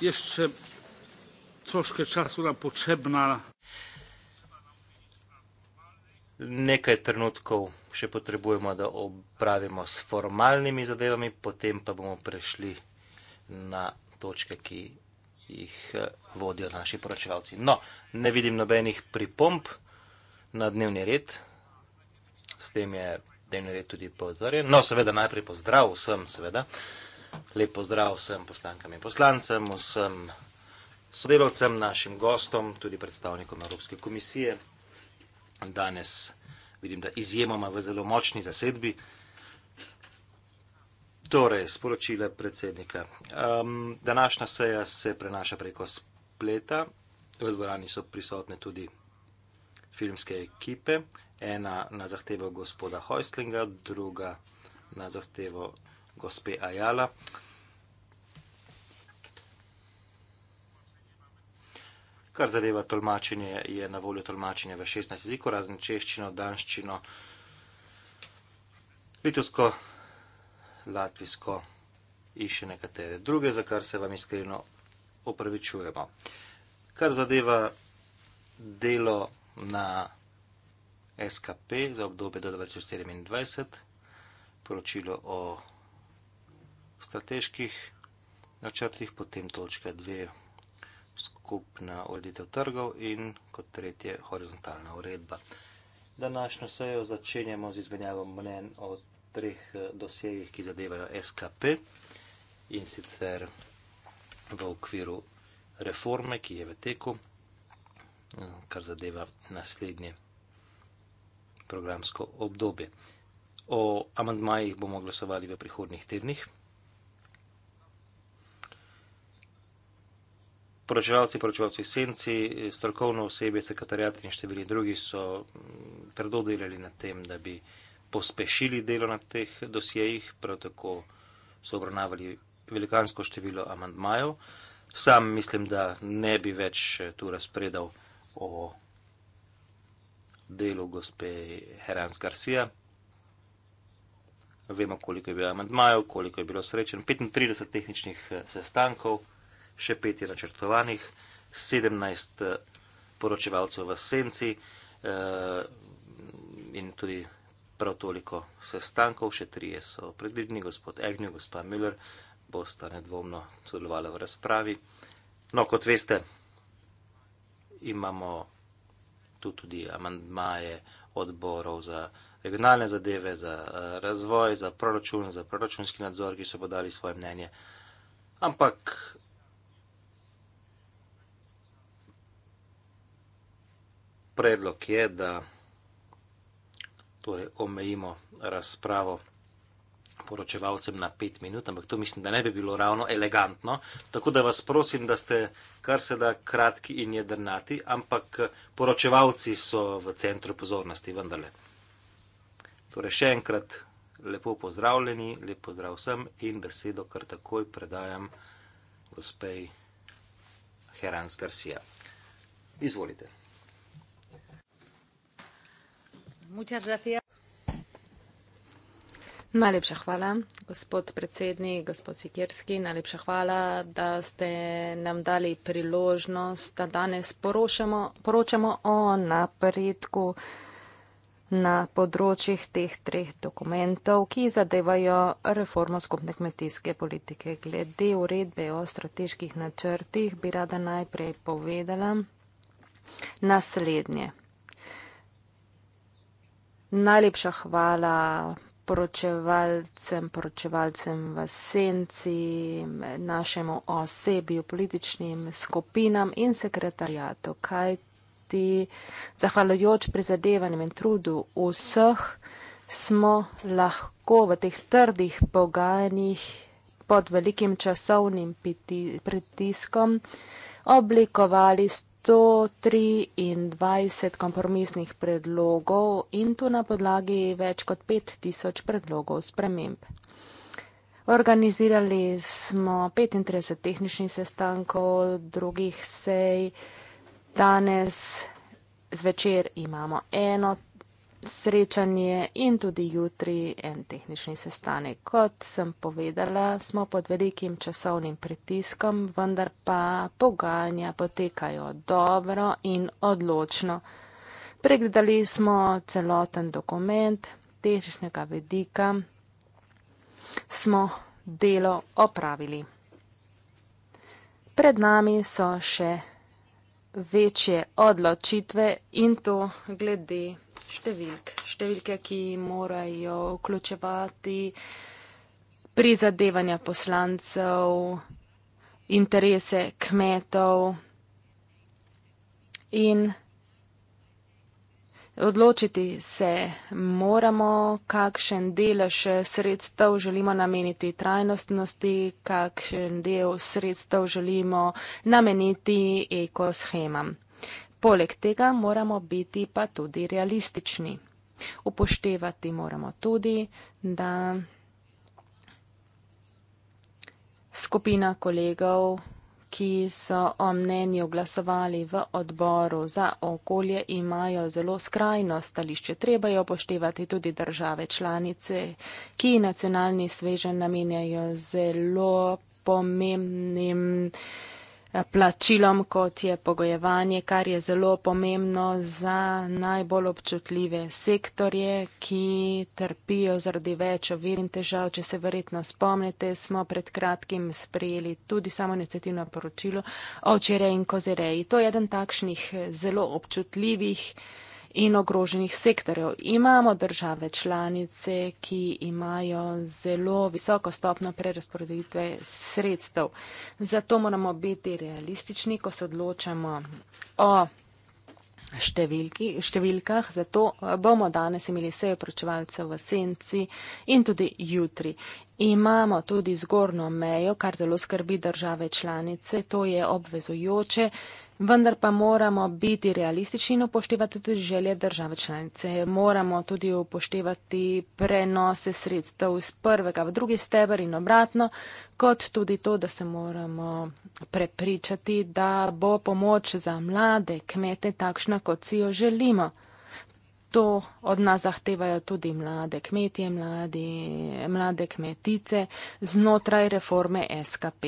jeszcze troszkę czasu nam potrzebna. Nekaj trenutkov še potrebujemo, da opravimo s formalnimi zadevami, potem pa bomo prešli na točke, ki jih eh, vodijo naši poročevalci. No, ne vidim nobenih pripomp na dnevni red, s tem je dnevni red tudi pozorjen. No, seveda najprej pozdrav vsem, seveda. Uh, Lep pozdrav vsem poslankam in poslancem, vsem sodelovcem, našim gostom, tudi predstavnikom Evropske komisije. Danes vidim, da izjemoma v zelo močni zasedbi. Torej, sporočile predsednika. Um, današnja seja se prenaša preko spleta, v dvorani so prisotne tudi filmske ekipe, ena na zahtevo gospoda Hojslinga, druga na zahtevo gospe Ajala. Kar zadeva tolmačenje, je na voljo tolmačenje v 16 jezikov, razen češčino, danščino, litovsko, latvijsko in še nekatere druge, za kar se vam iskreno opravičujemo. Kar zadeva delo na SKP za obdobje do 2027, poročilo o v strateških načrtih, potem točka dve, skupna ureditev trgov in kot tretje, horizontalna uredba. Današnjo sejo začenjamo z izmenjavo mnen o treh dosjejih, ki zadevajo SKP in sicer v okviru reforme, ki je v teku, kar zadeva naslednje programsko obdobje. O amandmajih bomo glasovali v prihodnih tednih. poročevalci, poročevalci senci, strokovno osebje, sekretarjat in številni drugi so mm, trdo delali na tem, da bi pospešili delo na teh dosjejih, prav tako so obravnavali velikansko število amantmajev. Sam mislim, da ne bi več eh, tu razpredal o delu gospe Herans Garcia. Vemo, koliko je bilo amantmajev, koliko je bilo srečen. 35 tehničnih eh, sestankov še pet je načrtovanih, sedemnajst eh, poročevalcev v senci eh, in tudi prav toliko sestankov, še trije so predvideni, gospod Egnjo, gospa Müller, bosta nedvomno sodelovala v razpravi. No, kot veste, imamo tu tudi amandmaje odborov za regionalne zadeve, za eh, razvoj, za proračun, za proračunski nadzor, ki so podali svoje mnenje. Ampak predlog je, da torej omejimo razpravo poročevalcem na pet minut, ampak to mislim, da ne bi bilo ravno elegantno. Tako da vas prosim, da ste kar se da kratki in jedrnati, ampak poročevalci so v centru pozornosti vendarle. Torej še enkrat lepo pozdravljeni, lep pozdrav sem in besedo kar takoj predajam gospej Herans Garcia. Izvolite. Muchas gracias. Najlepša hvala, gospod predsednik, gospod Sikerski, najlepša hvala, da ste nam dali priložnost, da danes poročamo, poročamo o napredku na področjih teh treh dokumentov, ki zadevajo reformo skupne kmetijske politike. Glede uredbe o strateških načrtih bi rada najprej povedala naslednje. Najlepša hvala poročevalcem, poročevalcem v senci, našemu osebju, političnim skupinam in sekretarijatu, kaj ti zahvaljujoč prizadevanjem in trudu vseh smo lahko v teh trdih pogajanjih pod velikim časovnim pritiskom oblikovali 123 kompromisnih predlogov in to na podlagi več kot 5000 predlogov sprememb. Organizirali smo 35 tehničnih sestankov, drugih sej. Danes zvečer imamo eno srečanje in tudi jutri en tehnični sestanek. Kot sem povedala, smo pod velikim časovnim pritiskom, vendar pa pogajanja potekajo dobro in odločno. Pregledali smo celoten dokument tehničnega vedika, smo delo opravili. Pred nami so še večje odločitve in to glede številk. Številke, ki morajo vključevati prizadevanja poslancev, interese kmetov in odločiti se moramo, kakšen delež sredstev želimo nameniti trajnostnosti, kakšen del sredstev želimo nameniti ekoschemam. Poleg tega moramo biti pa tudi realistični. Upoštevati moramo tudi, da skupina kolegov, ki so o mnenju glasovali v odboru za okolje, imajo zelo skrajno stališče. Treba je upoštevati tudi države članice, ki nacionalni svežen namenjajo zelo pomembnim plačilom, kot je pogojevanje, kar je zelo pomembno za najbolj občutljive sektorje, ki trpijo zaradi več ovir in težav. Če se verjetno spomnite, smo pred kratkim sprejeli tudi samo inicijativno poročilo o čere in kozereji. To je eden takšnih zelo občutljivih in ogroženih sektorjev. Imamo države članice, ki imajo zelo visoko stopno prerasporeditve sredstev. Zato moramo biti realistični, ko se odločamo o številki, številkah. Zato eh, bomo danes imeli sejo pročevalcev v senci in tudi jutri. Imamo tudi zgornjo mejo, kar zelo skrbi države članice, to je obvezujoče, vendar pa moramo biti realistični in upoštevati tudi želje države članice. Moramo tudi upoštevati prenose sredstev iz prvega v drugi steber in obratno, kot tudi to, da se moramo prepričati, da bo pomoč za mlade kmete takšna, kot si jo želimo to od nas zahtevajo tudi mlade kmetije, mlade, mlade kmetice znotraj reforme SKP.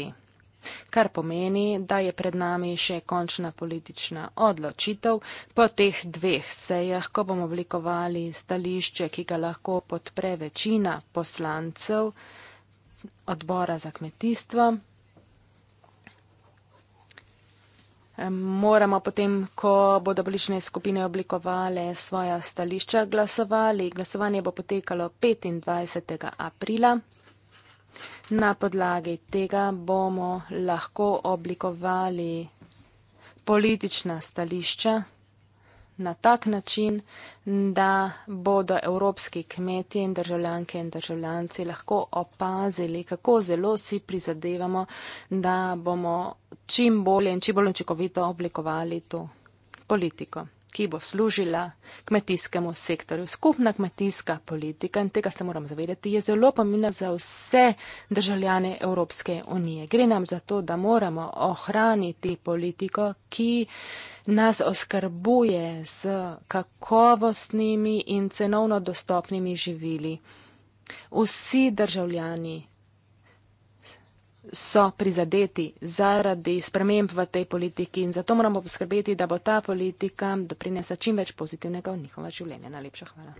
Kar pomeni, da je pred nami še končna politična odločitev po teh dveh sejah, ko bomo oblikovali stališče, ki ga lahko podpre večina poslancev odbora za kmetijstvo, moramo potem, ko bodo politične skupine oblikovale svoja stališča, glasovali. Glasovanje bo potekalo 25. aprila. Na podlagi tega bomo lahko oblikovali politična stališča na tak način, da bodo evropski kmetje in državljanke in državljanci lahko opazili, kako zelo si prizadevamo, da bomo čim bolje in čim bolj očekovito oblikovali to politiko ki bo služila kmetijskemu sektorju. Skupna kmetijska politika in tega se moram zavedati, je zelo pomembna za vse državljane Evropske unije. Gre nam za to, da moramo ohraniti politiko, ki nas oskrbuje z kakovostnimi in cenovno dostopnimi živili. Vsi državljani so prizadeti zaradi sprememb v tej politiki in zato moramo poskrbeti, da bo ta politika doprinesla čim več pozitivnega v njihova življenja. Najlepša hvala.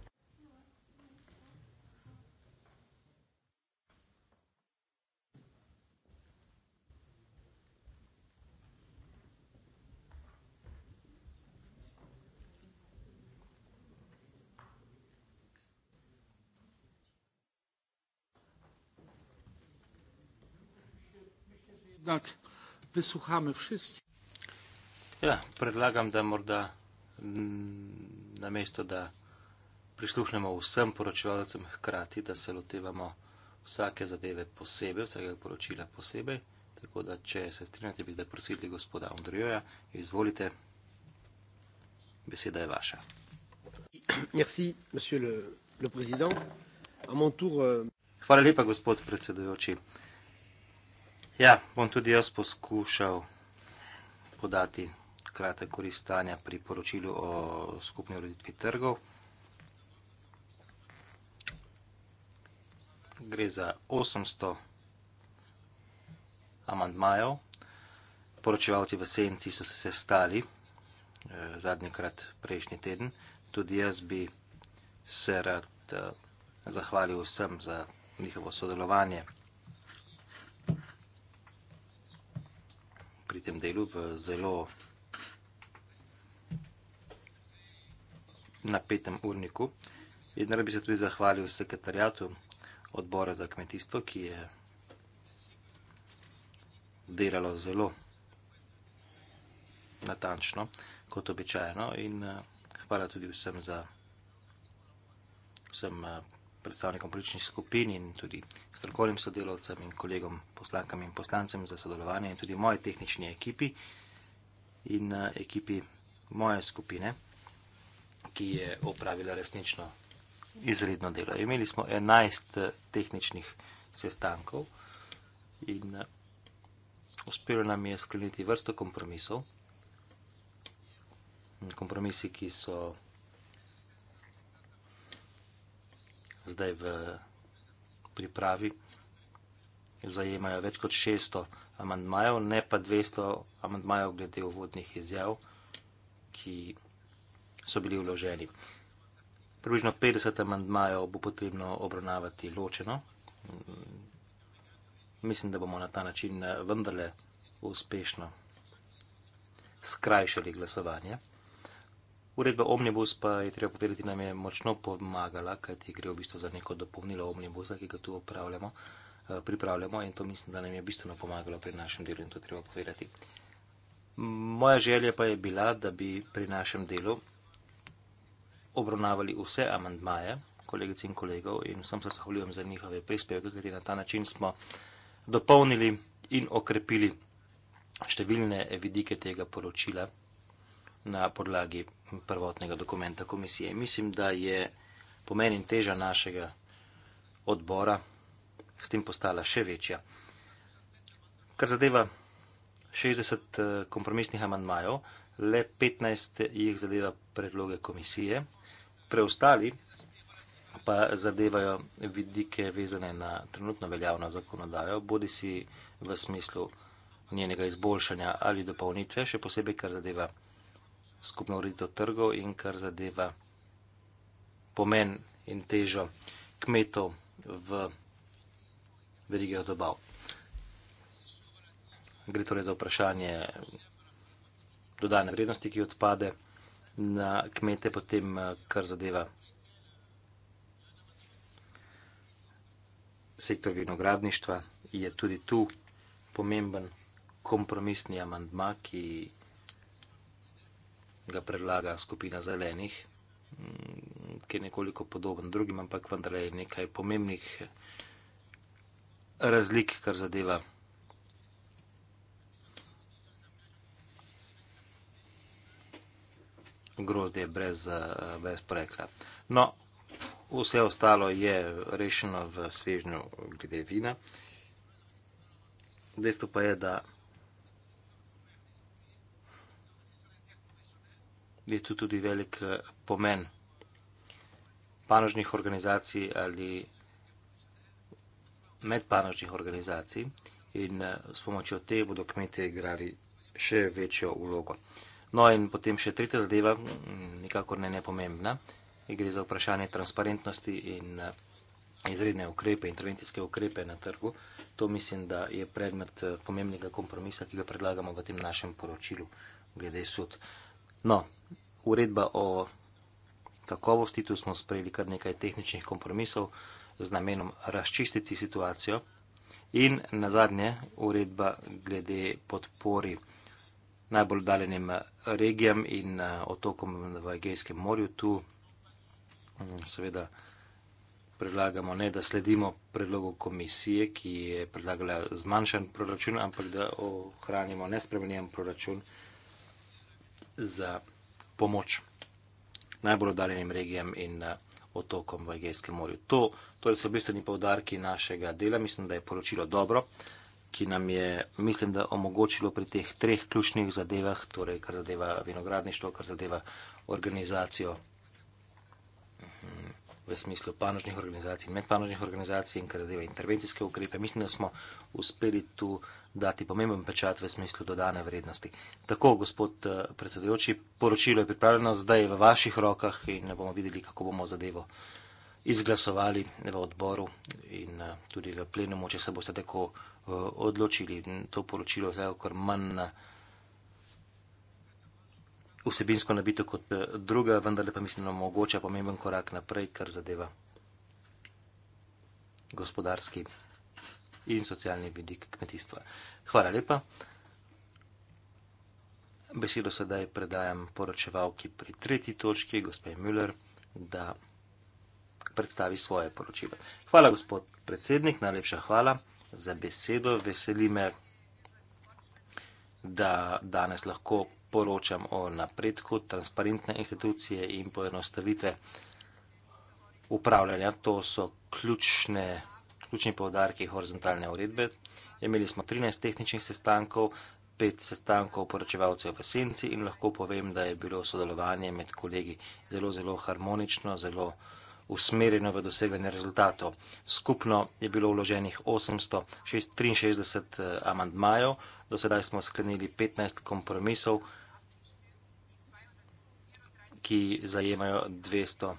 jednak wysłuchamy wszystkich. Ja, predlagam, da morda na mesto, da prisluhnemo vsem poročevalcem hkrati, da se lotevamo vsake zadeve posebej, vsakega poročila posebej. Tako da, če se strinjate, bi zdaj prosili gospoda Andrejoja, izvolite, beseda je vaša. Merci, monsieur le, le président. A mon tour. Euh, Hvala lepa, gospod predsedujoči. Uh, Ja, bom tudi jaz poskušal podati kratek koristanja pri poročilu o skupni ureditvi trgov. Gre za 800 amandmajev. Poročevalci v senci so se sestali eh, zadnji krat prejšnji teden. Tudi jaz bi se rad eh, zahvalil vsem za njihovo sodelovanje. pri tem delu v zelo napetem urniku. In rad bi se tudi zahvalil sekretarjatu odbora za kmetijstvo, ki je delalo zelo natančno, kot običajno. In eh, hvala tudi vsem za vsem uh, predstavnikom političnih skupin in tudi strokovnim sodelovcem in kolegom poslankam in poslancem za sodelovanje in tudi moje tehnični ekipi in eh, ekipi moje skupine, ki je opravila resnično izredno delo. Imeli smo 11 eh, tehničnih sestankov in eh, uspelo nam je skleniti vrsto kompromisov. Kompromisi, ki so zdaj v pripravi, zajemajo več kot 600 amantmajev, ne pa 200 amantmajev glede uvodnih izjav, ki so bili vloženi. Približno 50 amantmajev bo potrebno obravnavati ločeno. Mislim, da bomo na ta način vendarle uspešno skrajšali glasovanje. Uredba omnibus pa je treba povedati, nam je močno pomagala, kajti gre v bistvu za neko dopolnilo omnibusa, ki ga tu opravljamo, eh, pripravljamo in to mislim, da nam je bistveno pomagalo pri našem delu in to treba povedati. Moja želja pa je bila, da bi pri našem delu obravnavali vse amandmaje kolegic in kolegov in vsem se zahvaljujem za njihove prispevke, kajti na ta način smo dopolnili in okrepili številne vidike tega poročila na podlagi prvotnega dokumenta komisije. Mislim, da je pomen in teža našega odbora s tem postala še večja. Kar zadeva 60 eh, kompromisnih amandmajev, le 15 jih zadeva predloge komisije, preostali pa zadevajo vidike vezane na trenutno veljavno zakonodajo, bodi si v smislu njenega izboljšanja ali dopolnitve, še posebej kar zadeva skupno ureditev trgov in kar zadeva pomen in težo kmetov v verigih dobav. Gre torej za vprašanje dodane vrednosti, ki odpade na kmete, potem kar zadeva sektor vinogradništva, je tudi tu pomemben kompromisni amandma, ki ga predlaga skupina zelenih, ki je nekoliko podoben drugim, ampak vendar je nekaj pomembnih razlik, kar zadeva. Grozdje brez, brez porekla. No, vse ostalo je rešeno v svežnju glede vina. Dejstvo pa je, da je tu tudi velik eh, pomen panožnih organizacij ali medpanožnih organizacij in eh, s pomočjo te bodo kmete igrali še večjo vlogo. No in potem še tretja zadeva, mm, nikakor ne nepomembna, gre za vprašanje transparentnosti in eh, izredne ukrepe, intervencijske ukrepe na trgu. To mislim, da je predmet pomembnega kompromisa, ki ga predlagamo v tem našem poročilu glede sud. No, uredba o kakovosti, tu smo sprejeli kar nekaj tehničnih kompromisov z namenom razčistiti situacijo. In na zadnje, uredba glede podpori najbolj daljenim regijam in eh, otokom v Egejskem morju. Tu mm, seveda predlagamo ne, da sledimo predlogu komisije, ki je predlagala zmanjšan proračun, ampak da ohranimo nespremenjen proračun za pomoč najbolj oddaljenim regijam in eh, otokom v Egejskem morju. To torej so bistveni povdarki našega dela. Mislim, da je poročilo dobro, ki nam je, mislim, da omogočilo pri teh treh ključnih zadevah, torej kar zadeva vinogradništvo, kar zadeva organizacijo mhm, v smislu panožnih organizacij in medpanožnih organizacij in kar zadeva intervencijske ukrepe. Mislim, da smo uspeli tu dati pomemben pečat v smislu dodane vrednosti. Tako, gospod eh, predsedujoči, poročilo je pripravljeno, zdaj je v vaših rokah in bomo videli, kako bomo zadevo izglasovali v odboru in eh, tudi v plenumu, če se boste tako eh, odločili. To poročilo je zelo kar manj vsebinsko nabito kot druga, vendar pa mislim, da omogoča pomemben korak naprej, kar zadeva gospodarski in socialni vidik kmetijstva. Hvala lepa. Besedo sedaj predajam poročevalki pri tretji točki, gospej Müller, da predstavi svoje poročilo. Hvala, gospod predsednik, najlepša hvala za besedo. Veseli me, da danes lahko poročam o napredku transparentne institucije in poenostavitve upravljanja. To so ključne ključni povdarki horizontalne uredbe. Imeli smo 13 tehničnih sestankov, 5 sestankov poročevalcev v senci in lahko povem, da je bilo sodelovanje med kolegi zelo, zelo harmonično, zelo usmerjeno v doseganje rezultatov. Skupno je bilo vloženih 863 eh, amandmajev, do sedaj smo sklenili 15 kompromisov, ki zajemajo 234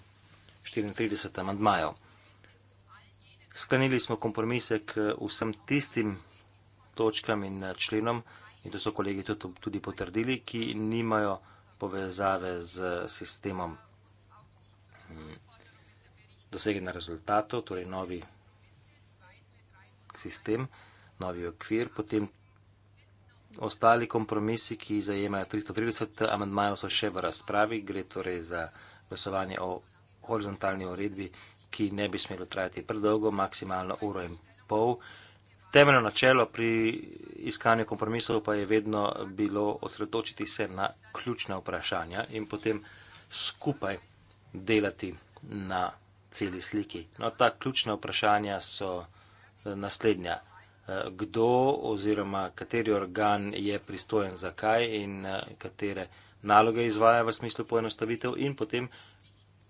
amandmajev sklenili smo kompromise k eh, vsem tistim točkam in eh, členom, in to so kolegi tudi potrdili, ki nimajo povezave z eh, sistemom hm, dosegena rezultato, torej novi sistem, novi okvir, potem ostali kompromisi, ki zajemajo 330 amendmajev, so še v razpravi, gre torej za glasovanje o horizontalni uredbi ki ne bi smelo trajati predolgo, maksimalno uro in pol. Temeljno načelo pri iskanju kompromisov pa je vedno bilo osredotočiti se na ključna vprašanja in potem skupaj delati na celi sliki. No, ta ključna vprašanja so eh, naslednja. Eh, kdo oziroma kateri organ je pristojen za kaj in eh, katere naloge izvaja v smislu poenostavitev in potem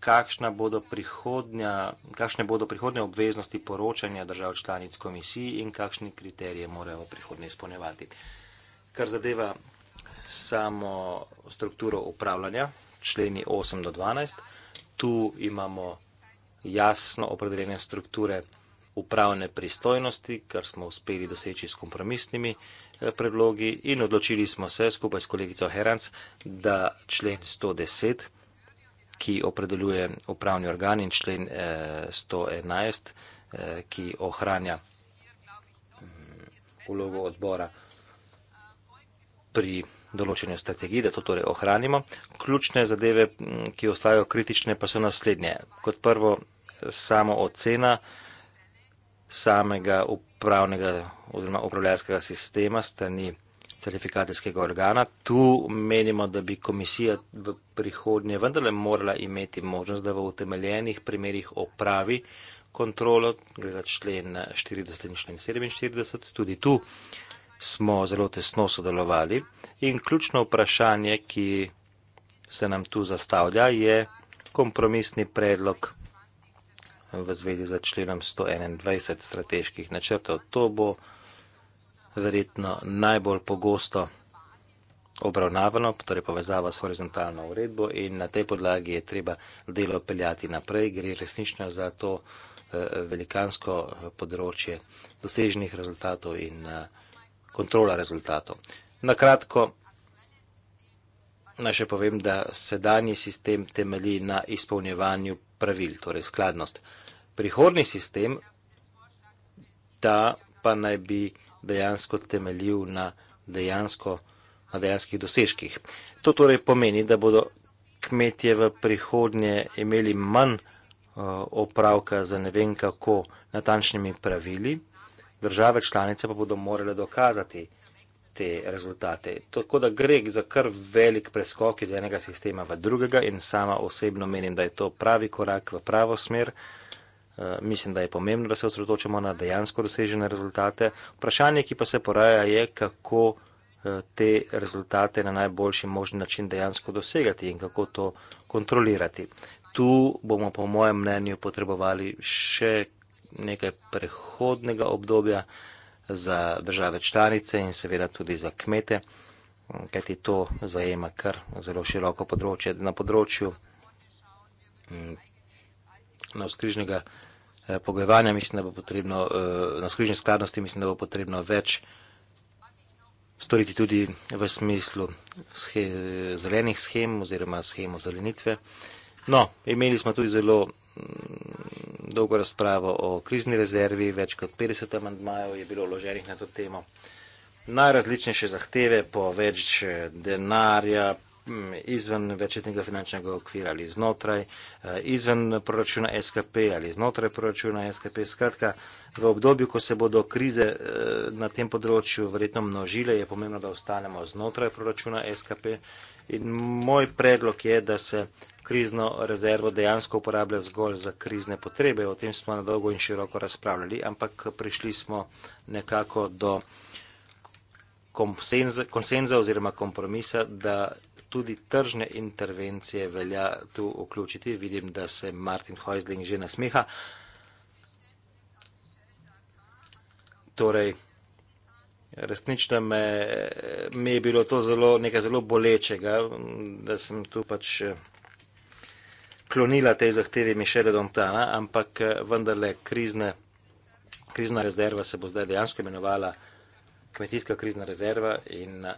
kakšna bodo prihodnja, kakšne bodo prihodnje obveznosti poročanja držav članic komisiji in kakšni kriterije morajo prihodnje izpolnjevati. Kar zadeva samo strukturo upravljanja, členi 8 do 12, tu imamo jasno opredeljene strukture upravne pristojnosti, kar smo uspeli doseči s kompromisnimi eh, predlogi in odločili smo se skupaj s kolegico Herans, da člen 110 ki opredeljuje upravni organ in člen 111, eh, eh, ki ohranja ulogo mm, odbora pri določenju strategiji, da to torej ohranimo. Ključne zadeve, mm, ki ostajajo kritične, pa so naslednje. Kot prvo, samo ocena samega upravnega oziroma upravljalskega sistema strani 111 certifikacijskega organa. Tu menimo, da bi komisija v prihodnje vendarle morala imeti možnost, da v utemeljenih primerjih opravi kontrolo, gre za člen 40 in člen 47. Tudi tu smo zelo tesno sodelovali. In ključno vprašanje, ki se nam tu zastavlja, je kompromisni predlog v zvezi z členom 121 strateških načrtov. To bo verjetno najbolj pogosto obravnavano, torej povezava s horizontalno uredbo in na tej podlagi je treba delo peljati naprej. Gre resnično za to eh, velikansko eh, področje dosežnih rezultatov in eh, kontrola rezultatov. Na kratko, naj še povem, da sedanji sistem temelji na izpolnjevanju pravil, torej skladnost. Prihodni sistem, ta pa naj bi dejansko temeljil na, dejansko, na dejanskih dosežkih. To torej pomeni, da bodo kmetje v prihodnje imeli manj uh, opravka za ne vem kako natančnimi pravili, države članice pa bodo morale dokazati te rezultate. Tako da gre za kar velik preskok iz enega sistema v drugega in sama osebno menim, da je to pravi korak v pravo smer. Eh, mislim, da je pomembno, da se osredotočamo na dejansko dosežene rezultate. Vprašanje, ki pa se poraja, je, kako eh, te rezultate na najboljši možen način dejansko dosegati in kako to kontrolirati. Tu bomo, po mojem mnenju, potrebovali še nekaj prehodnega obdobja za države članice in seveda tudi za kmete, kajti to zajema kar zelo široko področje. Na področju mm, navzkrižnega eh, pogojevanja, mislim, da bo potrebno, eh, navzkrižne skladnosti, mislim, da bo potrebno več storiti tudi v smislu sche, zelenih schem oziroma schemo zelenitve. No, imeli smo tudi zelo mm, dolgo razpravo o krizni rezervi, več kot 50 amandmajev je bilo vloženih na to temo. Najrazličnejše zahteve po več eh, denarja, izven večetnega finančnega okvira ali znotraj, eh, izven proračuna SKP ali znotraj proračuna SKP. Skratka, v obdobju, ko se bodo krize eh, na tem področju verjetno množile, je pomembno, da ostanemo znotraj proračuna SKP. In moj predlog je, da se krizno rezervo dejansko uporablja zgolj za krizne potrebe. O tem smo na dolgo in široko razpravljali, ampak prišli smo nekako do konsenza oziroma kompromisa, da tudi tržne intervencije velja tu vključiti. Vidim, da se Martin Heusling že nasmeha. Torej, resnično me, me je bilo to zelo, nekaj zelo bolečega, da sem tu pač eh, klonila te zahteve Mišele Dontana, ampak eh, vendarle krizne, krizna rezerva se bo zdaj dejansko imenovala kmetijska krizna rezerva in eh,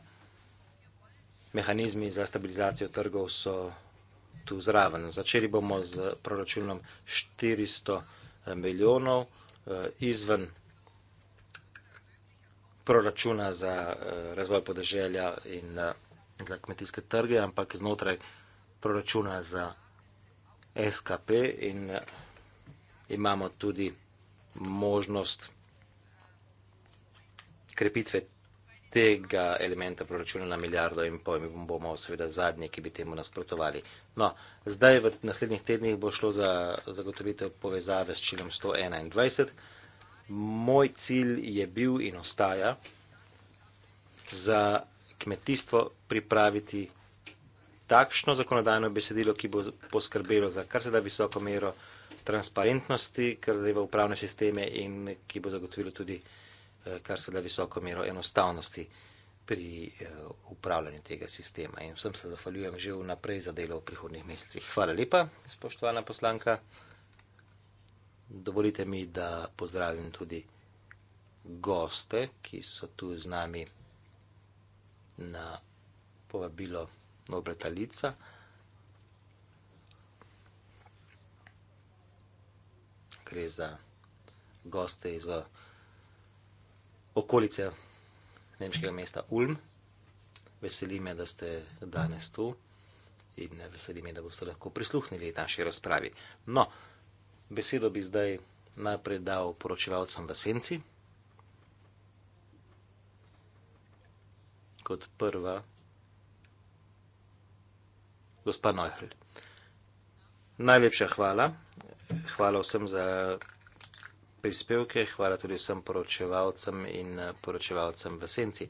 mehanizmi za stabilizacijo trgov so tu zraven. Začeli bomo z proračunom 400 eh, milijonov eh, izven proračuna za eh, razvoj podeželja in za kmetijske trge, ampak znotraj proračuna za SKP in imamo tudi možnost krepitve tega elementa proračuna na milijardo in pol, mi bomo seveda zadnji, ki bi temu nasprotovali. No, zdaj v naslednjih tednih bo šlo za zagotovitev povezave s činom 121. Moj cilj je bil in ostaja za kmetijstvo pripraviti takšno zakonodajno besedilo, ki bo poskrbelo za kar se da visoko mero transparentnosti, kar zadeva upravne sisteme in ki bo zagotovilo tudi. Eh, kar se da visoko mero enostavnosti pri eh, upravljanju tega sistema. In vsem se zahvaljujem že vnaprej za delo v prihodnih mesecih. Hvala lepa, spoštovana poslanka. Dovolite mi, da pozdravim tudi goste, ki so tu z nami na povabilo obratalica. Gre za goste iz. Uh, okolice nemškega mesta Ulm. Veseli me, da ste danes tu in veseli me, da boste lahko prisluhnili naši razpravi. No, besedo bi zdaj najprej dal poročevalcem v Senci. Kot prva, gospa Neuhl. Najlepša hvala. Hvala vsem za prispevke, hvala tudi vsem poročevalcem in eh, poročevalcem v senci.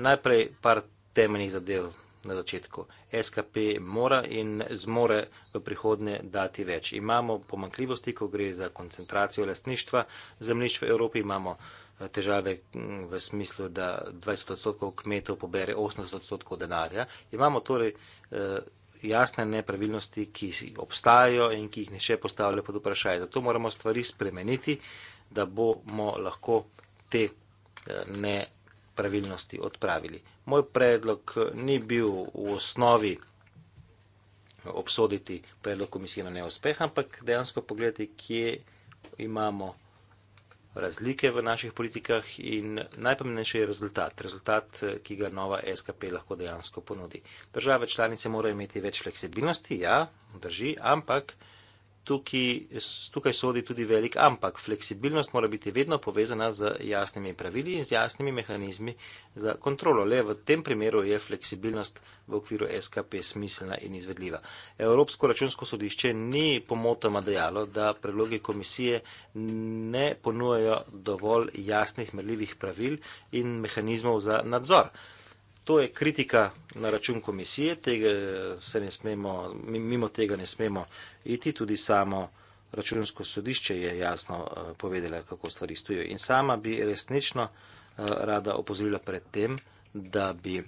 Najprej par temeljnih zadev na začetku. SKP mora in zmore v prihodnje dati več. Imamo pomankljivosti, ko gre za koncentracijo lastništva zemljišč v Evropi, imamo eh, težave v smislu, da 20 odstotkov kmetov pobere 80 odstotkov denarja. Imamo torej eh, jasne nepravilnosti, ki obstajajo in ki jih ne še postavljajo pod vprašanje. Zato moramo stvari spremeniti, da bomo lahko te eh, nepravilnosti odpravili. Moj predlog eh, ni bil v osnovi obsoditi predlog komisije na neuspeh, ampak dejansko pogledati, kje imamo razlike v naših politikah in najpomembnejši je rezultat, rezultat, eh, ki ga nova SKP lahko dejansko ponudi. Države članice morajo imeti več fleksibilnosti, ja, drži, ampak tukaj, tukaj sodi tudi velik ampak. Fleksibilnost mora biti vedno povezana z jasnimi pravili in z jasnimi mehanizmi za kontrolo. Le v tem primeru je fleksibilnost v okviru SKP smiselna in izvedljiva. Evropsko računsko sodišče ni pomotoma dejalo, da predlogi komisije ne ponujajo dovolj jasnih merljivih pravil in mehanizmov za nadzor. To je kritika na račun komisije, tega smemo, mimo tega ne smemo iti, tudi samo računsko sodišče je jasno eh, povedala, kako stvari stojijo. In sama bi resnično eh, rada opozorila pred tem, da bi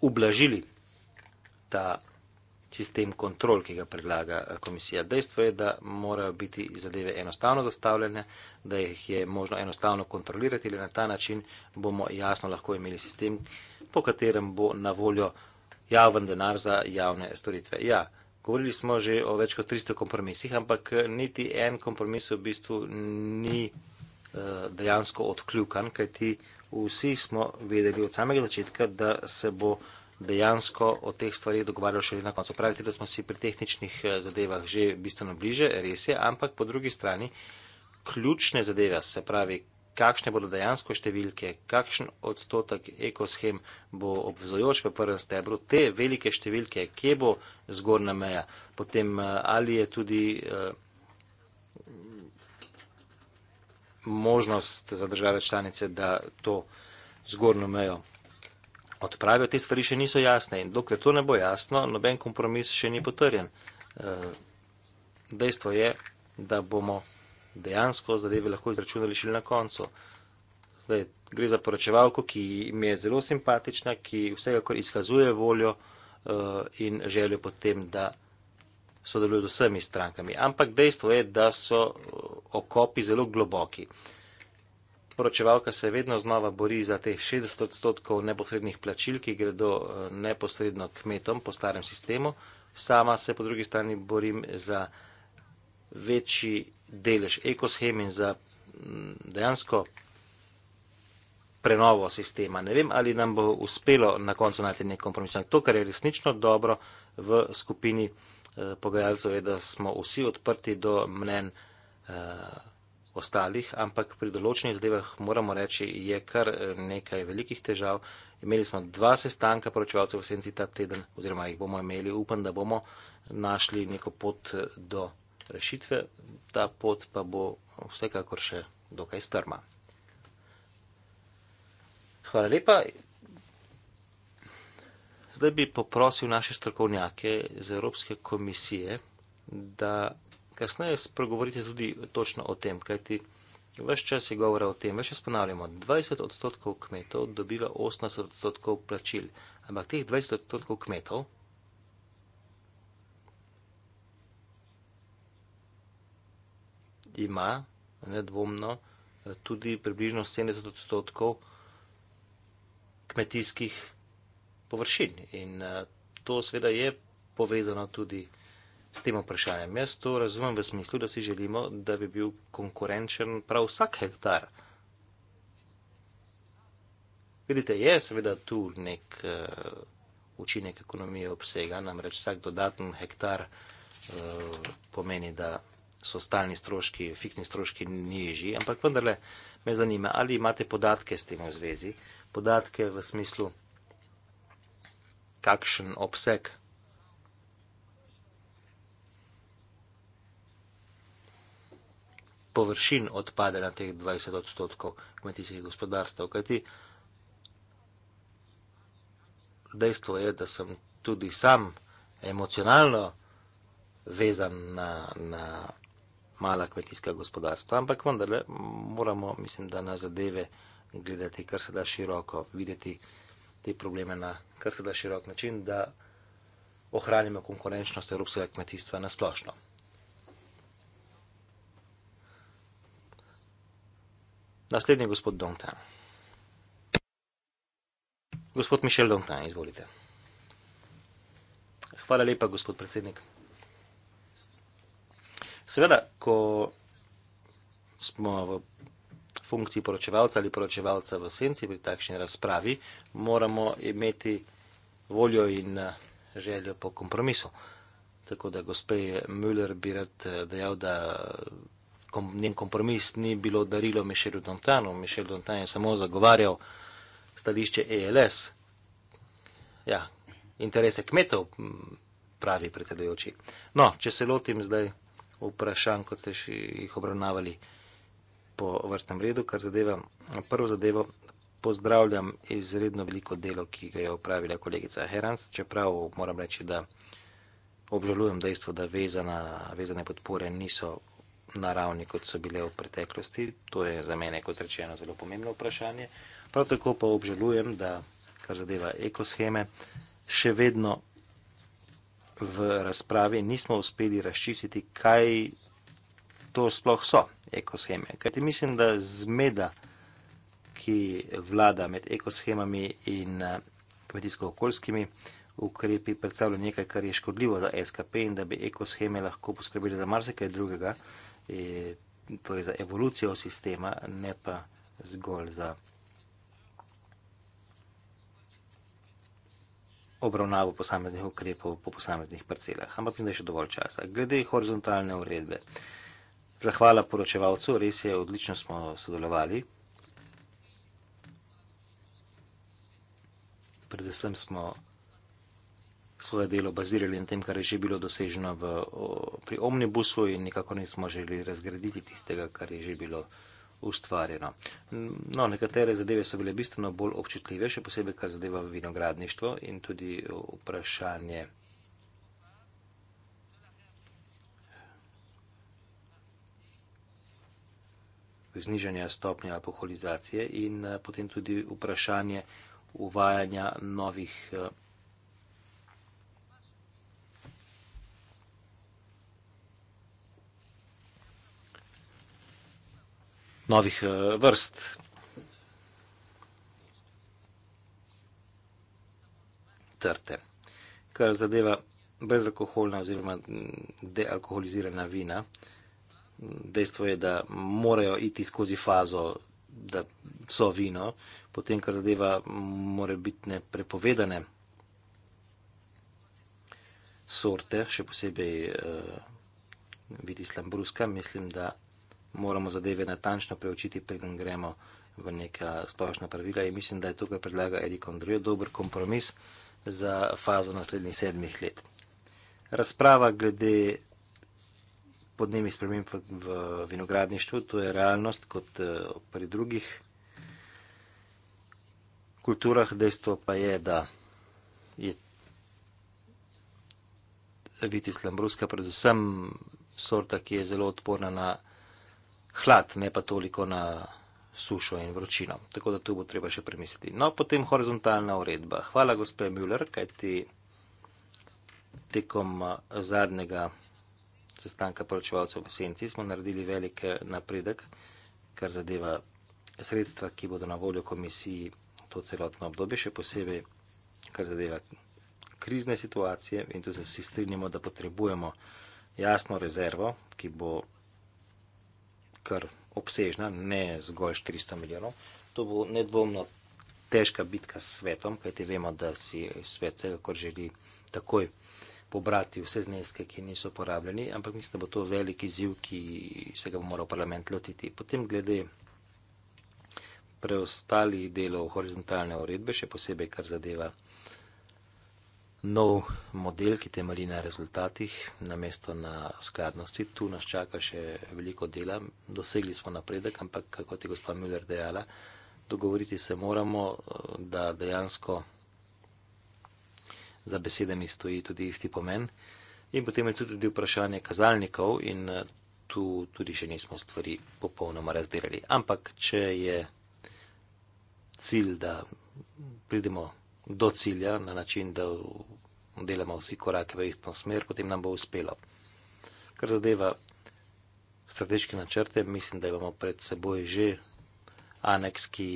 ublažili ta sistem kontrol, ki ga predlaga eh, komisija. Dejstvo je, da morajo biti zadeve enostavno zastavljene, da jih je možno enostavno kontrolirati in na ta način bomo jasno lahko imeli sistem, po katerem bo na voljo javen denar za javne storitve. Ja, govorili smo že o več kot 300 kompromisih, ampak eh, niti en kompromis v bistvu ni eh, dejansko odkljukan, kajti vsi smo vedeli od samega začetka, da se bo dejansko o teh stvarih dogovarjali šele na koncu. Pravite, da smo si pri tehničnih eh, zadevah že bistveno bliže, res je, ampak po drugi strani ključne zadeve, se pravi, kakšne bodo dejansko številke, kakšen odstotek ekoshem bo obvzojoč v prvem stebru, te velike številke, kje bo zgornja meja, potem eh, ali je tudi eh, možnost za države članice, da to zgornjo mejo odpravijo, te stvari še niso jasne in dokler to ne bo jasno, noben kompromis še ni potrjen. E, dejstvo je, da bomo dejansko zadeve lahko izračunali šele na koncu. Zdaj, gre za poročevalko, ki mi je zelo simpatična, ki vsekakor izkazuje voljo e, in željo potem, da sodeluje z vsemi strankami. Ampak dejstvo je, da so e, okopi zelo globoki. Poročevalka se vedno znova bori za teh 60 odstotkov neposrednih plačil, ki gredo eh, neposredno kmetom po starem sistemu. Sama se po drugi strani borim za večji delež ekoshem in za mm, dejansko prenovo sistema. Ne vem, ali nam bo uspelo na koncu najti nek kompromis. To, kar je resnično dobro v skupini eh, pogajalcev, je, da smo vsi odprti do mnen. Eh, ostalih, ampak pri določenih zadevah moramo reči, je kar eh, nekaj velikih težav. Imeli smo dva sestanka poročevalcev v senci ta teden, oziroma jih bomo imeli. Upam, da bomo našli neko pot eh, do rešitve. Ta pot pa bo vsekakor še dokaj strma. Hvala lepa. Zdaj bi poprosil naše strokovnjake z Evropske komisije, da kasneje spregovorite tudi točno o tem, kajti vse čas je govora o tem, več čas ponavljamo, 20 odstotkov kmetov dobiva 80 odstotkov plačil, ampak teh 20 odstotkov kmetov ima nedvomno eh, tudi približno 70 odstotkov kmetijskih površin in eh, to seveda je povezano tudi s tem vprašanjem. Jaz to razumem v smislu, da si želimo, da bi bil konkurenčen prav vsak hektar. Vidite, je seveda tu nek uh, učinek ekonomije obsega, namreč vsak dodaten hektar uh, pomeni, da so stalni stroški, fiksni stroški nižji, ampak vendarle me zanima, ali imate podatke s tem v zvezi, podatke v smislu, kakšen obseg površin odpade na teh 20 odstotkov kmetijskih gospodarstv. Kajti dejstvo je, da sem tudi sam emocionalno vezan na, na mala kmetijska gospodarstva, ampak vendarle moramo, mislim, da na zadeve gledati kar se da široko, videti te probleme na kar se da širok način, da ohranimo konkurenčnost evropskega kmetijstva na splošno. Naslednji je gospod Dontan. Gospod Mišel Dontan, izvolite. Hvala lepa, gospod predsednik. Seveda, ko smo v funkciji poročevalca ali poročevalca v senci pri takšni razpravi, moramo imeti voljo in eh, željo po kompromisu. Tako da gospe Müller bi rad eh, dejal, da kom, njen kompromis ni bilo darilo Mišelu Dontanu. Mišel Dontan je samo zagovarjal stališče ELS. Ja, interese kmetov, pravi predsedujoči. No, če se lotim zdaj vprašanj, kot ste jih obravnavali po vrstnem redu, kar zadeva prvo zadevo. Pozdravljam izredno veliko delo, ki ga je upravila kolegica Herans, čeprav moram reči, da obžalujem dejstvo, da vezana, vezane podpore niso na ravni, kot so bile v preteklosti. To je za mene, kot rečeno, zelo pomembno vprašanje. Prav tako pa obžalujem, da kar zadeva ekosheme, še vedno v razpravi nismo uspeli razčistiti, kaj to sploh so ekosheme. Kaj ti mislim, da zmeda, ki vlada med ekoshemami in eh, kmetijsko-okoljskimi ukrepi, predstavlja nekaj, kar je škodljivo za SKP in da bi ekosheme lahko poskrbeli za marsikaj drugega. E, torej za evolucijo sistema, ne pa zgolj za obravnavo posameznih ukrepov po posameznih parcelah. Ampak mislim, da je še dovolj časa. Glede horizontalne uredbe. Zahvala poročevalcu, res je, odlično smo sodelovali. Predvsem smo svoje delo bazirali na tem, kar je že bilo doseženo v, pri omnibusu in nikako nismo želeli razgraditi tistega, kar je že bilo ustvarjeno. No, nekatere zadeve so bile bistveno bolj občutljive, še posebej, kar zadeva vinogradništvo in tudi vprašanje. Znižanja stopnje alkoholizacije, in eh, potem tudi vprašanje uvajanja novih eh, novih eh, vrst. Trte. Kar zadeva brezalkoholna oziroma dealkoholizirana vina, dejstvo je, da morajo iti skozi fazo, da so vino, potem kar zadeva more biti neprepovedane sorte, še posebej uh, eh, vidi slambruska, mislim, da moramo zadeve natančno preučiti, preden gremo v neka splošna pravila. In mislim, da je tukaj predlaga Erik Andrej dober kompromis za fazo naslednjih sedmih let. Razprava glede podnebnih sprememb v vinogradništvu, to je realnost kot eh, pri drugih kulturah. Dejstvo pa je, da je Vitis Lambruska predvsem sorta, ki je zelo odporna na hlad, ne pa toliko na sušo in vročino. Tako da tu bo treba še premisliti. No, potem horizontalna uredba. Hvala, gospod Müller, kaj ti tekom eh, zadnjega sestanka poročevalcev v Senci smo naredili velik eh, napredek, kar zadeva sredstva, ki bodo na voljo komisiji to celotno obdobje, še posebej, kar zadeva krizne situacije in tu se vsi strinjamo, da potrebujemo jasno rezervo, ki bo kar obsežna, ne zgolj 400 milijonov. To bo nedvomno težka bitka s svetom, kajti vemo, da si svet vsekakor želi takoj pobrati vse zneske, ki niso porabljeni, ampak mislim, da bo to velik izziv, ki se ga bo moral parlament lotiti. Potem glede preostalih delov horizontalne uredbe, še posebej kar zadeva nov model, ki temelji na rezultatih, namesto na skladnosti. Tu nas čaka še veliko dela. Dosegli smo napredek, ampak kot je gospod Müller dejala, dogovoriti se moramo, da dejansko za besedami stoji tudi isti pomen. In potem je tudi vprašanje kazalnikov in tu tudi še nismo stvari popolnoma razdelili. Ampak, če je cilj, da pridemo do cilja na način, da delamo vsi korake v isto smer, potem nam bo uspelo. Kar zadeva strateške načrte, mislim, da imamo pred seboj že aneks, ki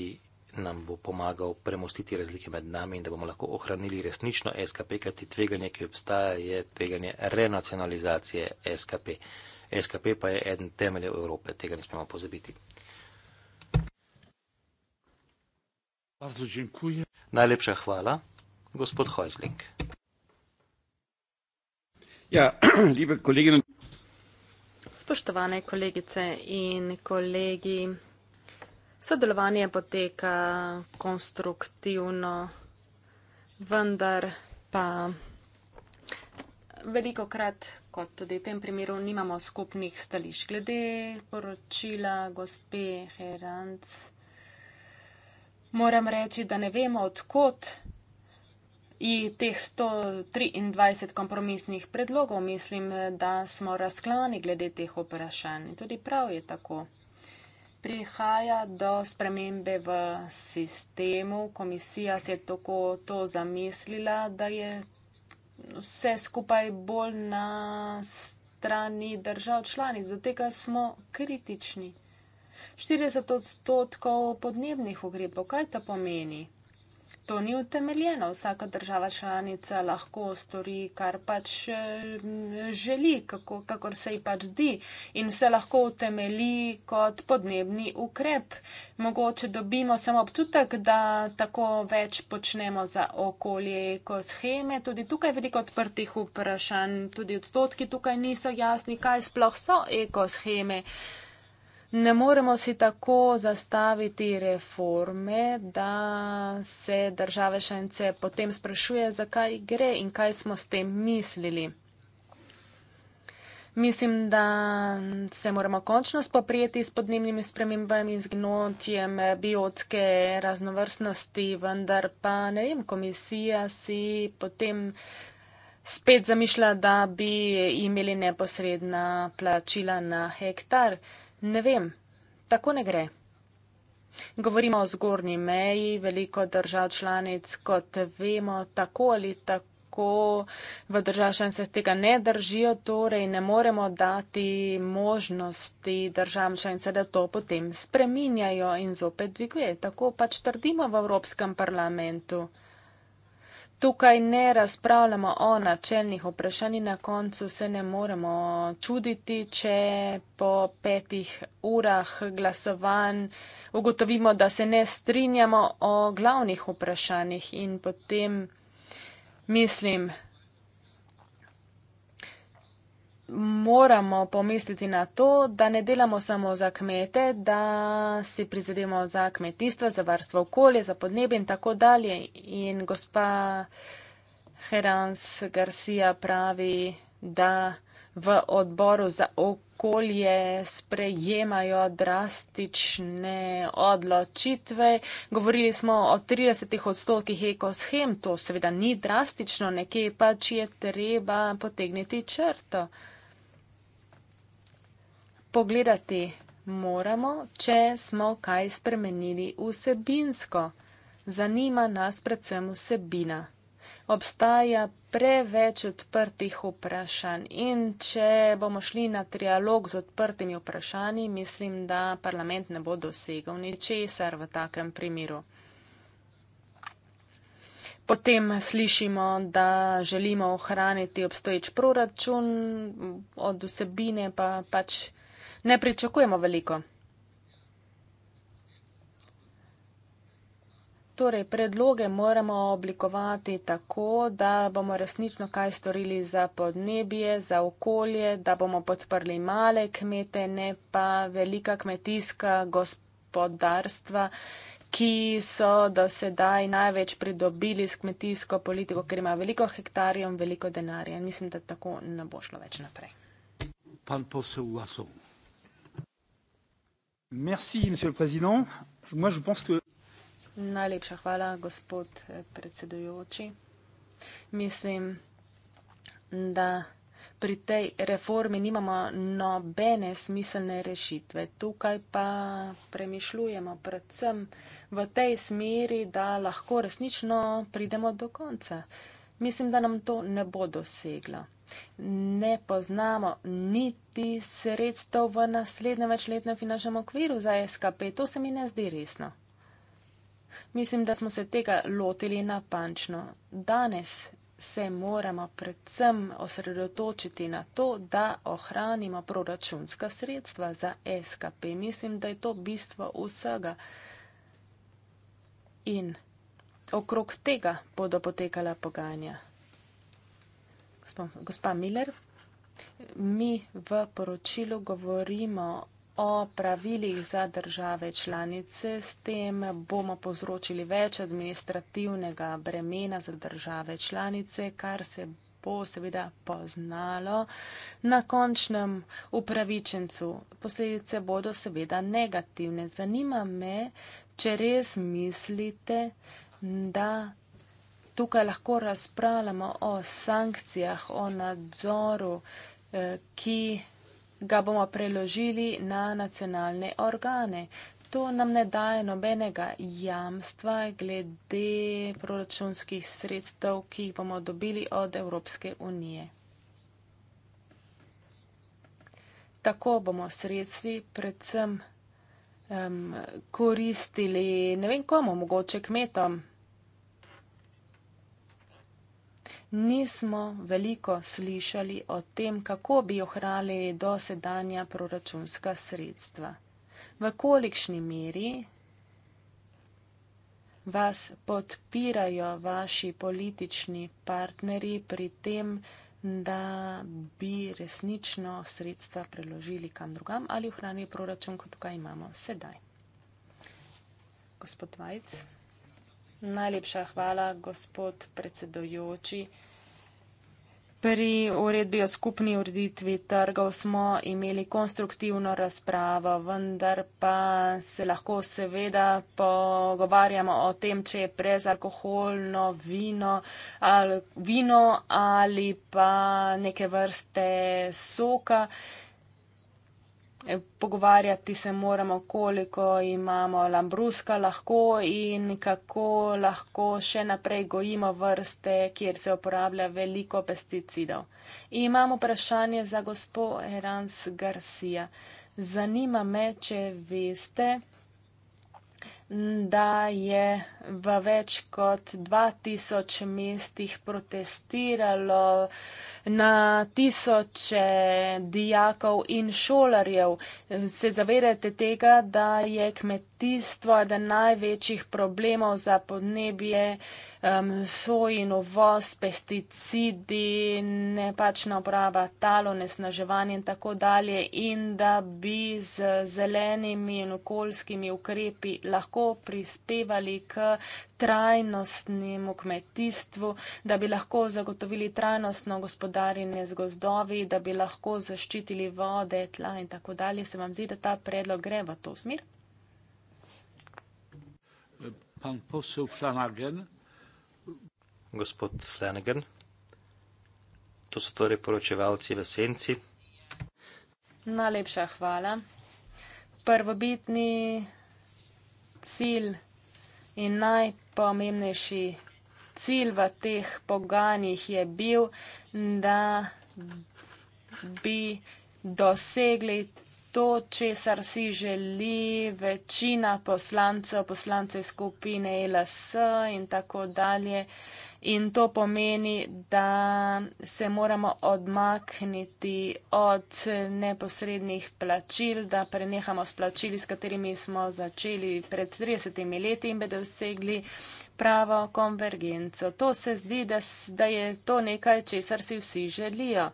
nam bo pomagal premostiti razlike med nami in da bomo lahko ohranili resnično SKP, kajti tveganje, ki obstaja, je tveganje renacionalizacije SKP. SKP pa je eden temeljev Evrope, tega ne smemo pozabiti. Bardzo dziękuję. Najlepsza chwała, gospod Häusling. Ja, liebe kolegin... Spoštovane kolegice in kolegi, sodelovanje poteka konstruktivno, vendar pa veliko krat, kot tudi v tem primeru, nimamo skupnih stališč glede poročila gospe Herantz. Moram reči, da ne vemo, odkot je teh 123 kompromisnih predlogov. Mislim, da smo razklani glede teh vprašanj. Tudi prav je tako. Prihaja do spremembe v sistemu. Komisija se je tako to zamislila, da je vse skupaj bolj na strani držav članic. Do tega smo kritični. 40 odstotkov podnebnih ukrepov. Kaj to pomeni? To ni utemeljeno. Vsaka država članica lahko stori, kar pač eh, želi, kako, kakor se ji pač zdi in vse lahko utemeli kot podnebni ukrep. Mogoče dobimo samo občutek, da tako več počnemo za okolje ekoscheme. Tudi tukaj je veliko odprtih vprašanj, tudi odstotki tukaj niso jasni, kaj sploh so ekoscheme ne moremo si tako zastaviti reforme, da se države šence potem sprašuje, zakaj gre in kaj smo s tem mislili. Mislim, da se moramo končno spoprijeti s podnebnimi spremembami in zgnotjem biotske raznovrstnosti, vendar pa ne vem, komisija si potem spet zamišlja, da bi imeli neposredna plačila na hektar. Ne vem, tako ne gre. Govorimo o zgornji meji, veliko držav članic, kot vemo, tako ali tako v državšem se tega ne držijo, torej ne moremo dati možnosti državšem se, da to potem spreminjajo in zopet dviguje. Tako pač trdimo v Evropskem parlamentu. Tukaj ne razpravljamo o načelnih vprašanjih, na koncu se ne moremo čuditi, če po petih urah glasovanj ugotovimo, da se ne strinjamo o glavnih vprašanjih in potem mislim, moramo pomisliti na to, da ne delamo samo za kmete, da si prizadevamo za kmetijstvo, za varstvo okolje, za podnebje in tako dalje. In gospa Herans Garcia pravi, da v odboru za okolje sprejemajo drastične odločitve. Govorili smo o 30 odstotkih ekoshem, to seveda ni drastično, nekje pač je treba potegniti črto pogledati moramo, če smo kaj spremenili vsebinsko. Zanima nas predvsem vsebina. Obstaja preveč odprtih vprašanj in če bomo šli na trialog z odprtimi vprašanji, mislim, da parlament ne bo dosegal ničesar v takem primeru. Potem slišimo, da želimo ohraniti obstoječ proračun, od vsebine pa pač. Ne pričakujemo veliko. Torej, predloge moramo oblikovati tako, da bomo resnično kaj storili za podnebje, za okolje, da bomo podprli male kmete, ne pa velika kmetijska gospodarstva, ki so do sedaj največ pridobili s kmetijsko politiko, ker ima veliko hektarjev, veliko denarja. Mislim, da tako ne bo šlo več naprej. Pan posel Vasov. Merci, monsieur le Président. Moi, je pense que... Najlepša hvala, gospod eh, predsedujoči. Mislim, da pri tej reformi nimamo nobene smiselne rešitve. Tukaj pa premišljujemo predvsem v tej smeri, da lahko resnično pridemo do konca. Mislim, da nam to ne bo doseglo ne poznamo niti sredstev v naslednjem večletnem finančnem okviru za SKP. To se mi ne zdi resno. Mislim, da smo se tega lotili napačno. Danes se moramo predvsem osredotočiti na to, da ohranimo proračunska sredstva za SKP. Mislim, da je to bistvo vsega. In okrog tega bodo potekala pogajanja gospa Miller. Mi v poročilu govorimo o pravilih za države članice, s tem bomo povzročili več administrativnega bremena za države članice, kar se bo seveda poznalo na končnem upravičencu. Posledice bodo seveda negativne. Zanima me, če res mislite, da tukaj lahko razpravljamo o sankcijah, o nadzoru, eh, ki ga bomo preložili na nacionalne organe. To nam ne daje nobenega jamstva glede proračunskih sredstev, ki jih bomo dobili od Evropske unije. Tako bomo sredstvi predvsem um, koristili, ne vem komu, mogoče kmetom, nismo veliko slišali o tem, kako bi ohranili dosedanja proračunska sredstva. V kolikšni meri vas podpirajo vaši politični partnerji pri tem, da bi resnično sredstva preložili kam drugam ali ohranili proračun, kot ga imamo sedaj. Gospod Vajc. Okay. Najlepša hvala, gospod predsedojoči. Pri uredbi o skupni ureditvi trgov smo imeli konstruktivno razpravo, vendar pa se lahko seveda pogovarjamo o tem, če je prezalkoholno vino ali, vino ali pa neke vrste soka. Eh, pogovarjati se moramo, koliko imamo lambruska lahko in kako lahko še naprej gojimo vrste, kjer se uporablja veliko pesticidov. In imamo vprašanje za gospo Erans Garcia. Zanima me, če veste, da je v več kot 2000 mestih protestiralo na tisoče dijakov in šolarjev. Se zavedate tega, da je kmetijstvo eden največjih problemov za podnebje, um, soj in uvoz, pesticidi, nepačna uprava, talo, nesnaževanje in tako dalje in da bi z zelenimi in okoljskimi ukrepi lahko lahko prispevali k trajnostnemu kmetijstvu, da bi lahko zagotovili trajnostno gospodarjenje z gozdovi, da bi lahko zaščitili vode, tla in tako dalje. Se vam zdi, da ta predlog gre v to smer? Pan posel Flanagen. Gospod Flanagen. To so torej poročevalci v senci. Najlepša hvala. Prvobitni cilj in najpomembnejši cilj v teh pogajanjih je bil, da bi dosegli to, česar si želi večina poslancev, poslancev skupine LS in tako dalje. In to pomeni, da se moramo odmakniti od neposrednih plačil, da prenehamo s plačili, s katerimi smo začeli pred 30 leti in bi dosegli pravo konvergenco. To se zdi, da, da je to nekaj, česar si vsi želijo.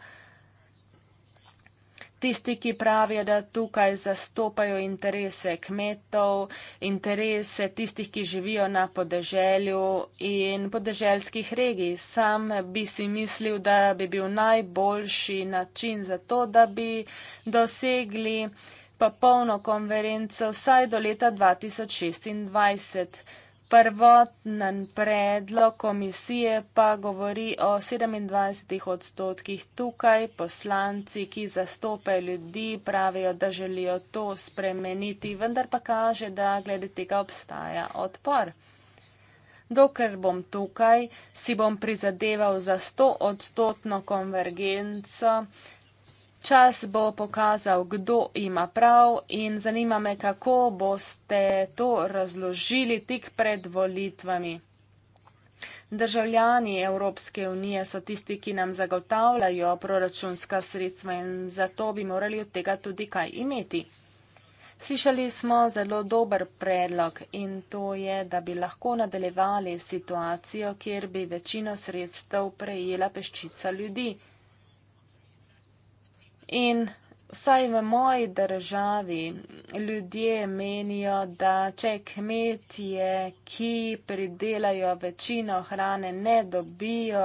Tisti, ki pravijo, da tukaj zastopajo interese kmetov, interese tistih, ki živijo na podeželju in podeželskih regij. Sam bi si mislil, da bi bil najboljši način za to, da bi dosegli popolno konverenco vsaj do leta 2026 prvotnen predlog komisije pa govori o 27 odstotkih tukaj. Poslanci, ki zastopajo ljudi, pravijo, da želijo to spremeniti, vendar pa kaže, da glede tega obstaja odpor. Dokler bom tukaj, si bom prizadeval za 100 odstotno konvergenco, Čas bo pokazal, kdo ima prav in zanima me, kako boste to razložili tik pred volitvami. Državljani Evropske unije so tisti, ki nam zagotavljajo proračunska sredstva in zato bi morali od tega tudi kaj imeti. Slišali smo zelo dober predlog in to je, da bi lahko nadaljevali situacijo, kjer bi večino sredstev prejela peščica ljudi. In vsaj v moji državi ljudje menijo, da če kmetije, ki pridelajo večino hrane, ne dobijo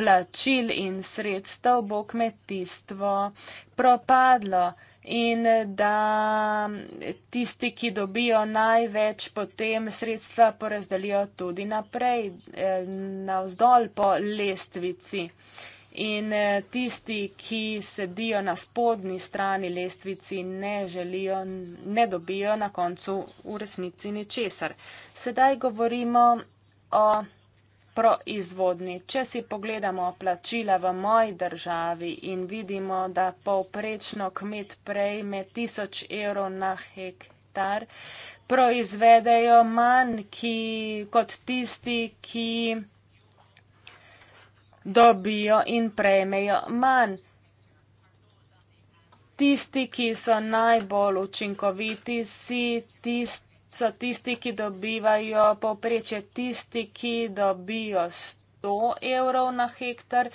plačil in sredstev, bo kmetijstvo propadlo. In da tisti, ki dobijo največ, potem sredstva porazdelijo tudi naprej, eh, navzdolj po lestvici. In eh, tisti, ki sedijo na spodnji strani lestvici, ne želijo, ne dobijo na koncu v resnici ničesar. Sedaj govorimo o proizvodni. Če si pogledamo plačila v moji državi in vidimo, da povprečno kmet prejme 1000 evrov na hektar, proizvedejo manj ki, kot tisti, ki dobijo in prejmejo manj. Tisti, ki so najbolj učinkoviti, si tisti. So tisti, ki dobivajo povprečje, tisti, ki dobijo 100 evrov na hektar,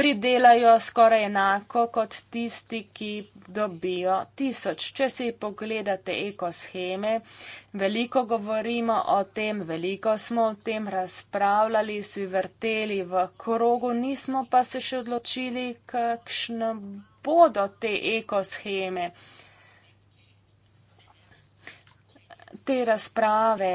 pridelajo skoraj enako kot tisti, ki dobijo tisoč. Če si pogledate ekosheme, veliko govorimo o tem, veliko smo o tem razpravljali, si vrteli v krogu, nismo pa se še odločili, kakšne bodo te ekosheme. Te razprave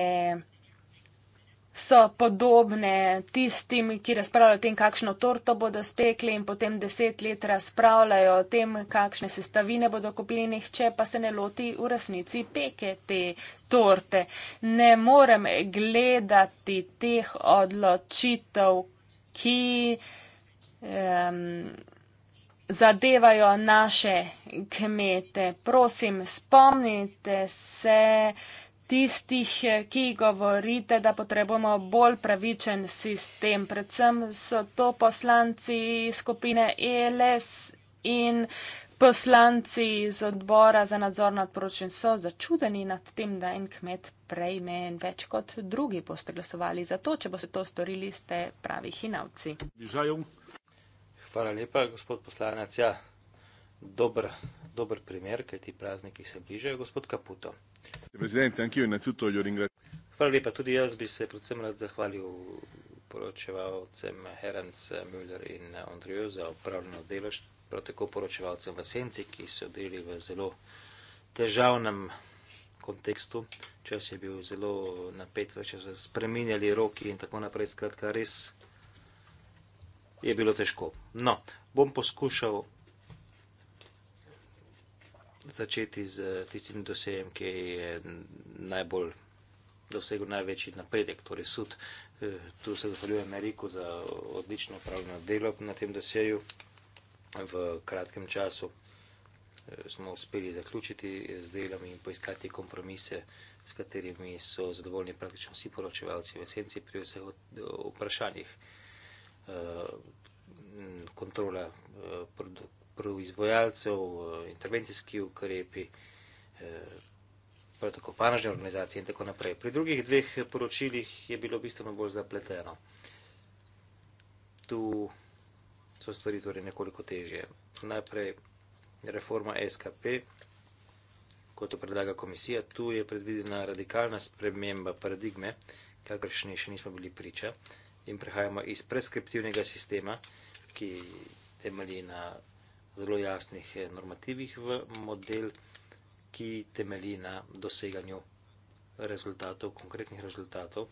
so podobne tistim, ki razpravljajo o tem, kakšno torto bodo spekli in potem deset let razpravljajo o tem, kakšne sestavine bodo kupili nihče, pa se ne loti v resnici peke te torte. Ne morem gledati teh odločitev, ki um, zadevajo naše kmete. Prosim, spomnite se, tistih, eh, ki govorite, da potrebujemo bolj pravičen sistem. Predvsem so to poslanci skupine ELS in poslanci iz odbora za nadzor nad poročin so začudeni nad tem, da en kmet prejme in več kot drugi boste glasovali za to, če boste to storili, ste pravi hinavci. Hvala lepa, gospod poslanec. Ja, dober, dober primer, kaj ti prazniki se bližajo, gospod Kaputo. Hvala lepa, tudi jaz bi se predvsem rad zahvalil poročevalcem Herenc, Müller in Andrejo za upravljeno delo, prav tako poročevalcem v Senci, ki so delili v zelo težavnem kontekstu. Čas je bil zelo napet, več so spreminjali roki in tako naprej. Skratka, res je bilo težko. No, bom poskušal začeti z tistim dosejem, ki je najbolj dosegel največji napredek, torej sud. E, tu se zahvaljujem Eriku za odlično upravljeno delo na tem doseju. V kratkem času e, smo uspeli zaključiti z delom in poiskati kompromise, s katerimi so zadovoljni praktično vsi poročevalci v esenci pri vseh vprašanjih. E, kontrola produkta pravzaprav izvajalcev, eh, intervencijski ukrepi, eh, prav tako panožne organizacije in tako naprej. Pri drugih dveh poročilih je bilo bistveno bolj zapleteno. Tu so stvari torej nekoliko težje. Najprej reforma SKP, kot jo predlaga komisija, tu je predvidena radikalna sprememba paradigme, kakršne še nismo bili priča, in prehajamo iz preskriptivnega sistema, ki temelji na zelo jasnih eh, normativih v model, ki temelji na doseganju rezultatov, konkretnih rezultatov,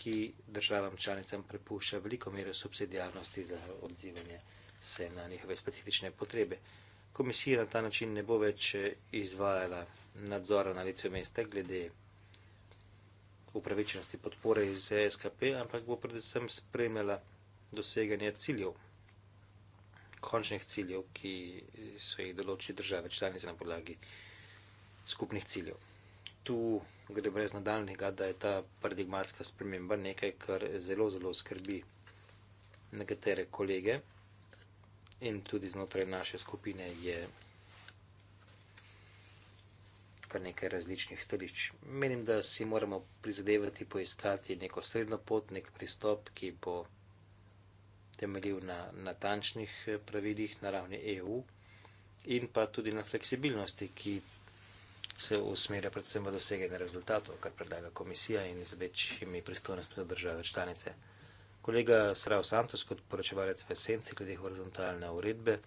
ki državam članicam prepušča veliko mero subsidijarnosti za odzivanje se na njihove specifične potrebe. Komisija na ta način ne bo več eh, izvajala nadzora na licu mesta glede upravičenosti podpore iz SKP, ampak bo predvsem spremljala doseganje ciljev končnih ciljev, ki so jih določili države članice na podlagi skupnih ciljev. Tu gre brez nadaljnega, da je ta paradigmatska sprememba nekaj, kar zelo, zelo skrbi nekatere kolege in tudi znotraj naše skupine je kar nekaj različnih stališč. Menim, da si moramo prizadevati poiskati neko srednjo pot, nek pristop, ki bo temeljil na natančnih eh, pravilih na ravni EU in pa tudi na fleksibilnosti, ki se usmerja predvsem v doseganje rezultatov, kar predlaga komisija in z večjimi pristojnostmi za države članice. Kolega Srav Santos kot poročevalec v esenci glede horizontalne uredbe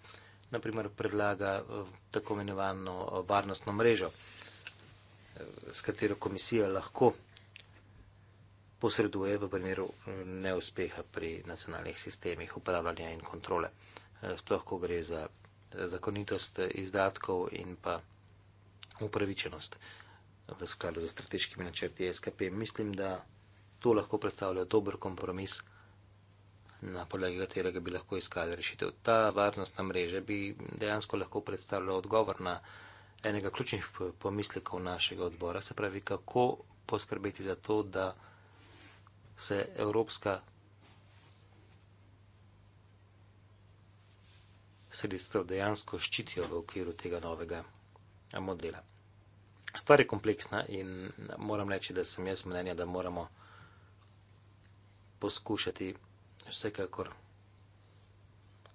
naprimer predlaga eh, tako imenovano varnostno mrežo, eh, s katero komisija lahko posreduje v primeru mm, neuspeha pri nacionalnih sistemih upravljanja in kontrole. Eh, sploh, ko gre za eh, zakonitost eh, izdatkov in pa upravičenost v skladu za strateškimi načrti SKP. Mislim, da to lahko predstavlja dober kompromis, na podlagi katerega bi lahko iskali rešitev. Ta varnostna mreža bi dejansko lahko predstavljala odgovor na enega ključnih pomislekov našega odbora, se pravi, kako poskrbeti za to, da se Evropska sredstva dejansko ščitijo v okviru tega novega eh, modela. Stvar je kompleksna in moram reči, da sem jaz mnenja, da moramo poskušati vsekakor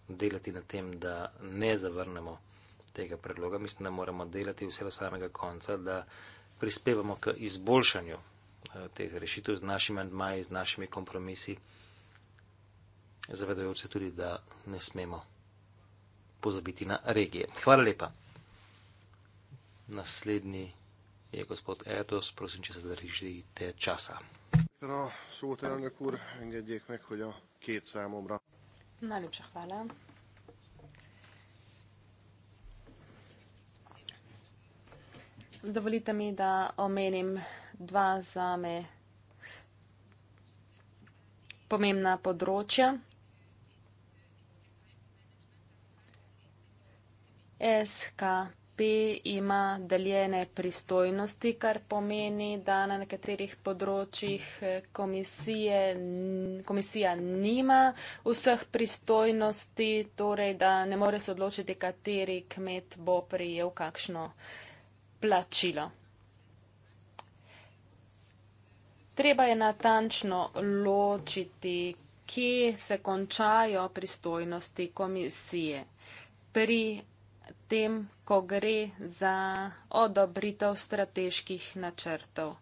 delati na tem, da ne zavrnemo tega predloga. Mislim, da moramo delati vse do samega konca, da prispevamo k izboljšanju Eh, teh rešitev z našimi mandmaji, z našimi kompromisi, zavedajoč se tudi, da ne smemo pozabiti na regije. Hvala lepa. Naslednji je gospod Erdos, prosim, če se zadržite časa. Najlepša hvala. Dovolite mi, da omenim dva zame pomembna področja. SKP ima deljene pristojnosti, kar pomeni, da na nekaterih področjih eh, komisije, komisija nima vseh pristojnosti, torej da ne more se odločiti, kateri kmet bo prijel kakšno plačilo. Treba je natančno ločiti, kje se končajo pristojnosti komisije. Pri tem, ko gre za odobritev strateških načrtov.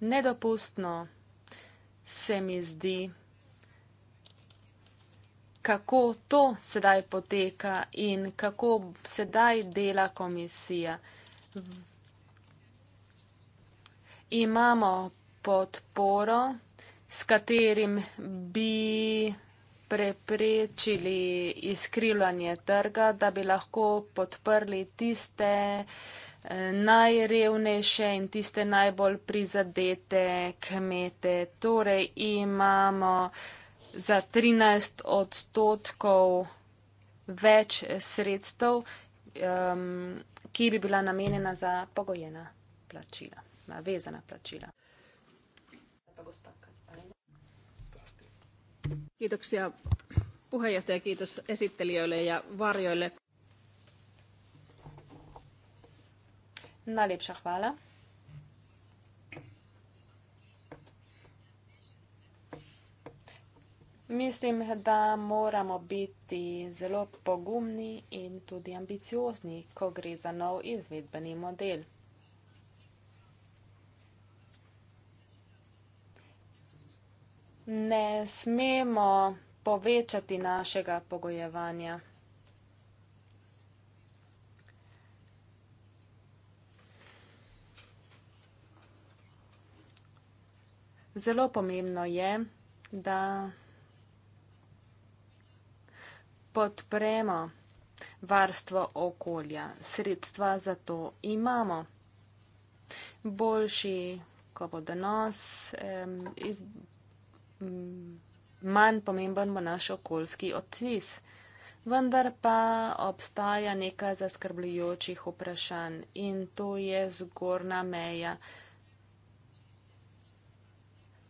Nedopustno se mi zdi, kako to sedaj poteka in kako sedaj dela komisija imamo podporo, s katerim bi preprečili izkrivljanje trga, da bi lahko podprli tiste eh, najrevnejše in tiste najbolj prizadete kmete. Torej imamo za 13 odstotkov več sredstev, ehm, ki bi bila namenjena za pogojena plačila na vezana plačila. Kiitoksia puheenjohtaja, kiitos esittelijöille ja varjoille. Najlepša hvala. Mislim, da moramo biti zelo pogumni in tudi ambiciozni, ko gre za nov izvedbeni model. ne smemo povečati našega pogojevanja. Zelo pomembno je, da podpremo varstvo okolja. Sredstva za to imamo. Boljši, ko bo donos, Mm, manj pomemben bo naš okoljski odtis. Vendar pa obstaja nekaj zaskrbljujočih vprašanj in to je zgorna meja.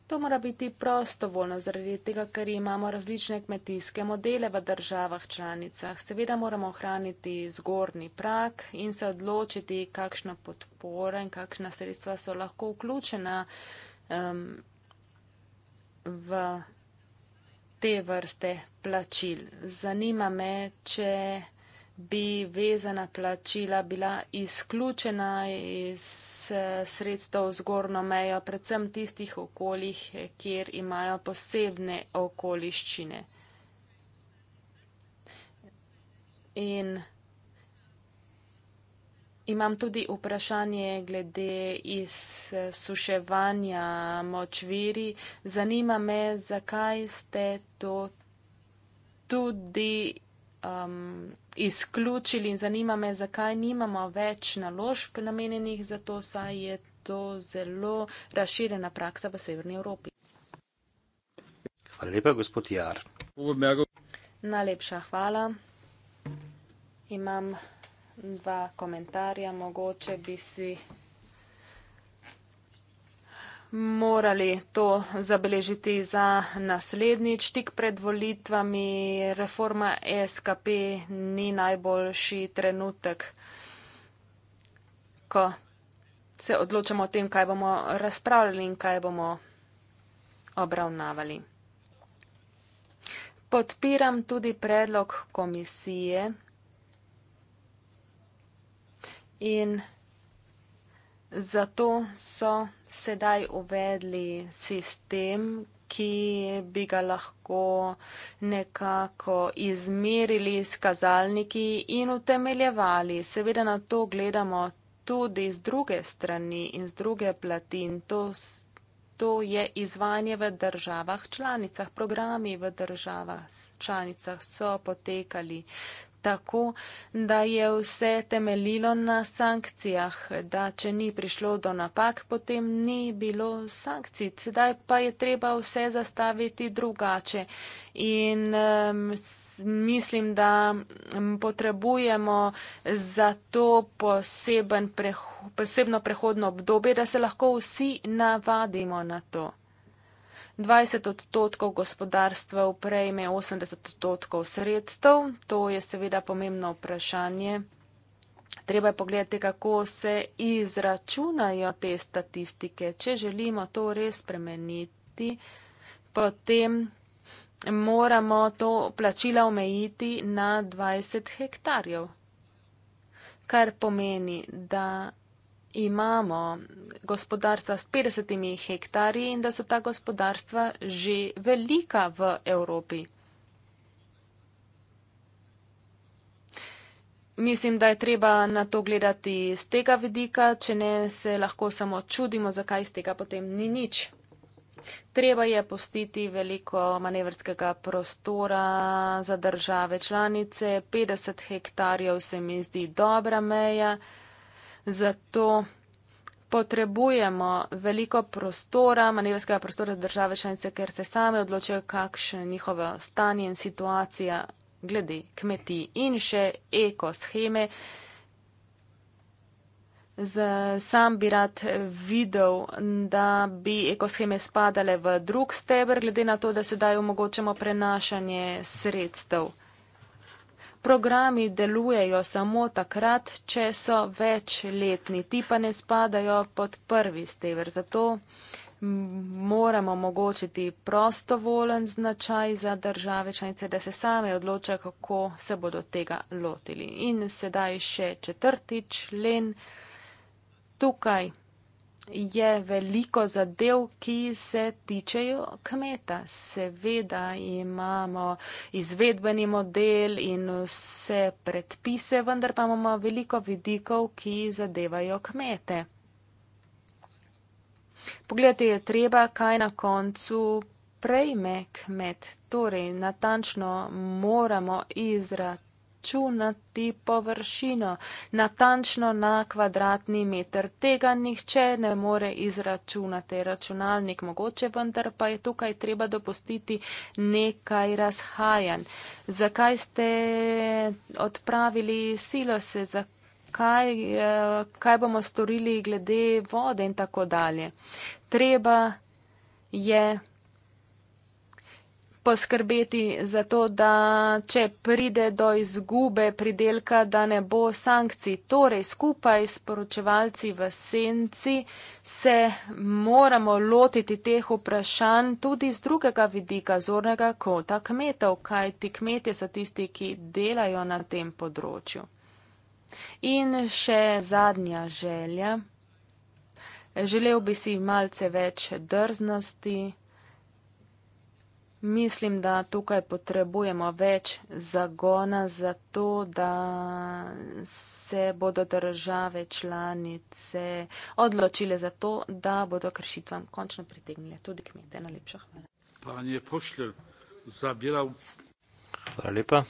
To mora biti prostovoljno, zaradi tega, ker imamo različne kmetijske modele v državah članicah. Seveda moramo ohraniti zgornji prak in se odločiti, kakšna podpora in kakšna sredstva so lahko vključena um, v te vrste plačil. Zanima me, če bi vezana plačila bila izključena iz eh, sredstev zgornjo mejo, predvsem tistih okoljih, eh, kjer imajo posebne okoliščine. In Imam tudi vprašanje glede izsuševanja močviri. Zanima me, zakaj ste to tudi um, izključili in zanima me, zakaj nimamo več naložb namenjenih za to, saj je to zelo razširjena praksa v Severni Evropi. Hvala lepa, gospod Jar. Najlepša hvala. Imam dva komentarja. Mogoče bi si morali to zabeležiti za naslednjič. Tik pred volitvami reforma SKP ni najboljši trenutek, ko se odločamo o tem, kaj bomo razpravljali in kaj bomo obravnavali. Podpiram tudi predlog komisije. In zato so sedaj uvedli sistem, ki bi ga lahko nekako izmerili s kazalniki in utemeljevali. Seveda na to gledamo tudi z druge strani in z druge platin. To, to je izvanje v državah članicah, programi v državah članicah so potekali tako, da je vse temeljilo na sankcijah, da če ni prišlo do napak, potem ni bilo sankcij. Sedaj pa je treba vse zastaviti drugače. In um, mislim, da potrebujemo za to preho posebno prehodno obdobje, da se lahko vsi navadimo na to. 20 odstotkov gospodarstvov prejme 80 odstotkov sredstev. To je seveda pomembno vprašanje. Treba je pogledati, kako se izračunajo te statistike. Če želimo to res spremeniti, potem moramo to plačilo omejiti na 20 hektarjev, kar pomeni, da imamo gospodarstva s 50 hektarji in da so ta gospodarstva že velika v Evropi. Mislim, da je treba na to gledati z tega vidika, če ne se lahko samo čudimo, zakaj z tega potem ni nič. Treba je postiti veliko manevrskega prostora za države članice, 50 hektarjev se mi zdi dobra meja zato potrebujemo veliko prostora, manevrskega prostora države članice, ker se same odločajo, kakšen je njihovo stanje in situacija glede kmetij in še ekosheme. Z, sam bi rad videl, da bi ekosheme spadale v drug steber, glede na to, da sedaj omogočamo prenašanje sredstev programi delujejo samo takrat, če so večletni, ti pa ne spadajo pod prvi stever. Zato moramo omogočiti prostovolen značaj za države članice, da se same odločajo, kako se bodo tega lotili. In sedaj še četrtič len. Tukaj je veliko zadev, ki se tičejo kmeta. Seveda imamo izvedbeni model in vse predpise, vendar pa imamo veliko vidikov, ki zadevajo kmete. Pogledati je treba, kaj na koncu prejme kmet. Torej, natančno moramo izračunati izračunati površino, natančno na kvadratni meter. Tega nihče ne more izračunati. Računalnik mogoče, vendar pa je tukaj treba dopustiti nekaj razhajanj. Zakaj ste odpravili silose, zakaj, eh, kaj bomo storili glede vode in tako dalje? Treba je poskrbeti za to, da če pride do izgube pridelka, da ne bo sankcij. Torej, skupaj s poročevalci v senci se moramo lotiti teh vprašanj tudi z drugega vidika, zornega kota kmetov, kaj ti kmetje so tisti, ki delajo na tem področju. In še zadnja želja. Želel bi si malce več drznosti. Mislim, da tukaj potrebujemo več zagona za to, da se bodo države članice odločile za to, da bodo kršitvam končno pritegnile tudi kmete. Najlepša hvala. Hvala lepa.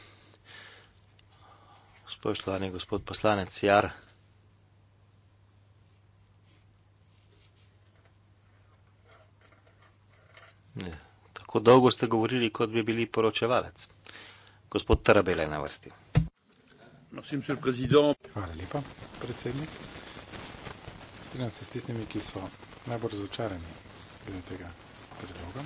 Spoštovani gospod poslanec Jar. Ne, Tako dolgo ste govorili, kot bi bili poročevalec. Gospod Trabele je na vrsti. Hvala lepa, predsednik. Strenjam se s tistimi, ki so najbolj razočarani glede tega predloga.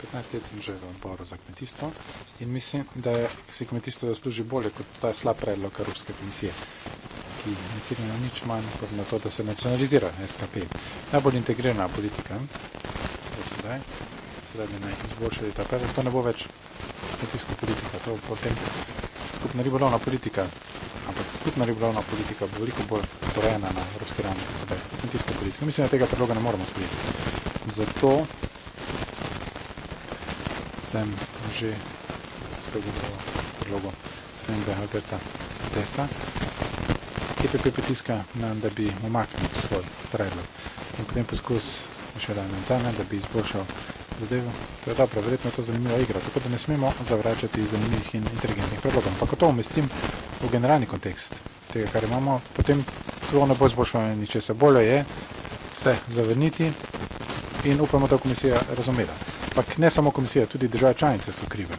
15 let sem že v odboru za kmetijstvo in mislim, da si kmetijstvo zasluži bolje kot ta slab predlog Evropske komisije, ki ne cilja na nič manj kot na to, da se nacionalizira SKP. Najbolj integrirana politika do sedaj da bi naj izboljšali ta predlog. To ne bo več kmetijska politika, to bo potem skupna ribolovna politika. Ampak skupna ribolovna politika bo veliko bolj urejena na evropski ravni, kot sedaj kmetijska politika. Mislim, da tega predloga ne moremo sprejeti. Zato sem že spregovoril o predlogu spremembe Alberta Tesa, ki je pritiska na, da bi umaknil svoj predlog. In potem poskus še da na ta način, da bi izboljšal zadeva. To je dobro, verjetno je to zanimiva igra, tako da ne smemo zavračati zanimivih in inteligentnih predlogov. Ampak ko to umestim v generalni kontekst tega, kar imamo, potem to ne bo izboljšalo ničesar. Bolje je vse zavrniti in upamo, da je komisija razumela. Ampak ne samo komisija, tudi države članice so krive,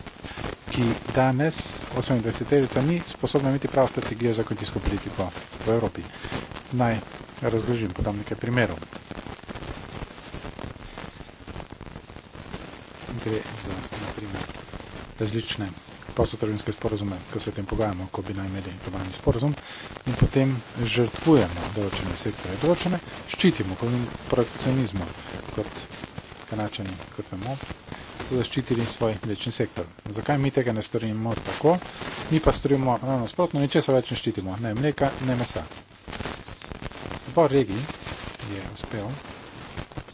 ki danes, 28-terica, ni sposobna imeti prav strategijo za kmetijsko politiko v Evropi. Naj razložim, podam nekaj primerov. gre za, na primer, različne prostotrgovinske sporozume, ko se o tem pogajamo, ko bi naj imeli globalni sporozum in potem žrtvujemo določene sektorje, določene ščitimo, ko jim protekcionizmo, kot kanačani, kot vemo, so zaščitili svoj mlečni sektor. Zakaj mi tega ne storimo tako? Mi pa storimo ravno sprotno, ničesar več ne ščitimo, ne mleka, ne mesa. Po regiji je uspel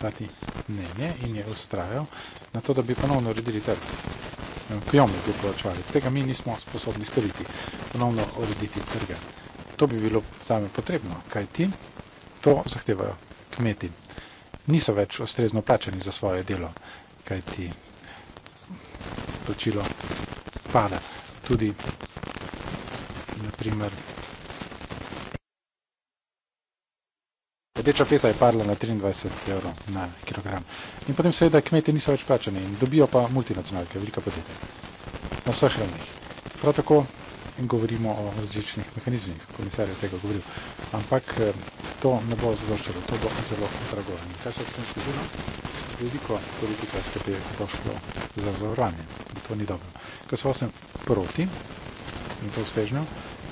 dati mnenje in je ustrajal, na to, da bi ponovno uredili trg. Kjom je bil plačovalec, tega mi nismo sposobni storiti, ponovno urediti trga. To bi bilo zame potrebno, kaj ti, to zahtevajo kmeti. Niso več ustrezno plačani za svoje delo, kaj ti plačilo pada. Tudi, naprimer, Rdeča pesa je padla na 23 evrov na kilogram. In potem seveda kmeti niso več plačani in dobijo pa multinacionalke, velika podjetja. Na vseh ravneh. Prav tako govorimo o različnih mehanizmih, komisar je tega govoril. Ampak eh, to ne bo zadoščalo, to bo zelo drago. In kaj se v tem zgodilo? Veliko politika skrbi je došlo za zavranje. In to ni dobro. Ko so osem proti, in to svežnjo,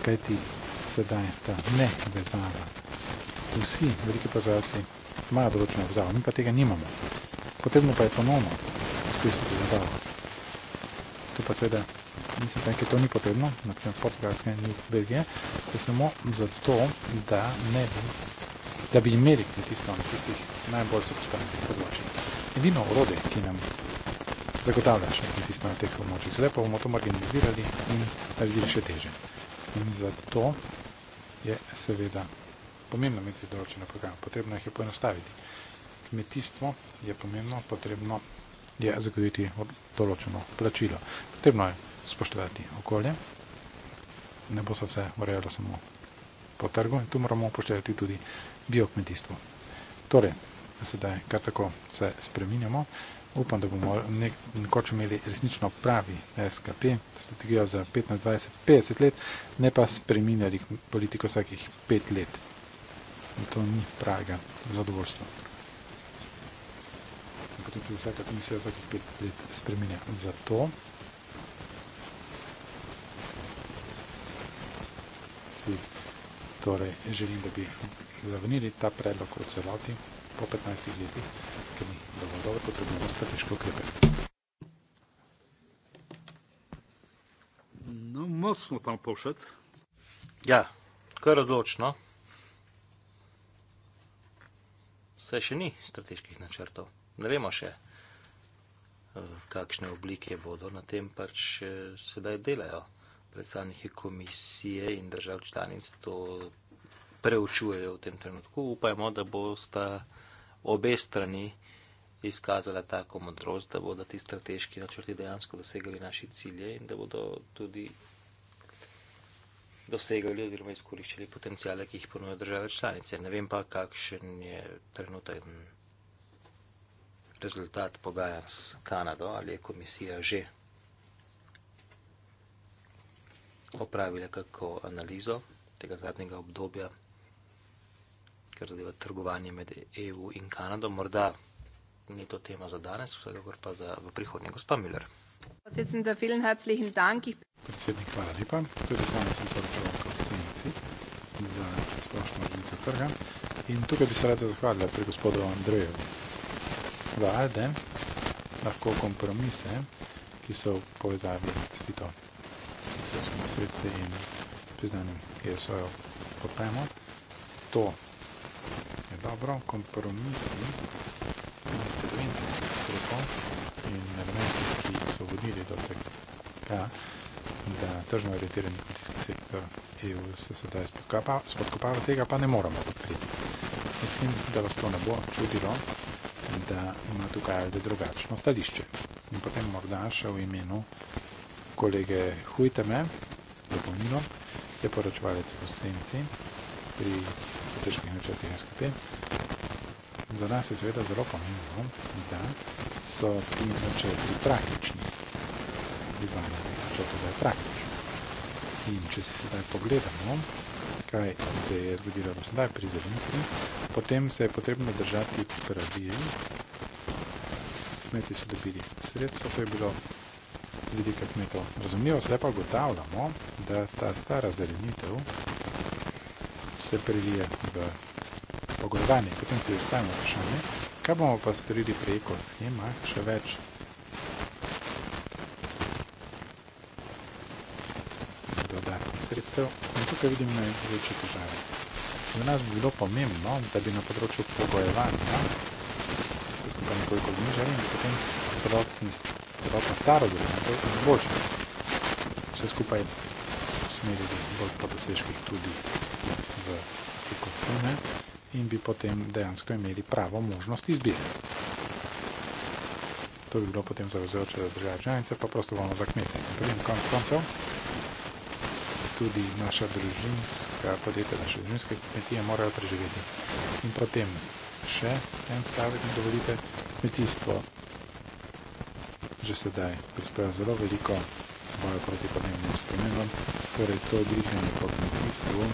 kaj ti sedaj ta nevezava vsi veliki proizvajalci imajo določeno obzavo, mi pa tega nimamo. Potrebno pa je ponovno izkoristiti obzavo. To pa seveda, mislim, da to ni potrebno, naprimer Portugalske in Belgije, da samo zato, da ne bi, da bi imeli kmetijstvo na tistih najbolj zapostavljenih področjih. Edino orode, ki nam zagotavlja še kmetijstvo na teh območjih, zdaj pa bomo to marginalizirali in naredili še teže. In zato je seveda pomembno imeti določene programe, potrebno jih je poenostaviti. Kmetijstvo je pomembno, potrebno je zagotoviti določeno plačilo. Potrebno je spoštovati okolje, ne bo se vse urejalo samo po trgu in tu moramo upoštevati tudi biokmetijstvo. Torej, sedaj kar tako se spreminjamo, upam, da bomo nekoč imeli resnično pravi SKP, strategijo za 15, 20, 50 let, ne pa spreminjali politiko vsakih 5 let in to ni pravega zadovoljstva. In potem tudi vsaka komisija vsakih pet let spremenja. Zato si torej želim, da bi zavrnili ta predlog v celoti po 15 letih, ker ni dovolj dobro potrebno strateške ukrepe. No, močno pa pošet. Ja, kar odločno. Saj še ni strateških načrtov. Ne vemo še, eh, kakšne oblike bodo na tem, pač eh, sedaj delajo. Predstavniki komisije in držav članic to preučujejo v tem trenutku. Upajmo, da bosta obe strani izkazala tako modrost, da bodo ti strateški načrti dejansko dosegali naše cilje in da bodo tudi dosegali oziroma izkoriščali potencijale, ki jih ponuja države članice. Ne vem pa, kakšen je trenutek rezultat pogajanj s Kanado, ali je komisija že opravila kako analizo tega zadnjega obdobja, ker zadeva trgovanje med EU in Kanado. Morda ni to tema za danes, vsekakor pa za v prihodnje. Gospa Miller. Posledzende, vielen herzlichen Dank predsednik, hvala lepa. Tudi sam sem poročal kot senci za splošno žitev trga. In tukaj bi se rada zahvalila pri gospodu Andreju Valde, lahko kompromise, ki so povezali s fito fitovskimi sredstvi in priznanjem e ESO-jo podpremo. To je dobro, kompromisi intervencijskih ukrepov in elementi, ki so vodili do tega, da tržno orientirani kmetijski sektor EU se sedaj spodkopava, tega pa ne moramo podpreti. Mislim, da vas to ne bo čudilo, da ima tukaj Alde drugačno stališče. In potem morda še v imenu kolege Hujteme, dopolnilo, je poročevalec v Senci pri strateških načrtih SKP. Za nas je seveda zelo pomembno, da so ti načrti praktični izvajanje načrtov je praktično. In če si sedaj pogledamo, kaj se je zgodilo do sedaj pri zelenki, potem se je potrebno držati pravil. Kmeti so dobili sredstvo, to je bilo velike kmetov. Razumljivo, sedaj pa ugotavljamo, da ta stara zelenitev se prelije v pogodovanje. Potem si ostajamo vprašanje, kaj bomo pa storili pri ekoschemah, še več sredstev in tukaj vidim največje težave. Za nas bi bilo pomembno, da bi na področju pogojevanja vse skupaj nekoliko znižali in da potem celotno staro zavrnitev izboljšali. Vse skupaj usmerili bolj po dosežkih tudi v ekosfeme in bi potem dejansko imeli pravo možnost izbire. To bi bilo potem zavezujoče za države članice, pa prosto bomo za kmete. Potem konec koncev, tudi naša družinska podjetja, naše družinske kmetije morajo preživeti. In potem še en stavek, mi dovolite, kmetijstvo že sedaj prispeva zelo veliko boja proti podnebnim spremembam, torej to odrihanje po kmetijstvu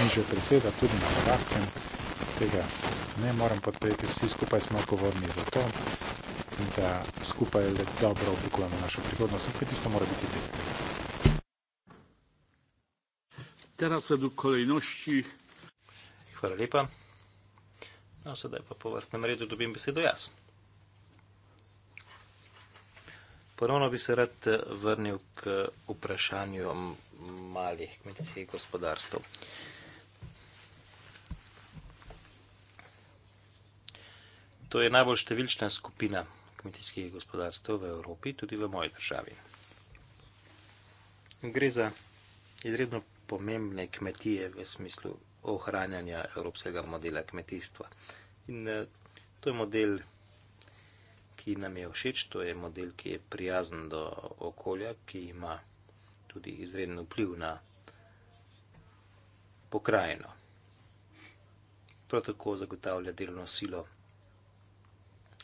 in že preseda tudi na Hrvatskem, tega ne morem podpreti, vsi skupaj smo odgovorni za to, da skupaj le dobro oblikujemo našo prihodnost, v katerih to mora biti del. Teraz sedu kolejnosti. Hvala lepa. No, sedaj pa po vrstnem redu dobim besedo jaz. Ponovno bi se rad eh, vrnil k vprašanju malih kmetijskih gospodarstv. To je najbolj številčna skupina kmetijskih gospodarstv v Evropi, tudi v moji državi. Gre za izredno pomembne kmetije v smislu ohranjanja evropskega modela kmetijstva. In eh, to je model, ki nam je všeč, to je model, ki je prijazen do okolja, ki ima tudi izredno vpliv na pokrajino. Prav tako zagotavlja delovno silo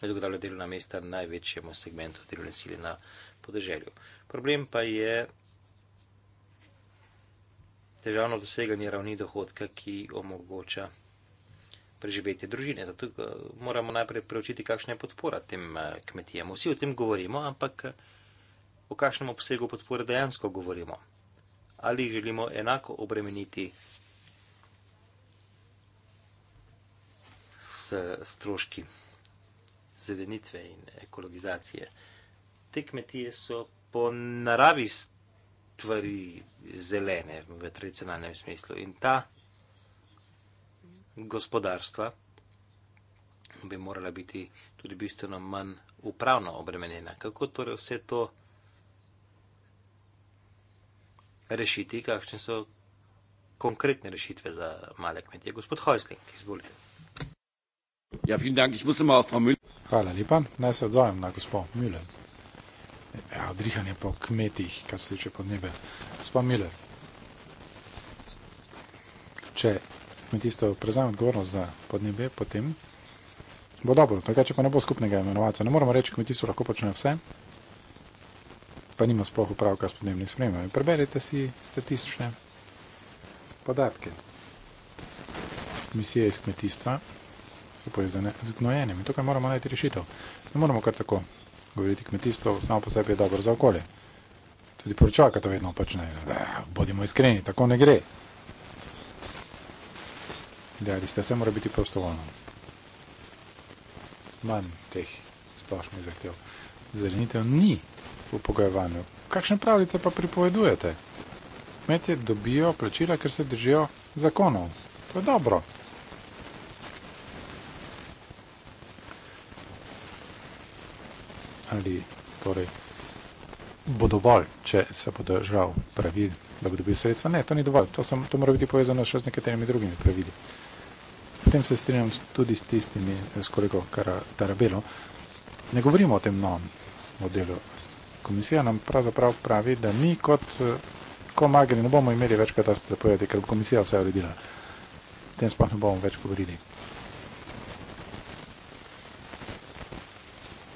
zagotavlja delovna mesta največjemu segmentu delovne sile na podeželju. Problem pa je težavno doseganje ravni dohodka, ki omogoča preživetje družine. Zato eh, moramo najprej preučiti, kakšna je podpora tem eh, kmetijam. Vsi o tem govorimo, ampak eh, o kakšnem obsegu podpore dejansko govorimo. Ali želimo enako obremeniti s stroški zelenitve in ekologizacije. Te kmetije so po naravi stvari zelene v tradicionalnem smislu in ta gospodarstva bi morala biti tudi bistveno manj upravno obremenjena. Kako torej vse to rešiti, kakšne so konkretne rešitve za male kmetije? Gospod Hojsling, izvolite. Ja, vielen Dank. Ich muss immer auf Frau Müller. Hvala lepa. Naj se odzovem na gospod Müller. Ja, odrihanje po kmetih, kar se tiče podnebja. Gospod Müller, če kmetijstvo prevzame odgovornost za podnebje, potem bo dobro. Tako, če pa ne bo skupnega imenovanja, ne moremo reči, kmetijstvo lahko počne vse, pa nima sploh upravka s podnebnimi spremembami. Preberite si statistične podatke. Misije iz kmetijstva povezane z gnojenjem. In tukaj moramo najti rešitev. Ne moramo kar tako govoriti, kmetijstvo samo po sebi je dobro za okolje. Tudi poročaka to vedno počne. Da, eh, bodimo iskreni, tako ne gre. Idealiste, vse mora biti prostovoljno. Manj teh splošnih zahtev. Zelenitev ni v pogojevanju. Kakšne pravljice pa pripovedujete? Kmetje dobijo plačila, ker se držijo zakonov. To je dobro. ali torej, bo dovolj, če se bo držal pravil, da bo dobil sredstva. Ne, to ni dovolj, to, sem, to mora biti povezano še z nekaterimi drugimi pravili. Potem se strinjam tudi s tistimi, s koliko kar tarabelo. Ne govorimo o tem novem modelu. Komisija nam pravzaprav pravi, da mi kot komagri ne bomo imeli več kaj dosti zapovedati, ker bo komisija vse uredila. O tem sploh ne bomo več govorili.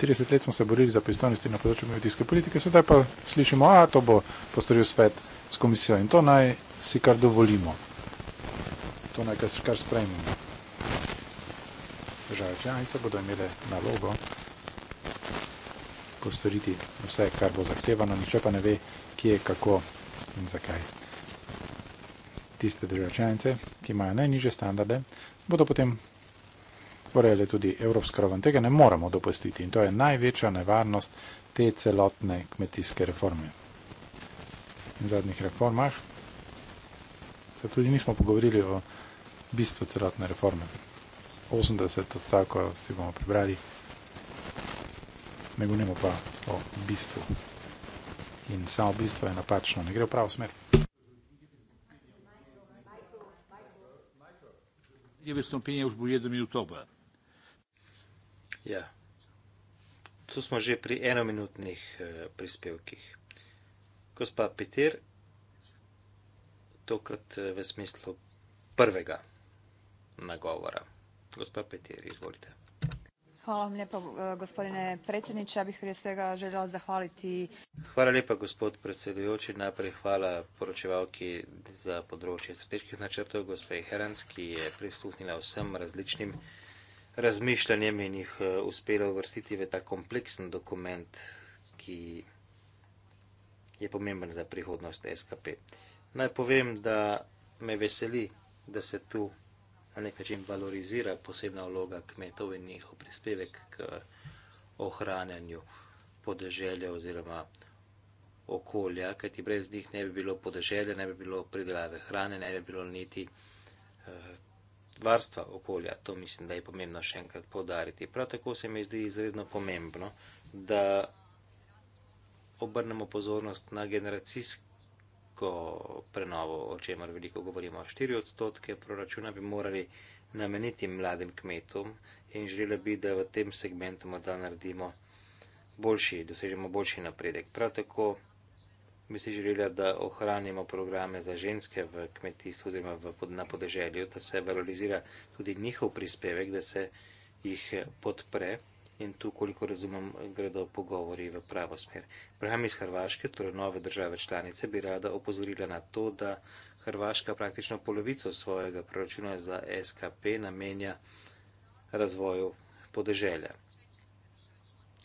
30 let smo se borili za pristojnosti na področju medijske politike, sedaj pa slišimo, da to bo postoril svet s komisijo in to naj si kar dovolimo. To naj kar, kar sprejmemo. Države članice bodo imele nalogo postoriti vse, kar bo zahtevano, nihče pa ne ve, kje, kako in zakaj. Tiste države članice, ki imajo najniže standarde, bodo potem Torej, ali tudi evropska raven tega ne moremo dopustiti in to je največja nevarnost te celotne kmetijske reforme. In v zadnjih reformah se tudi nismo pogovorili o bistvu celotne reforme. 80 odstavkov si bomo prebrali, ne govorimo pa o bistvu. In samo bistvo je napačno, ne gre v pravo smer. Je vstopenje už bo 1 minuto. Ja. Tu smo že pri enominutnih uh, prispevkih. Gospa Peter, tokrat eh, v smislu prvega nagovora. Gospa Peter, izvolite. Hvala vam lijepa, eh, gospodine predsjedniče. Ja bih prije svega željela zahvaliti. Hvala lijepa, gospod predsjedujoči. Najprej hvala poročevalki za področje strateških načrtov, gospod Heranski, ki je prisluhnila vsem različnim uh, razmišljanjem in jih eh, uspelo uvrstiti v ta kompleksen dokument, ki je pomemben za prihodnost SKP. Naj povem, da me veseli, da se tu na nek način valorizira posebna vloga kmetov in njihov prispevek k ohranjanju podeželja oziroma okolja, kajti brez njih ne bi bilo podeželja, ne bi bilo pridelave hrane, ne bi bilo niti eh, varstva okolja. To mislim, da je pomembno še enkrat povdariti. Prav tako se mi zdi izredno pomembno, da obrnemo pozornost na generacijsko prenovo, o čemer veliko govorimo. 4 odstotke proračuna bi morali nameniti mladim kmetom in želeli bi, da v tem segmentu morda naredimo boljši, dosežemo boljši napredek. Prav tako bi si želela, da ohranimo programe za ženske v kmetijstvu oziroma na podeželju, da se valorizira tudi njihov prispevek, da se jih podpre in tu, koliko razumem, gredo pogovori v pravo smer. Braham iz Hrvaške, torej nove države članice, bi rada opozorila na to, da Hrvaška praktično polovico svojega proračuna za SKP namenja razvoju podeželja.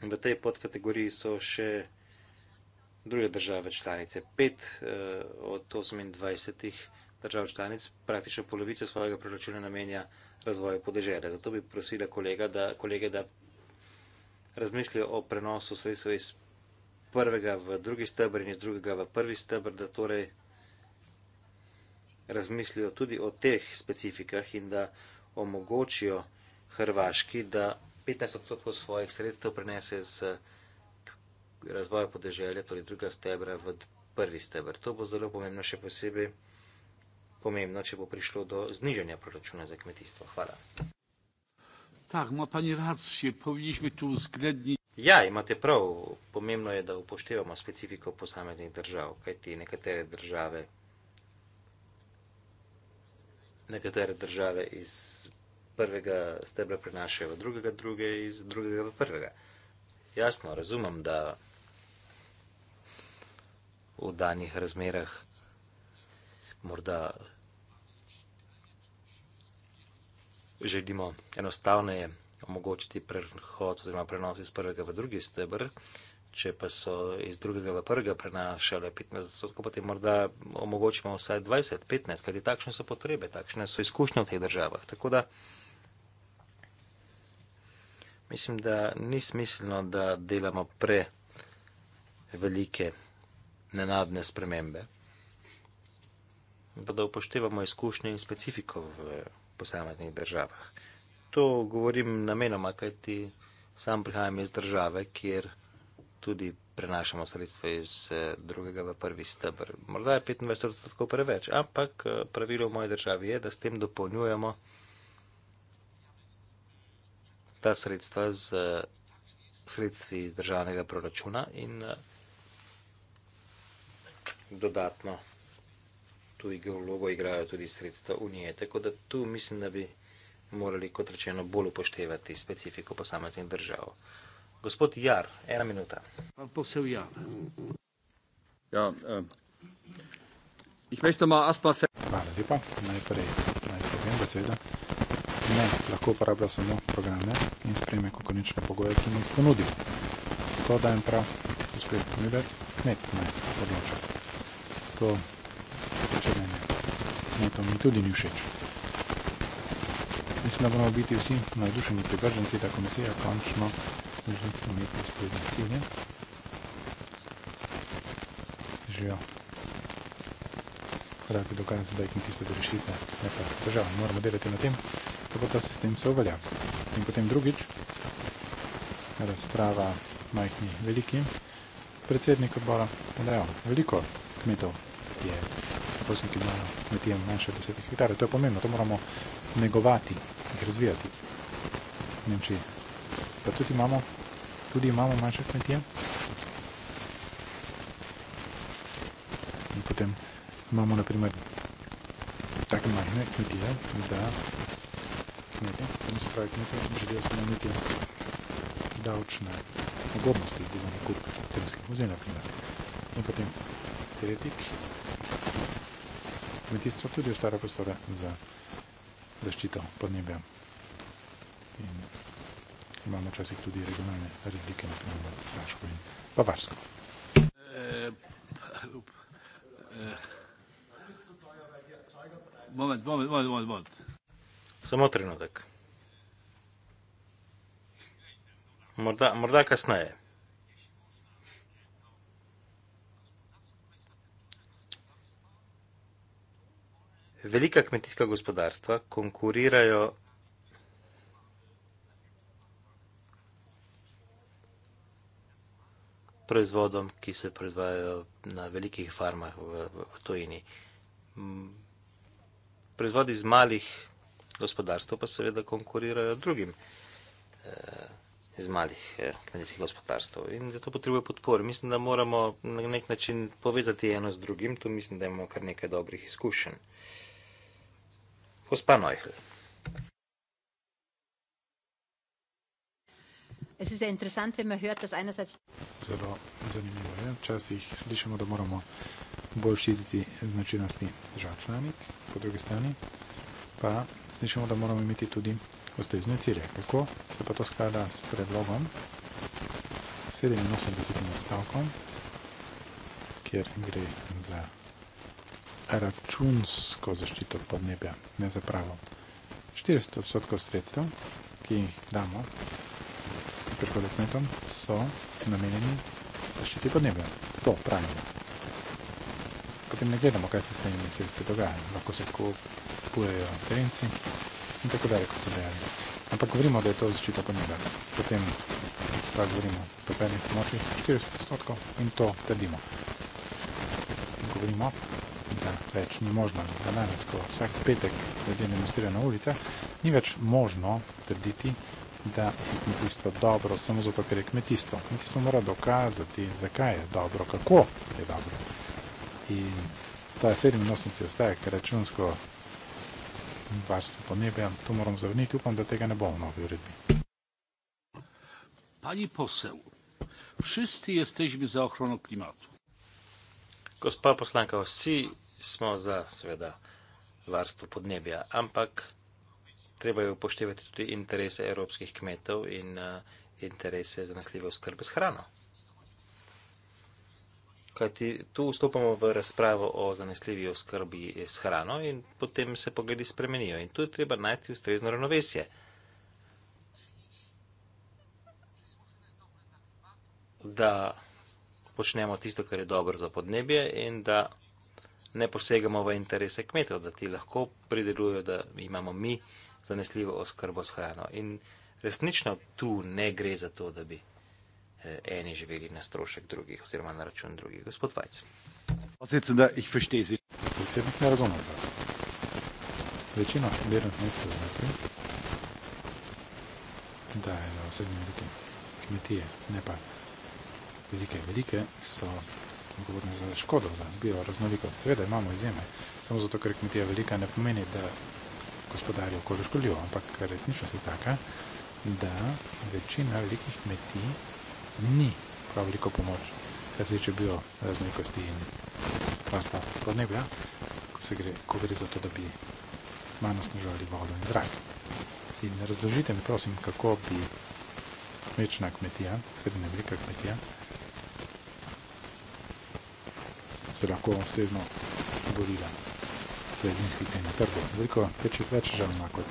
V tej podkategoriji so še druge države članice. Pet eh, od 28 držav članic praktično polovico svojega proračuna namenja razvoju podeželja. Zato bi prosila kolega, da, kolege, da razmislijo o prenosu sredstev iz prvega v drugi stebr in iz drugega v prvi stebr, da torej razmislijo tudi o teh specifikah in da omogočijo Hrvaški, da 15 odstotkov svojih sredstev prenese z eh, razvoja podeželja, torej druga stebra, v prvi stebr. To bo zelo pomembno, še posebej pomembno, če bo prišlo do znižanja proračuna za kmetijstvo. Hvala. Tak, ima pani racije, tu zgledni... Ja, imate prav. Pomembno je, da upoštevamo specifiko posameznih držav, kajti nekatere države nekatere države iz prvega stebra prenašajo v drugega, druge iz drugega v prvega. Jasno, razumem, da v danih razmerah. Morda želimo enostavneje omogočiti prehod oziroma prenos iz prvega v drugi stebr, če pa so iz drugega v prvega prenašale 15 odstotkov, potem morda omogočimo vsaj 20-15, kajti takšne so potrebe, takšne so izkušnje v teh državah. Tako da mislim, da ni smiselno, da delamo pre velike nenadne spremembe. Pa da upoštevamo izkušnje in specifiko v posameznih državah. To govorim namenoma, kajti sam prihajam iz države, kjer tudi prenašamo sredstva iz eh, drugega v prvi stebr. Morda je 25 odstotkov preveč, ampak eh, pravilo v moji državi je, da s tem dopolnjujemo ta sredstva z eh, sredstvi iz državnega proračuna in dodatno tu vlogo igrajo tudi sredstva Unije. Tako da tu mislim, da bi morali, kot rečeno, bolj upoštevati specifiko posameznih držav. Gospod Jar, ena minuta. Posev Jar. Ja, eh, jih veste, ima Aspa Fe. Hvala lepa, najprej naj povem besedo. Ne, lahko uporablja samo programe in spreme konkurenčne pogoje, ki mi jih ponudijo. Zato dajem prav, gospod Miller, ne, ne, odločam to, če mene. Ne, no, to mi tudi ni všeč. Mislim, da moramo biti vsi navdušeni privrženci, da komisija končno želi imeti ustrezne cilje. Držijo. Hkrati dokaz, da jih ni tisto do rešitve, ne pa težava. Moramo delati na tem, da bo ta sistem se uveljavil. In potem drugič, razprava majhni, veliki. Predsednik odbora je dejal: "Veliko kmetov kmetje, prosim, ki imajo kmetije manjše od 10 hektarjev. To je pomembno, to moramo negovati, jih razvijati. V Nemčiji pa tudi imamo, tudi imamo manjše kmetije. In potem imamo naprimer tako majhne kmetije, da kmetje, to se pravi kmetje, želijo samo imeti davčne ugodnosti, bi za nekup terenskih vozil naprimer. In potem tretjič, kmetijstvo tudi ustvarja prostore za zaščito podnebja. In imamo včasih tudi regionalne razlike, naprimer med Saško in Bavarsko. Moment, moment, moment, moment, moment. Samo trenutek. Morda, morda kasneje. Velika kmetijska gospodarstva konkurirajo. Proizvodom, ki se proizvajajo na velikih farmah v, v, v tojini. Proizvodi iz malih gospodarstv pa seveda konkurirajo drugim eh, iz malih eh, kmetijskih gospodarstv in zato potrebuje podpore. Mislim, da moramo na nek način povezati eno z drugim, tu mislim, da imamo kar nekaj dobrih izkušenj. Eh, Gospa Neuchel. Ja Zelo zanimivo je, včasih slišimo, da moramo bolj ščititi značilnosti držav članic, po drugi strani pa slišimo, da moramo imeti tudi ustrezne cilje. Kako se pa to sklada s predlogom 87. odstavkom, kjer gre za računsko zaščito podnebja, ne za pravo. 400 odstotkov sredstev, ki jih damo preko dokumentov, so namenjeni zaščiti podnebja. To pravimo. Potem ne gledamo, kaj se s temi sredstvi dogaja. Lahko se kupujejo terenci in tako dalje, kot so dejali. Ampak govorimo, da je to zaščita podnebja. Potem pa govorimo o prepernih pomočih 40 odstotkov in to trdimo. Govorimo, da več ni možno, da danes, ko vsak petek ljudje demonstrirajo na ulicah, ni več možno trditi, da je kmetijstvo dobro samo zato, ker je kmetijstvo. Kmetijstvo mora dokazati, zakaj je dobro, kako je dobro. In ta 87. ostaja, ker računsko varstvo podnebja, to moramo zavrniti, upam, da tega ne bo v novi uredbi. Pani posel, vsi ste za ochrono klimatu. Gospa poslanka, vsi smo za seveda varstvo podnebja, ampak treba je upoštevati tudi interese evropskih kmetov in uh, interese zanesljive oskrbe s hrano. Kajti tu vstopamo v razpravo o zanesljivi oskrbi s hrano in potem se pogledi spremenijo in tu je treba najti ustrezno ravnovesje. Da počnemo tisto, kar je dobro za podnebje in da ne posegamo v interese kmetov, da ti lahko pridelujo, da imamo mi zanesljivo oskrbo s hrano. In resnično tu ne gre za to, da bi eh, eni živeli na strošek drugih oziroma na račun drugih. Gospod Vajc. Osnice, da jih feštezi. Predsednik ne razume vas. Večina delovnih mest je zmeti. Da je na osebni velike kmetije, ne pa velike, velike, so govorim za škodo, za bioraznolikost. Seveda imamo izjeme, samo zato, ker kmetija velika ne pomeni, da gospodari okolju škodljivo, ampak resničnost je taka, da večina velikih kmetij ni prav veliko pomoč, kar se tiče bioraznolikosti in varstva podnebja, ko se gre, ko gre za to, da bi manj onesnaževali vodo in zrak. In razložite mi, prosim, kako bi večna kmetija, seveda ne velika kmetija, se lahko ustrezno borila za zimske cene na trgu. Veliko več, več žal ima kot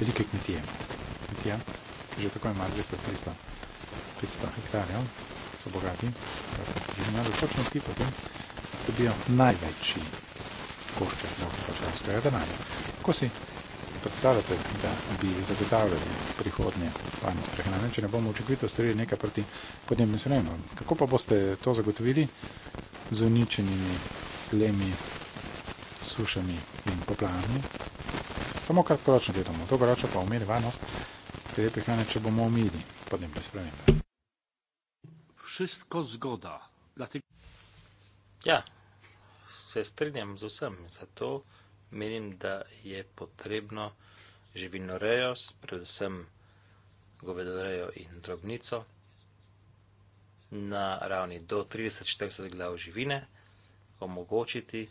velike kmetije. Kmetija, ki že tako ima 200, 300, 500 hektarjev, so bogati, tako kot živina, ali točno ti potem dobijo največji košček na občanskega denarja. Ko si predstavljate, da bi zagotavljali prihodnje panic prehrane, če ne bomo učinkovito storili nekaj proti podnebnim spremembam. Kako pa boste to zagotovili? z uničenimi tlemi, sušami in poplavami. Samo kratkoročno gledamo, dolgoročno pa umeli varnost, kjer je prihranje, če bomo umeli podnebne spremembe. Všetko zgoda. Ja, se strinjam z vsem, zato menim, da je potrebno živino rejo, predvsem govedorejo in drobnico, na ravni do 30-40 glav živine omogočiti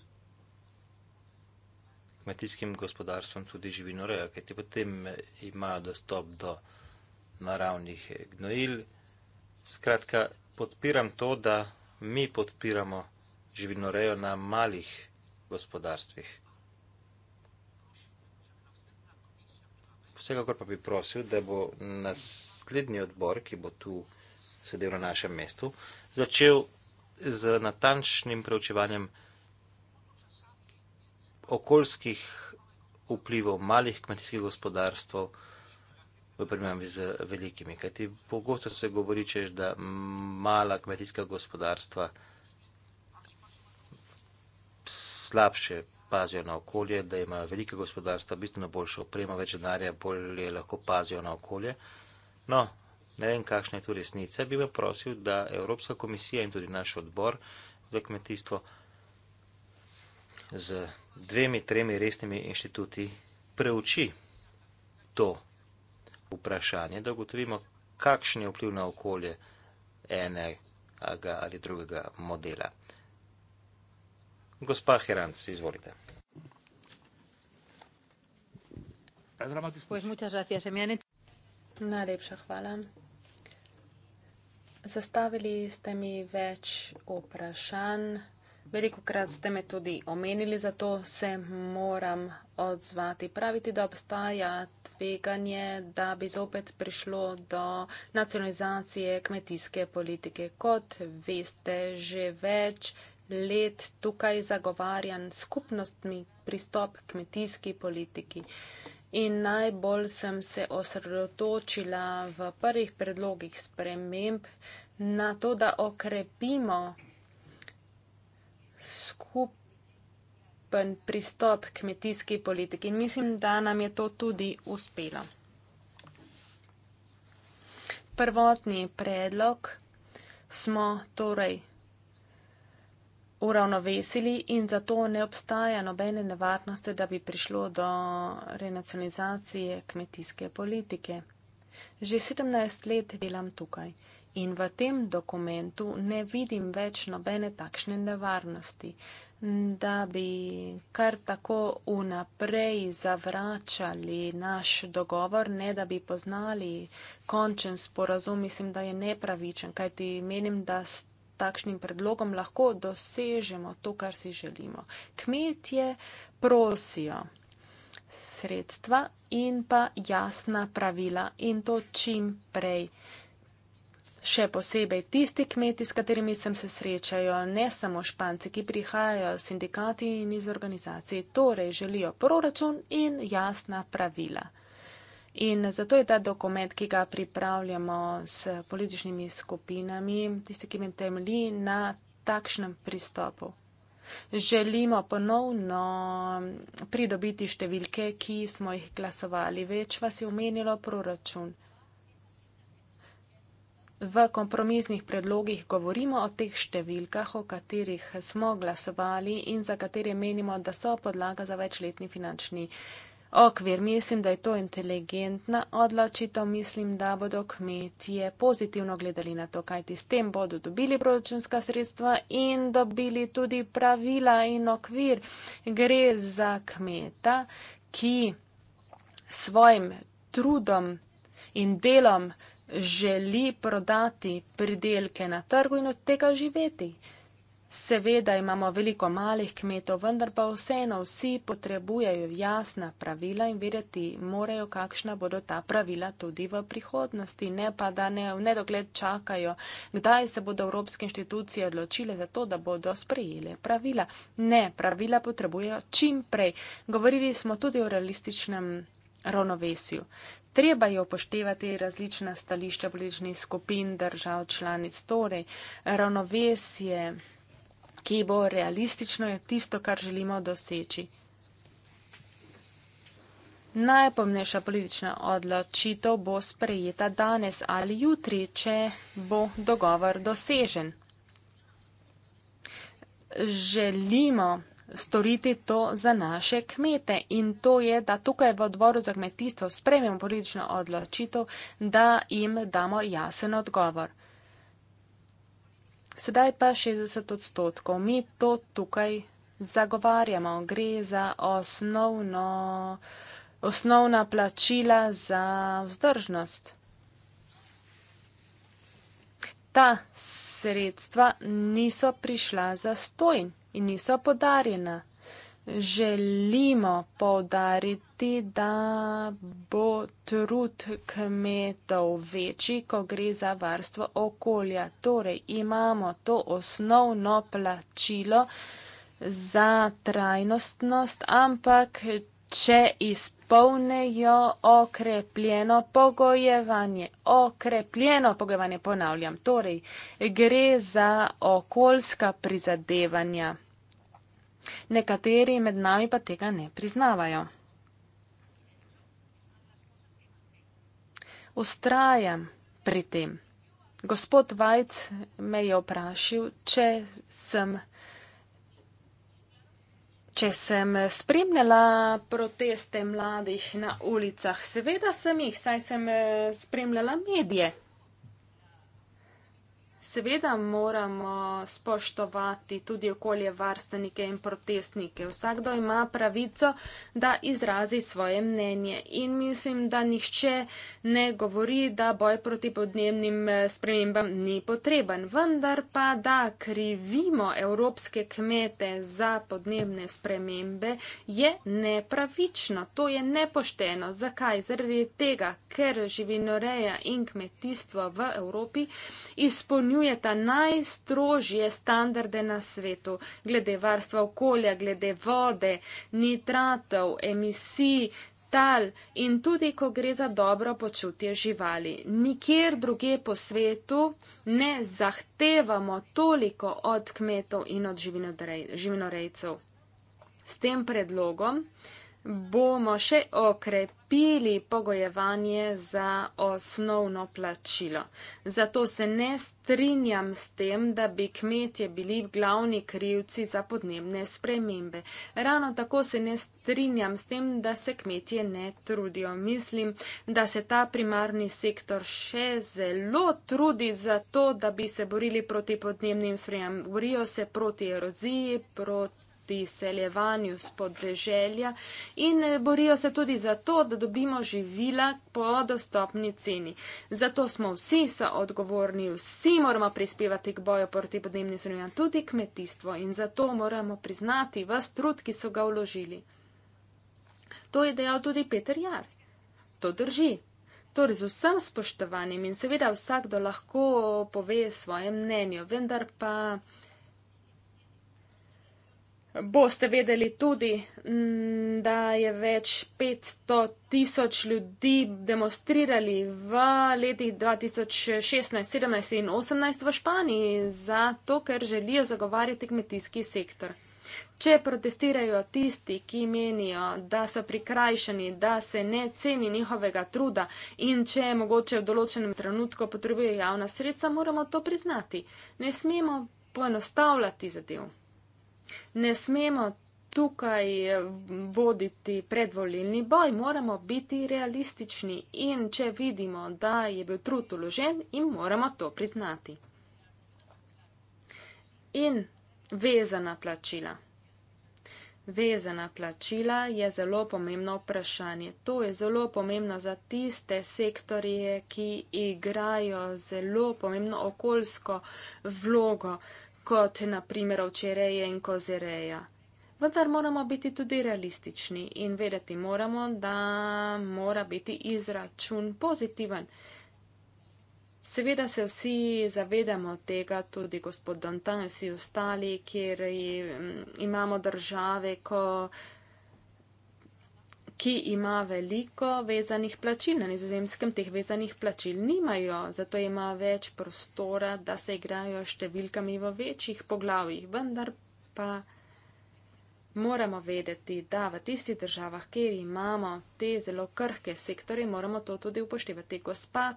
kmetijskim gospodarstvom tudi živino rejo, ker ti potem imajo dostop do naravnih gnojil. Skratka, podpiram to, da mi podpiramo živino rejo na malih gospodarstvih. Vsekakor pa bi prosil, da bo naslednji odbor, ki bo tu vsega, sedel na našem mestu, začel z natančnim preučevanjem okoljskih vplivov malih kmetijskih gospodarstv v primerjavi z velikimi. Kajti pogosto se govori, češ, da mala kmetijska gospodarstva slabše pazijo na okolje, da imajo velike gospodarstva bistveno boljšo opremo, več denarja, bolje lahko pazijo na okolje. No, ne vem, kakšna je tu resnica, bi pa prosil, da Evropska komisija in tudi naš odbor za kmetijstvo z dvemi, tremi resnimi inštituti preuči to vprašanje, da ugotovimo, kakšen je vpliv na okolje enega ali drugega modela. Gospa Heranc, izvolite. Najlepša hvala. Zastavili ste mi več vprašanj, veliko krat ste me tudi omenili, zato se moram odzvati. Pravite, da obstaja tveganje, da bi zopet prišlo do nacionalizacije kmetijske politike. Kot veste, že več let tukaj zagovarjam skupnostni pristop kmetijski politiki. In najbolj sem se osredotočila v prvih predlogih sprememb na to, da okrepimo skupen pristop kmetijski politiki. In mislim, da nam je to tudi uspelo. Prvotni predlog smo torej uravnovesili in zato ne obstaja nobene nevarnosti, da bi prišlo do renacionalizacije kmetijske politike. Že 17 let delam tukaj in v tem dokumentu ne vidim več nobene takšne nevarnosti, da bi kar tako unaprej zavračali naš dogovor, ne da bi poznali končen sporazum. Mislim, da je nepravičen, kajti menim, da s takšnim predlogom lahko dosežemo to, kar si želimo. Kmetje prosijo sredstva in pa jasna pravila in to čim prej. Še posebej tisti kmeti, s katerimi sem se srečajo, ne samo španci, ki prihajajo s sindikati in iz organizacij, torej želijo proračun in jasna pravila. In zato je ta dokument, ki ga pripravljamo s političnimi skupinami, tisti, ki mi temelji na takšnem pristopu. Želimo ponovno pridobiti številke, ki smo jih glasovali. Več vas je omenilo proračun. V kompromisnih predlogih govorimo o teh številkah, o katerih smo glasovali in za katere menimo, da so podlaga za večletni finančni okvir. Mislim, da je to inteligentna odločitev. Mislim, da bodo kmetije pozitivno gledali na to, kajti s tem bodo dobili proračunska sredstva in dobili tudi pravila in okvir. Gre za kmeta, ki svojim trudom in delom želi prodati pridelke na trgu in od tega živeti. Seveda imamo veliko malih kmetov, vendar pa vseeno vsi potrebujejo jasna pravila in vedeti morajo, kakšna bodo ta pravila tudi v prihodnosti. Ne pa, da ne v nedogled čakajo, kdaj se bodo evropske inštitucije odločile za to, da bodo sprejele pravila. Ne, pravila potrebujejo čim prej. Govorili smo tudi o realističnem ravnovesju. Treba je upoštevati različna stališča političnih skupin držav članic, torej ravnovesje ki bo realistično je tisto, kar želimo doseči. Najpomnejša politična odločitev bo sprejeta danes ali jutri, če bo dogovor dosežen. Želimo storiti to za naše kmete in to je, da tukaj v odboru za kmetijstvo sprejmemo politično odločitev, da jim damo jasen odgovor. Sedaj pa 60 odstotkov. Mi to tukaj zagovarjamo. Gre za osnovno, osnovna plačila za vzdržnost. Ta sredstva niso prišla za stojn in niso podarjena. Želimo podariti upati, da bo trud kmetov večji, ko gre za varstvo okolja. Torej, imamo to osnovno plačilo za trajnostnost, ampak če izpolnejo okrepljeno pogojevanje, okrepljeno pogojevanje, ponavljam, torej gre za okoljska prizadevanja. Nekateri med nami pa tega ne priznavajo. ustrajam pri tem. Gospod Vajc me je vprašal, če sem, če sem spremljala proteste mladih na ulicah. Seveda sem jih, saj sem eh, spremljala medije. Seveda moramo spoštovati tudi okolje varstenike in protestnike. Vsakdo ima pravico, da izrazi svoje mnenje. In mislim, da nihče ne govori, da boj proti podnebnim eh, spremembam ni potreben. Vendar pa, da krivimo evropske kmete za podnebne spremembe, je nepravično. To je nepošteno. Zakaj? Zaradi tega, ker živinoreja in kmetijstvo v Evropi izpolnjujejo izpolnjujeta najstrožje standarde na svetu, glede varstva okolja, glede vode, nitratov, emisij, tal in tudi, ko gre za dobro počutje živali. Nikjer druge po svetu ne zahtevamo toliko od kmetov in od živinorejcev. S tem predlogom bomo še okrepili odklopili pogojevanje za osnovno plačilo. Zato se ne strinjam s tem, da bi kmetje bili glavni krivci za podnebne spremembe. Ravno tako se ne strinjam s tem, da se kmetje ne trudijo. Mislim, da se ta primarni sektor še zelo trudi za to, da bi se borili proti podnebnim spremembam. Borijo se proti eroziji, proti izseljevanju spodeželja in eh, borijo se tudi za to, da dobimo živila po dostopni ceni. Zato smo vsi soodgovorni, vsi moramo prispevati k boju proti podnebnim spremembam, tudi kmetijstvo in zato moramo priznati vas trud, ki so ga vložili. To je dejal tudi Peter Jar. To drži. Torej, z vsem spoštovanjem in seveda vsakdo lahko pove svoje mnenje, vendar pa boste vedeli tudi, mm, da je več 500 tisoč ljudi demonstrirali v letih 2016, 17 in 18 v Španiji zato, ker želijo zagovarjati kmetijski sektor. Če protestirajo tisti, ki menijo, da so prikrajšani, da se ne ceni njihovega truda in če je mogoče v določenem trenutku potrebuje javna sredstva, moramo to priznati. Ne smemo poenostavljati zadev. Ne smemo tukaj eh, voditi predvolilni boj, moramo biti realistični in če vidimo, da je bil trud uložen, jim moramo to priznati. In vezana plačila. Vezana plačila je zelo pomembno vprašanje. To je zelo pomembno za tiste sektorje, ki igrajo zelo pomembno okoljsko vlogo kot na primer včereje in kozereja. Vendar moramo biti tudi realistični in vedeti moramo, da mora biti izračun pozitiven. Seveda se vsi zavedamo tega, tudi gospod Dantan in vsi ostali, kjer mm, imamo države, ko ki ima veliko vezanih plačil. Na nizozemskem teh vezanih plačil nimajo, zato ima več prostora, da se igrajo številkami v večjih poglavjih. Vendar pa moramo vedeti, da v tistih državah, kjer imamo te zelo krhke sektore, moramo to tudi upoštevati. Gospa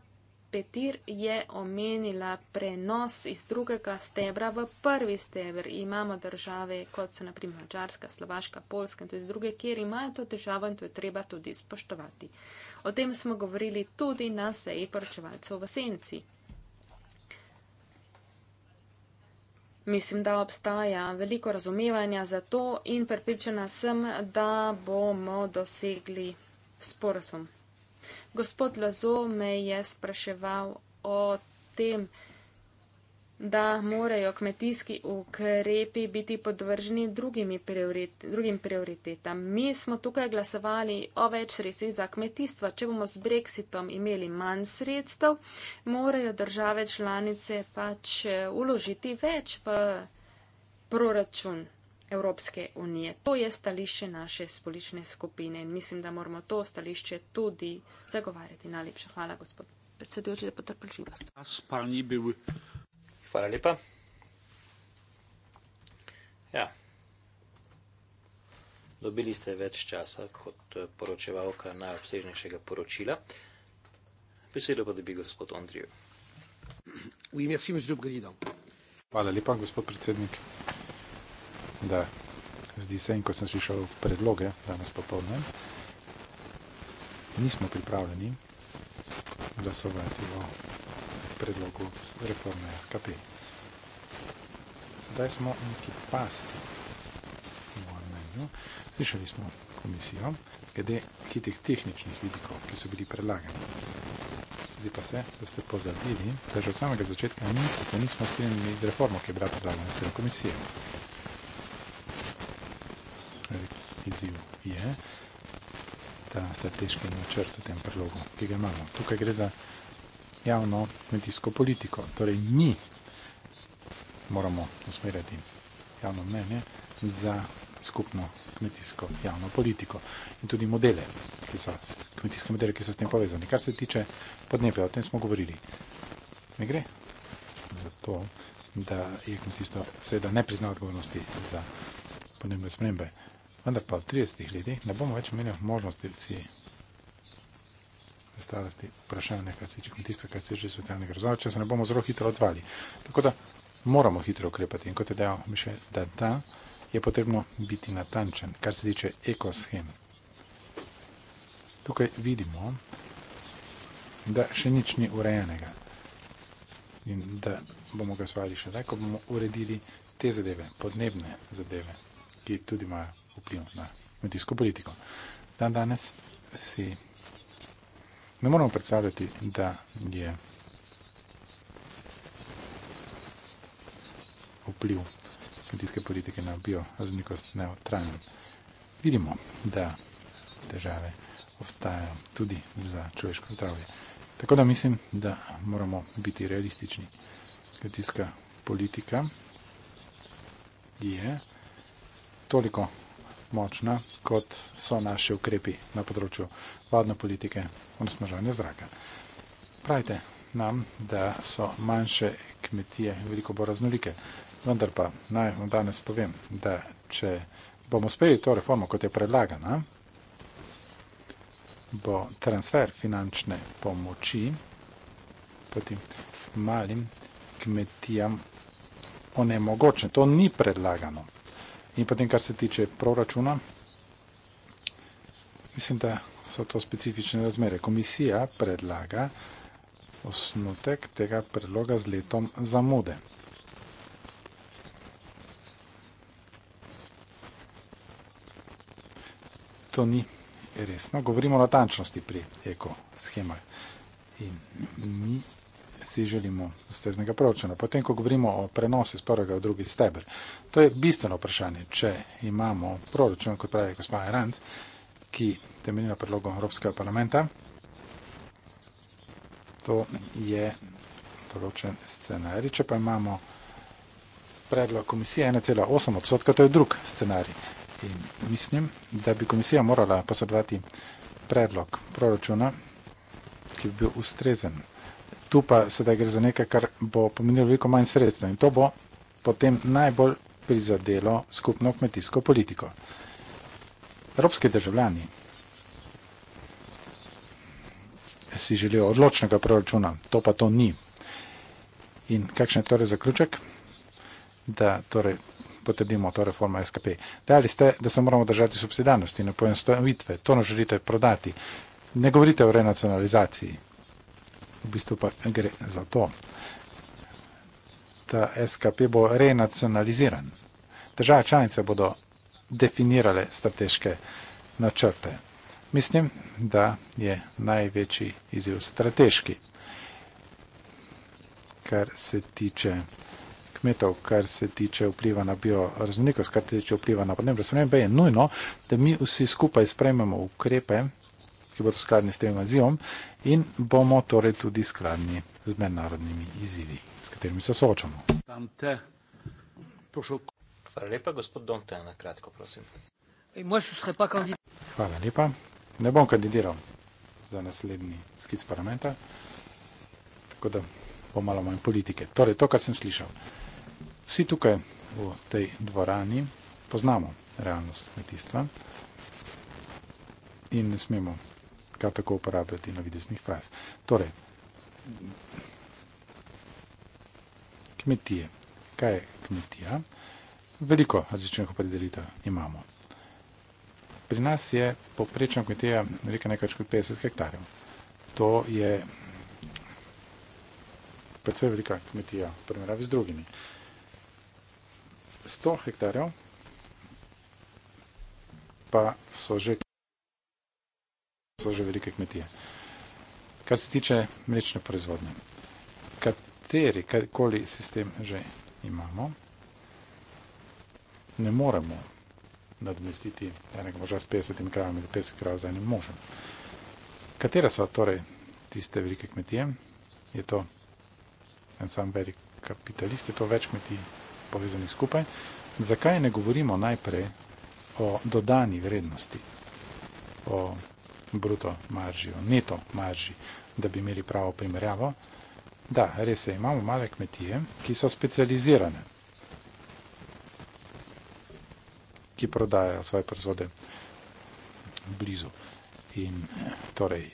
Petir je omenila prenos iz drugega stebra v prvi steber. Imamo države, kot so naprimer Mačarska, Slovaška, Polska in tudi druge, kjer imajo to težavo in to je treba tudi spoštovati. O tem smo govorili tudi na seji poročevalcev v Senci. Mislim, da obstaja veliko razumevanja za to in prepričana sem, da bomo dosegli sporazum. Gospod Lozo me je spraševal o tem, da morajo kmetijski ukrepi biti podvrženi drugim prioritetam. Mi smo tukaj glasovali o več sredstvih za kmetijstvo. Če bomo s brexitom imeli manj sredstev, morajo države članice pač uložiti eh, več v proračun. Evropske unije. To je stališče naše spolične skupine in mislim, da moramo to stališče tudi zagovarjati. Najlepša hvala, gospod predsedujoči, za potrpljivost. Hvala lepa. Ja. Dobili ste več časa kot eh, poročevalka najobsežnejšega poročila. Besedo pa dobi gospod Ondrijev. Hvala lepa, gospod predsednik da zdi se, in ko sem slišal predloge danes popoldne, nismo pripravljeni glasovati o predlogu reforme SKP. Zdaj smo neki pasti, v mojem mnenju. Slišali smo komisijo, glede hitih tehničnih vidikov, ki so bili predlagani. Zdaj pa se, da ste pozabili, da že od samega začetka nis, se nismo strinjali z reformo, ki je bila predlagana s tem komisijem. izziv je ta strateški načrt v tem prilogu, ki ga imamo. Tukaj gre za javno kmetijsko politiko. Torej mi moramo usmerjati javno mnenje za skupno kmetijsko javno politiko in tudi modele, ki so, kmetijske modele, ki so s tem povezani. Kar se tiče podnebja, o tem smo govorili. Ne gre za to, da je kmetijstvo seveda ne prizna odgovornosti za podnebne spremembe, Vendar pa v 30 letih ne bomo več imeli možnosti, da si v starosti vprašanje, kaj se tiče kmetijstva, kaj se tiče socialnega razvoja, če se ne bomo zelo hitro odzvali. Tako da moramo hitro ukrepati. In kot je dejal Mišel Danta, je potrebno biti natančen, kar se tiče ekoshem. Tukaj vidimo, da še nič ni urejenega in da bomo ga svali še daj, ko bomo uredili te zadeve, podnebne zadeve, ki tudi imajo vpliv na medijsko politiko. Dan danes si ne moramo predstavljati, da je vpliv medijske politike na bioraznolikost neutralen. Vidimo, da težave obstajajo tudi za človeško zdravje. Tako da mislim, da moramo biti realistični. Kmetijska politika je toliko močna, kot so naše ukrepi na področju vodne politike in osnažanja zraka. Pravite nam, da so manjše kmetije veliko bolj raznolike. Vendar pa naj vam danes povem, da če bomo uspeli to reformo, kot je predlagana, bo transfer finančne pomoči potem malim kmetijam onemogočen. To ni predlagano. In potem, kar se tiče proračuna, mislim, da so to specifične razmere. Komisija predlaga osnutek tega predloga z letom zamude. To ni resno. Govorimo o natančnosti pri ekoschemah. In mi si želimo ustreznega proračuna. Potem, ko govorimo o prenosu iz prvega v drugi steber, to je bistveno vprašanje, če imamo proračun, kot pravi gospod Arant, ki temelji na predlogu Evropskega parlamenta, to je določen scenarij. Če pa imamo predlog komisije 1,8 odstotka, to je drug scenarij. In mislim, da bi komisija morala posredovati predlog proračuna, ki bi bil ustrezen tu pa sedaj gre za nekaj, kar bo pomenilo veliko manj sredstva in to bo potem najbolj prizadelo skupno kmetijsko politiko. Evropski državljani si želijo odločnega proračuna, to pa to ni. In kakšen je torej zaključek, da torej potrebimo to reformo SKP? Dali ste, da se moramo držati subsidarnosti in pojemstvenitve, to nam želite prodati. Ne govorite o renacionalizaciji v bistvu pa gre za to. Ta SKP bo renacionaliziran. Države članice bodo definirale strateške načrte. Mislim, da je največji izjiv strateški, kar se tiče kmetov, kar se tiče vpliva na bioraznolikost, kar se tiče vpliva na podnebne spremembe, je nujno, da mi vsi skupaj sprememo ukrepe, ki bodo skladni s tem izjivom in bomo torej tudi skladni z mednarodnimi izzivi, s katerimi se soočamo. Hvala lepa, gospod Donte, na kratko, prosim. Hvala lepa. Ne bom kandidiral za naslednji skic parlamenta, tako da bo malo manj politike. Torej, to, kar sem slišal. Vsi tukaj v tej dvorani poznamo realnost kmetijstva in ne smemo ga tako uporabljati na videznih fraz. Torej, kmetije. Kaj je kmetija? Veliko različnih opredelitev imamo. Pri nas je poprečna kmetija reka nekaj kot 50 hektarjev. To je predvsej velika kmetija v primeravi z drugimi. 100 hektarjev pa so že so že velike kmetije. Kar se tiče mlečne proizvodnje, kateri koli sistem že imamo, ne moremo nadomestiti enega moža s 50 krajem ali 50 krajem z enim možem. Katera so torej tiste velike kmetije? Je to en sam velik kapitalist, je to več kmetij povezanih skupaj. Zakaj ne govorimo najprej o dodani vrednosti, o bruto marži, o neto marži, da bi imeli pravo primerjavo. Da, res je, imamo male kmetije, ki so specializirane, ki prodajajo svoje proizvode blizu in torej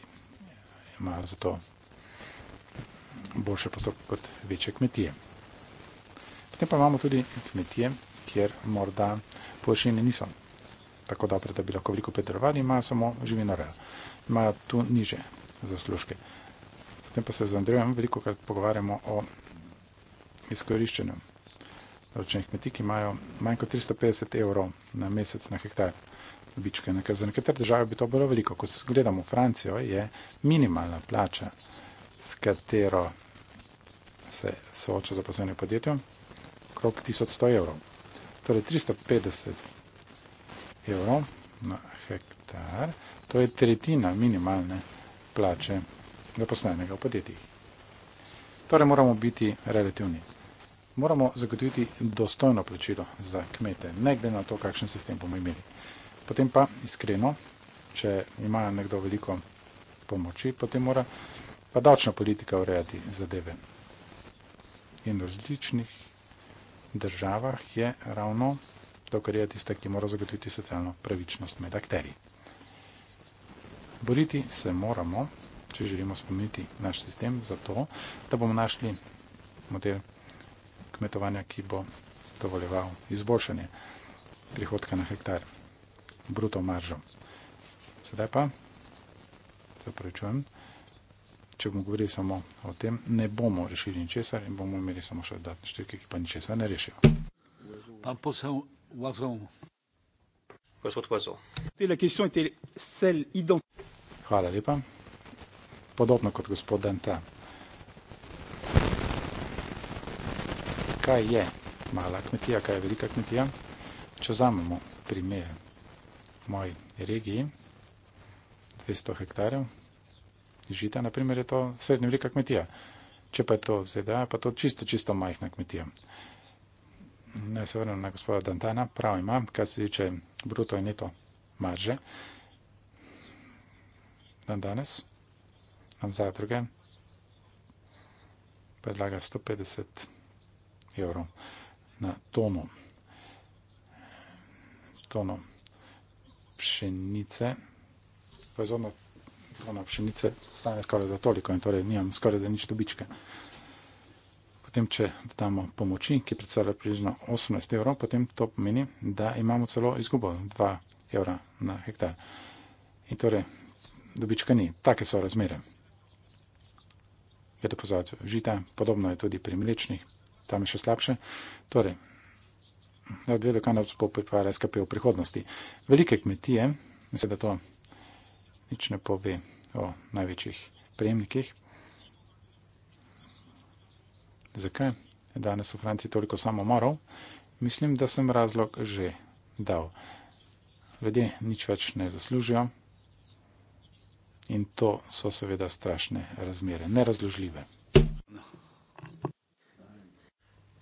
imajo zato boljše postopke kot večje kmetije. Potem pa imamo tudi kmetije, kjer morda površine niso tako dobre, da bi lahko veliko predelovali, imajo samo živino rejo. Imajo tu niže zaslužke. Potem pa se z Andrejem veliko krat pogovarjamo o izkoriščenju. Ročnih kmetij, ki imajo manj kot 350 evrov na mesec na hektar dobička. Za nekatere države bi to bilo veliko. Ko gledamo Francijo, je minimalna plača, s katero se sooča zaposlene podjetje, okrog 1100 evrov. Torej 350 evrov evrov na hektar. To je tretjina minimalne plače zaposlenega v podjetjih. Torej moramo biti relativni. Moramo zagotoviti dostojno plačilo za kmete, ne glede na to, kakšen sistem bomo imeli. Potem pa iskreno, če ima nekdo veliko pomoči, potem mora pa davčna politika urejati zadeve. In v različnih državah je ravno dokler je tiste, ki mora zagotoviti socialno pravičnost med akteri. Boriti se moramo, če želimo spomniti naš sistem, zato, da bomo našli model kmetovanja, ki bo dovoljeval izboljšanje prihodka na hektar, bruto maržo. Sedaj pa, se pravičujem, če bomo govorili samo o tem, ne bomo rešili ničesar in bomo imeli samo še dodatne številke, ki pa ničesar ne rešijo. Pa posel Oison. Gospod Oison. La question était celle identique. Hvala lepa. Podobno kot gospod Danta. Kaj je mala kmetija, kaj je velika kmetija? Če vzamemo primer moj regiji, 200 hektarjev, žita naprimer je to srednja velika kmetija. Če pa je to ZDA, pa to čisto, čisto majhna kmetija. Ne se vrnem na gospoda Dantana, prav ima, kar se tiče bruto in neto marže. Dan danes nam zadruge predlaga 150 evrov na tono. Tono pšenice, pa je zelo tono pšenice, stane skoraj da toliko in torej nimam skoraj da nič dobičke. Potem, če damo pomoči, ki predstavlja približno 18 evrov, potem to pomeni, da imamo celo izgubo 2 evra na hektar. In torej, dobička ni. Take so razmere. Je depozacijo žita, podobno je tudi pri mlečnih, tam je še slabše. Torej, da bi vedel, kaj nas bo pripravljala SKP v prihodnosti. Velike kmetije, mislim, da to nič ne pove o največjih prejemnikih, Zakaj je danes v Franciji toliko samomorov? Mislim, da sem razlog že dal. Ljudje nič več ne zaslužijo in to so seveda strašne razmere, nerazložljive.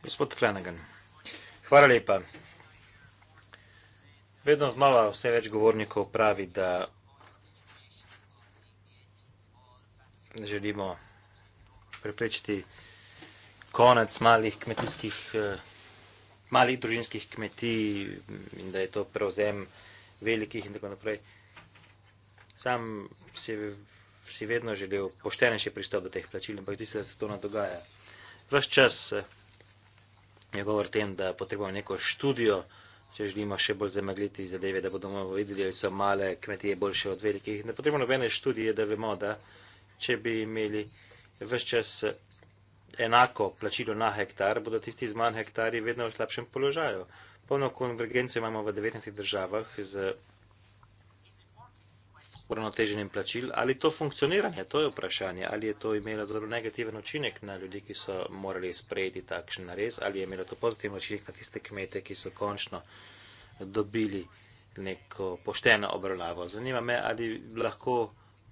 Gospod Flanagan, hvala lepa. Vedno znova vse več govornikov pravi, da želimo preprečiti konec malih kmetijskih, eh, malih družinskih kmetij in da je to prevzem velikih in tako naprej. Sam si, si vedno želel poštenejši pristop do teh plačil, ampak zdi se, da se to ne dogaja. Ves čas eh, je govor tem, da potrebujemo neko študijo, če želimo še bolj zamagliti zadeve, da bomo videli, ali so male kmetije boljše od velikih. Ne potrebujemo nobene študije, da vemo, da če bi imeli ves čas eh, enako plačilo na hektar, bodo tisti z manj hektarji vedno v slabšem položaju. Polno konvergenco imamo v 19 državah z uravnoteženjem plačil. Ali to funkcioniranje, to je vprašanje, ali je to imelo zelo negativen učinek na ljudi, ki so morali sprejeti takšen nares, ali je imelo to pozitiven učinek na tiste kmete, ki so končno dobili neko pošteno obravnavo. Zanima me, ali lahko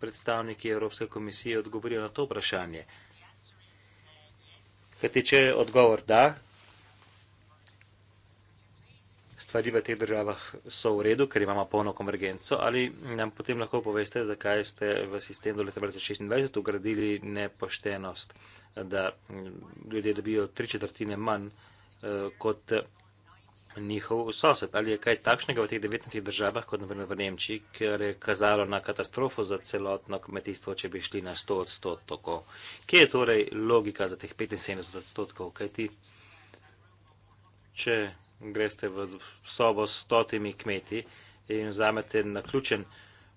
predstavniki Evropske komisije odgovorijo na to vprašanje. Kaj tiče odgovor, da, stvari v teh državah so v redu, ker imamo polno konvergenco, ali nam potem lahko poveste, zakaj ste v sistem do leta 2026 ugradili nepoštenost, da ljudje dobijo tri četrtine manj eh, kot njihov sosed. Ali je kaj takšnega v teh 19 državah, kot naprimer v Nemčiji, ker je kazalo na katastrofo za celotno kmetijstvo, če bi šli na 100 odstotkov? Kje je torej logika za teh 75 odstotkov? Kaj ti, če greste v sobo s stotimi kmeti in vzamete na ključen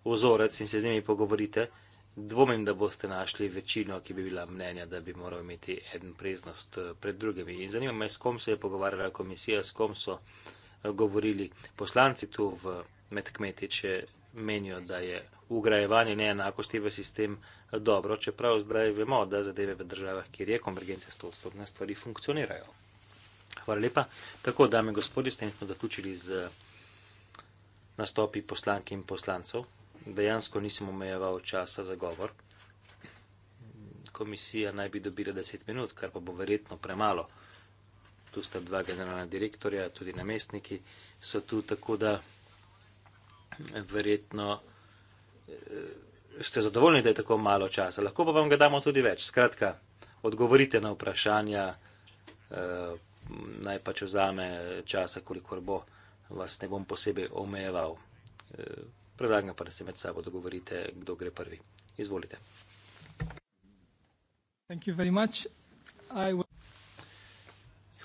vzorec in se z njimi pogovorite, dvomim, da boste našli večino, ki bi bila mnenja, da bi moral imeti en preznost eh, pred drugimi. In zanima me, s kom se je pogovarjala komisija, s kom so eh, govorili poslanci tu v medkmeti, če menijo, da je ugrajevanje neenakosti v sistem eh, dobro, čeprav zdaj vemo, da zadeve v državah, kjer je konvergencija 100 odstotna, stvari funkcionirajo. Hvala lepa. Tako, dame in gospodje, s tem smo zaključili z nastopi poslank in poslancev dejansko nisem omejeval časa za govor. Komisija naj bi dobila 10 minut, kar pa bo verjetno premalo. Tu sta dva generalna direktorja, tudi namestniki so tu, tako da verjetno eh, ste zadovoljni, da je tako malo časa. Lahko pa vam ga damo tudi več. Skratka, odgovorite na vprašanja, eh, naj pač vzame časa, kolikor bo. Vas ne bom posebej omejeval. Eh, Predlagam pa, da se med sabo dogovorite, kdo gre prvi. Izvolite.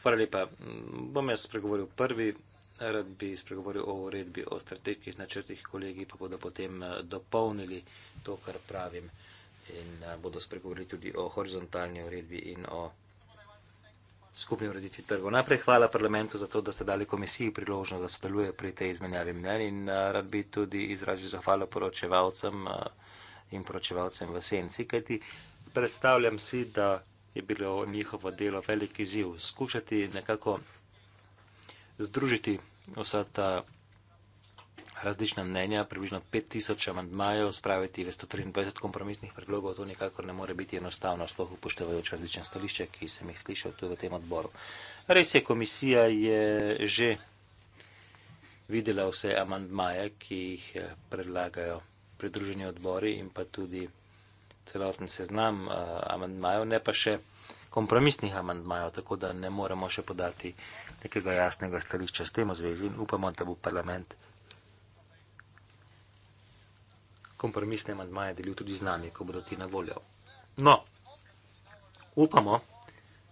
Hvala lepa. Bom jaz spregovoril prvi. Rad bi spregovoril o uredbi o strateških načrtih, kolegi pa bodo potem eh, dopolnili to, kar pravim in eh, bodo spregovorili tudi o horizontalni uredbi in o skupni ureditvi trgov. Najprej hvala parlamentu za to, da ste dali komisiji priložnost, da sodeluje pri tej izmenjavi mnen in eh, rad bi tudi izražil zahvalo poročevalcem eh, in poročevalcem v senci, kajti predstavljam si, da je bilo njihovo delo veliki ziv skušati nekako združiti vsa ta različna mnenja, približno 5000 amantmajev, spraviti v 123 kompromisnih predlogov, to nikakor ne more biti enostavno, sploh upoštevajoč različne stališče, ki sem jih slišal tudi v tem odboru. Res je, komisija je že videla vse amantmaje, ki jih eh, predlagajo pridruženi odbori in pa tudi celoten seznam eh, amantmajev, ne pa še kompromisnih amantmajev, tako da ne moremo še podati nekega jasnega stališča s tem v zvezi in upamo, da bo parlament. kompromisne amandmaje delil tudi z nami, ko bodo ti na voljo. No, upamo,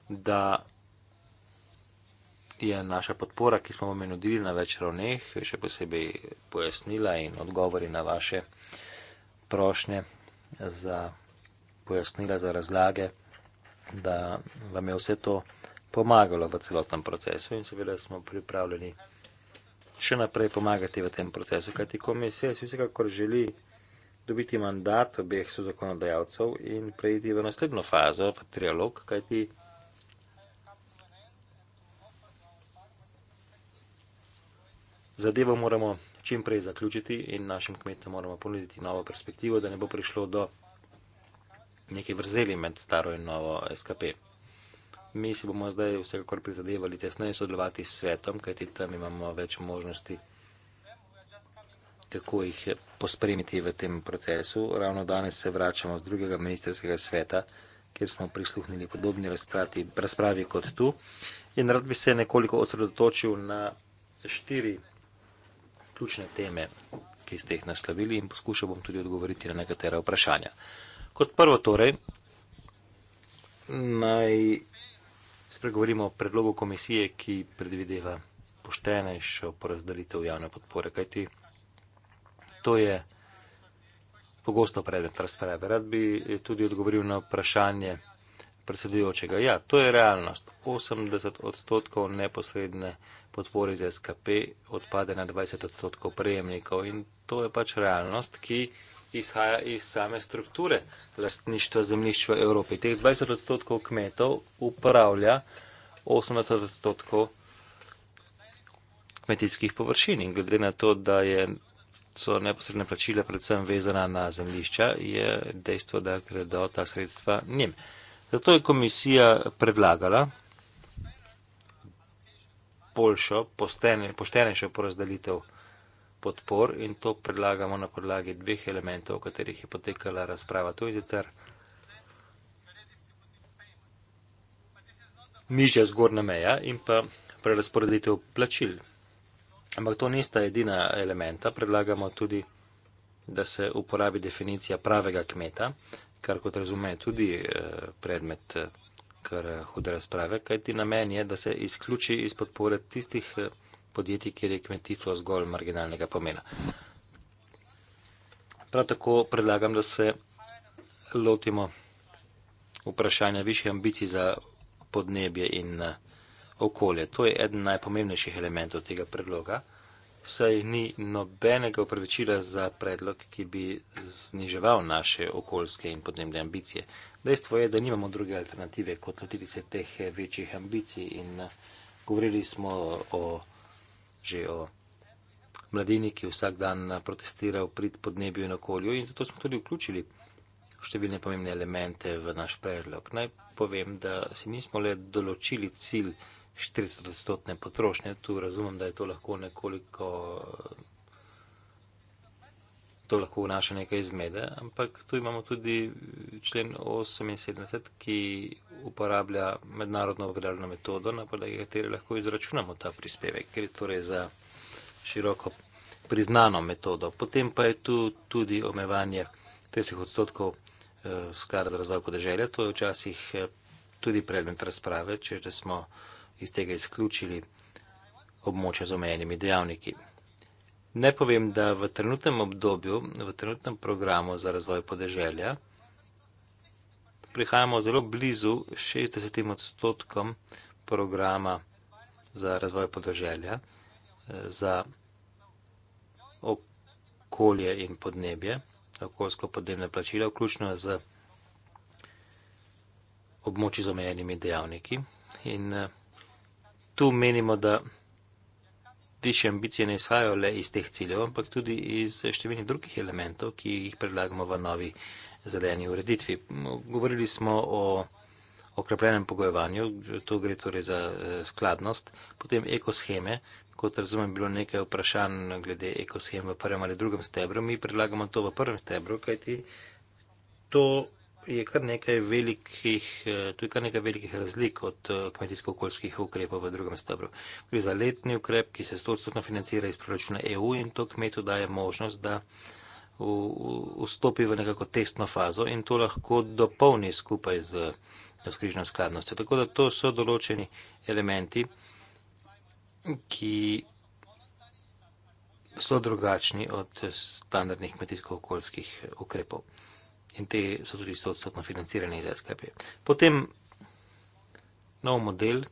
da je naša podpora, ki smo vam jo nudili na več ravneh, še posebej pojasnila in odgovori na vaše prošnje za pojasnila, za razlage, da vam je vse to pomagalo v celotnem procesu in seveda smo pripravljeni še naprej pomagati v tem procesu, kajti komisija si vsekakor želi dobiti mandat obeh sodokonodajalcev in preiti v naslednjo fazo, v trialog, kajti zadevo moramo čim prej zaključiti in našim kmetom moramo ponuditi novo perspektivo, da ne bo prišlo do neke vrzeli med staro in novo SKP. Mi si bomo zdaj vsekakor prizadevali tesneje sodelovati s svetom, kajti tam imamo več možnosti kako jih pospremiti v tem procesu. Ravno danes se vračamo z drugega ministerskega sveta, kjer smo prisluhnili podobni razprati, razpravi kot tu. In rad bi se nekoliko osredotočil na štiri ključne teme, ki ste jih naslovili in poskušal bom tudi odgovoriti na nekatera vprašanja. Kot prvo torej, naj spregovorimo o predlogu komisije, ki predvideva poštenejšo porazdelitev javne podpore, kajti To je pogosto predmet razprave. Rad bi tudi odgovoril na vprašanje predsedujočega. Ja, to je realnost. 80 odstotkov neposredne podpore iz SKP odpade na 20 odstotkov prejemnikov in to je pač realnost, ki izhaja iz same strukture lastništva zemljišč v Evropi. Teh 20 odstotkov kmetov upravlja 80 odstotkov kmetijskih površin in glede na to, da je so neposredne plačile predvsem vezana na zemljišča, je dejstvo, da gredo ta sredstva njim. Zato je komisija predlagala boljšo, poštenejšo porazdelitev podpor in to predlagamo na podlagi dveh elementov, o katerih je potekala razprava tu in sicer. Nižja zgornja meja in pa prerasporeditev plačil. Ampak to nista edina elementa. Predlagamo tudi, da se uporabi definicija pravega kmeta, kar kot razume tudi eh, predmet eh, kar eh, hude razprave, kajti namen je, da se izključi iz podpore tistih podjetij, kjer je kmetijstvo zgolj marginalnega pomena. Prav tako predlagam, da se lotimo vprašanja više ambicij za podnebje in okolje. To je eden najpomembnejših elementov tega predloga. Saj ni nobenega upravičila za predlog, ki bi zniževal naše okoljske in podnebne ambicije. Dejstvo je, da nimamo druge alternative, kot lotiti se teh večjih ambicij. In eh, govorili smo o, že o mladini, ki vsak dan eh, protestira v prid podnebju in okolju, in zato smo tudi vključili številne pomembne elemente v naš predlog. Naj povem, da si nismo le določili cilj. 40-odstotne potrošnje. Tu razumem, da je to lahko nekoliko, to lahko vnaša nekaj izmede, ampak tu imamo tudi člen 78, ki uporablja mednarodno obdarjeno metodo, na podlagi katere lahko izračunamo ta prispevek, ker je torej za široko priznano metodo. Potem pa je tu tudi omevanje 30 odstotkov eh, sklada za razvoj podeželja. To je včasih eh, tudi predmet razprave, če že smo uh, iz tega izključili območja z omejenimi dejavniki. Ne povem, da v trenutnem obdobju, v trenutnem programu za razvoj podeželja, prihajamo zelo blizu 60 odstotkom programa za razvoj podeželja, eh, za okolje in podnebje, okoljsko podnebne plačila, vključno z območji z omejenimi dejavniki. In, uh, tu menimo, da više ambicije ne izhajajo le iz teh ciljev, ampak tudi iz številnih drugih elementov, ki jih predlagamo v novi zeleni ureditvi. Govorili smo o okrepljenem pogojevanju, tu gre torej za eh, skladnost, potem ekosheme, kot razumem, bilo nekaj vprašanj glede ekosheme v prvem ali drugem stebru, mi predlagamo to v prvem stebru, kajti to je kar nekaj velikih, eh, tu je kar nekaj velikih razlik od eh, kmetijsko-okoljskih ukrepov v drugem stebru. Gre za letni ukrep, ki se stotno financira iz proračuna EU in to kmetu daje možnost, da vstopi v nekako testno fazo in to lahko dopolni skupaj z skrižno skladnostjo. Tako da to so določeni elementi, ki so drugačni od standardnih kmetijsko-okoljskih ukrepov in te so tudi 100% financirane iz SKP. Potem nov model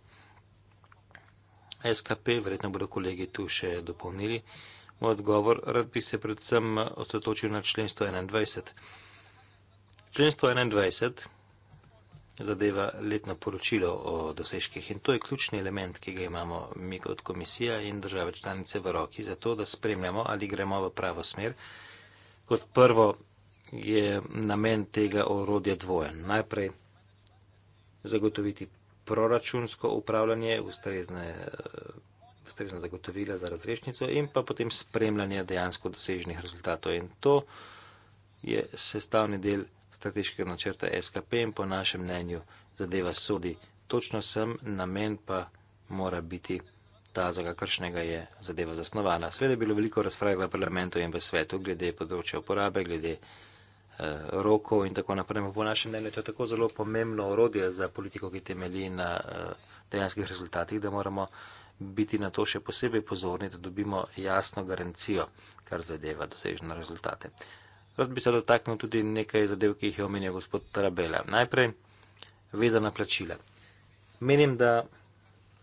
SKP, verjetno bodo kolegi tu še dopolnili. Moj odgovor, rad bi se predvsem osredotočil na člen 121. Člen 121 zadeva letno poročilo o dosežkih in to je ključni element, ki ga imamo mi kot komisija in države članice v roki, zato da spremljamo, ali gremo v pravo smer. Kot prvo, je namen tega orodja dvojen. Najprej zagotoviti proračunsko upravljanje, ustrezne, eh, ustrezne zagotovila za razrešnico in pa potem spremljanje dejansko doseženih rezultatov. In to je sestavni del strateškega načrta SKP in po našem mnenju zadeva sodi točno sem, namen pa mora biti ta, za kakršnega je zadeva zasnovana. Sveda je bilo veliko razprave v parlamentu in v svetu glede področja uporabe, glede Eh, rokov in tako naprej. Po našem mnenju je to tako zelo pomembno orodje za politiko, ki temelji na eh, dejanskih rezultatih, da moramo biti na to še posebej pozorni, da dobimo jasno garancijo, kar zadeva dosežene rezultate. Rad bi se dotaknil tudi nekaj zadev, ki jih je omenil gospod Tarabela. Najprej vezana plačila. Menim, da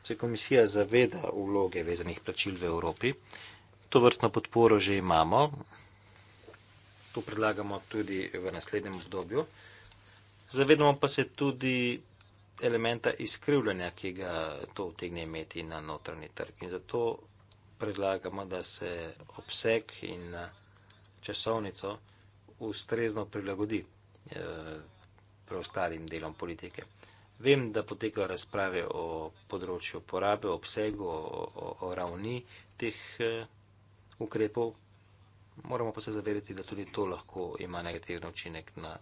se komisija zaveda vloge vezanih plačil v Evropi. To vrstno podporo že imamo, to predlagamo tudi v naslednjem obdobju. Zavedamo pa se tudi elementa izkrivljanja, ki ga to vtegne imeti na notranji trg. In zato predlagamo, da se obseg in eh, časovnico ustrezno prilagodi eh, preostalim delom politike. Vem, da potekajo razprave o področju porabe, obsegu, o, o, o ravni teh eh, ukrepov, moramo pa se zavedati, da tudi to lahko ima negativen učinek na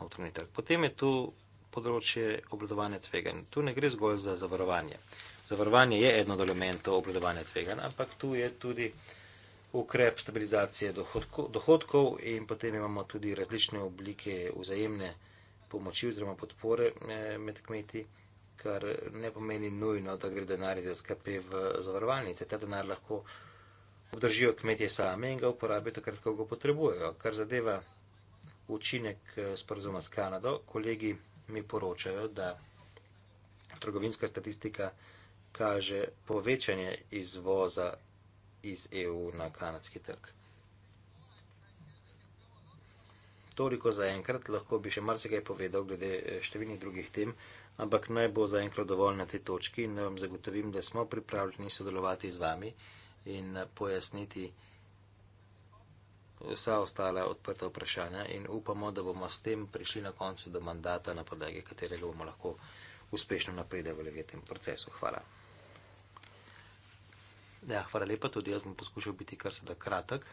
notranji trg. Potem je tu področje obladovanja tveganj. Tu ne gre zgolj za zavarovanje. Zavarovanje je eden od elementov obladovanja tveganj, ampak tu je tudi ukrep stabilizacije dohodko, dohodkov in potem imamo tudi različne oblike vzajemne pomoči oziroma podpore eh, med kmeti, kar ne pomeni nujno, da gre denar iz SKP v zavarovalnice. Ta denar lahko obdržijo kmetje sami in ga uporabijo takrat, ko ga potrebujejo. Kar zadeva učinek eh, sporozuma s Kanado, kolegi mi poročajo, da trgovinska statistika kaže povečanje izvoza iz EU na kanadski trg. Toliko za enkrat, lahko bi še marsikaj povedal glede eh, številnih drugih tem, ampak naj bo za enkrat dovolj na tej točki in vam zagotovim, da smo pripravljeni sodelovati z vami in pojasniti vsa ostala odprta vprašanja in upamo, da bomo s tem prišli na koncu do mandata, na podlagi katerega bomo lahko uspešno napredovali v tem procesu. Hvala. Ja, hvala lepa, tudi jaz bom poskušal biti kar se da kratek.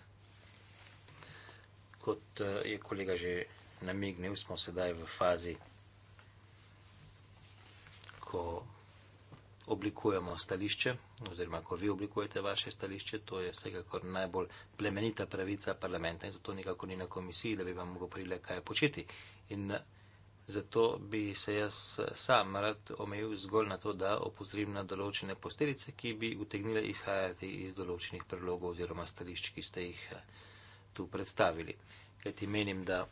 Kot eh, je kolega že namignil, smo sedaj v fazi, ko oblikujemo stališče, oziroma ko vi oblikujete vaše stališče, to je vsekakor najbolj plemenita pravica parlamenta in zato nikakor ni na komisiji, da bi vam govorile, kaj početi. In zato bi se jaz sam rad omejil zgolj na to, da opozorim na določene posterice, ki bi utegnile izhajati iz določenih predlogov oziroma stališč, ki ste jih eh, tu predstavili. Kajti menim, da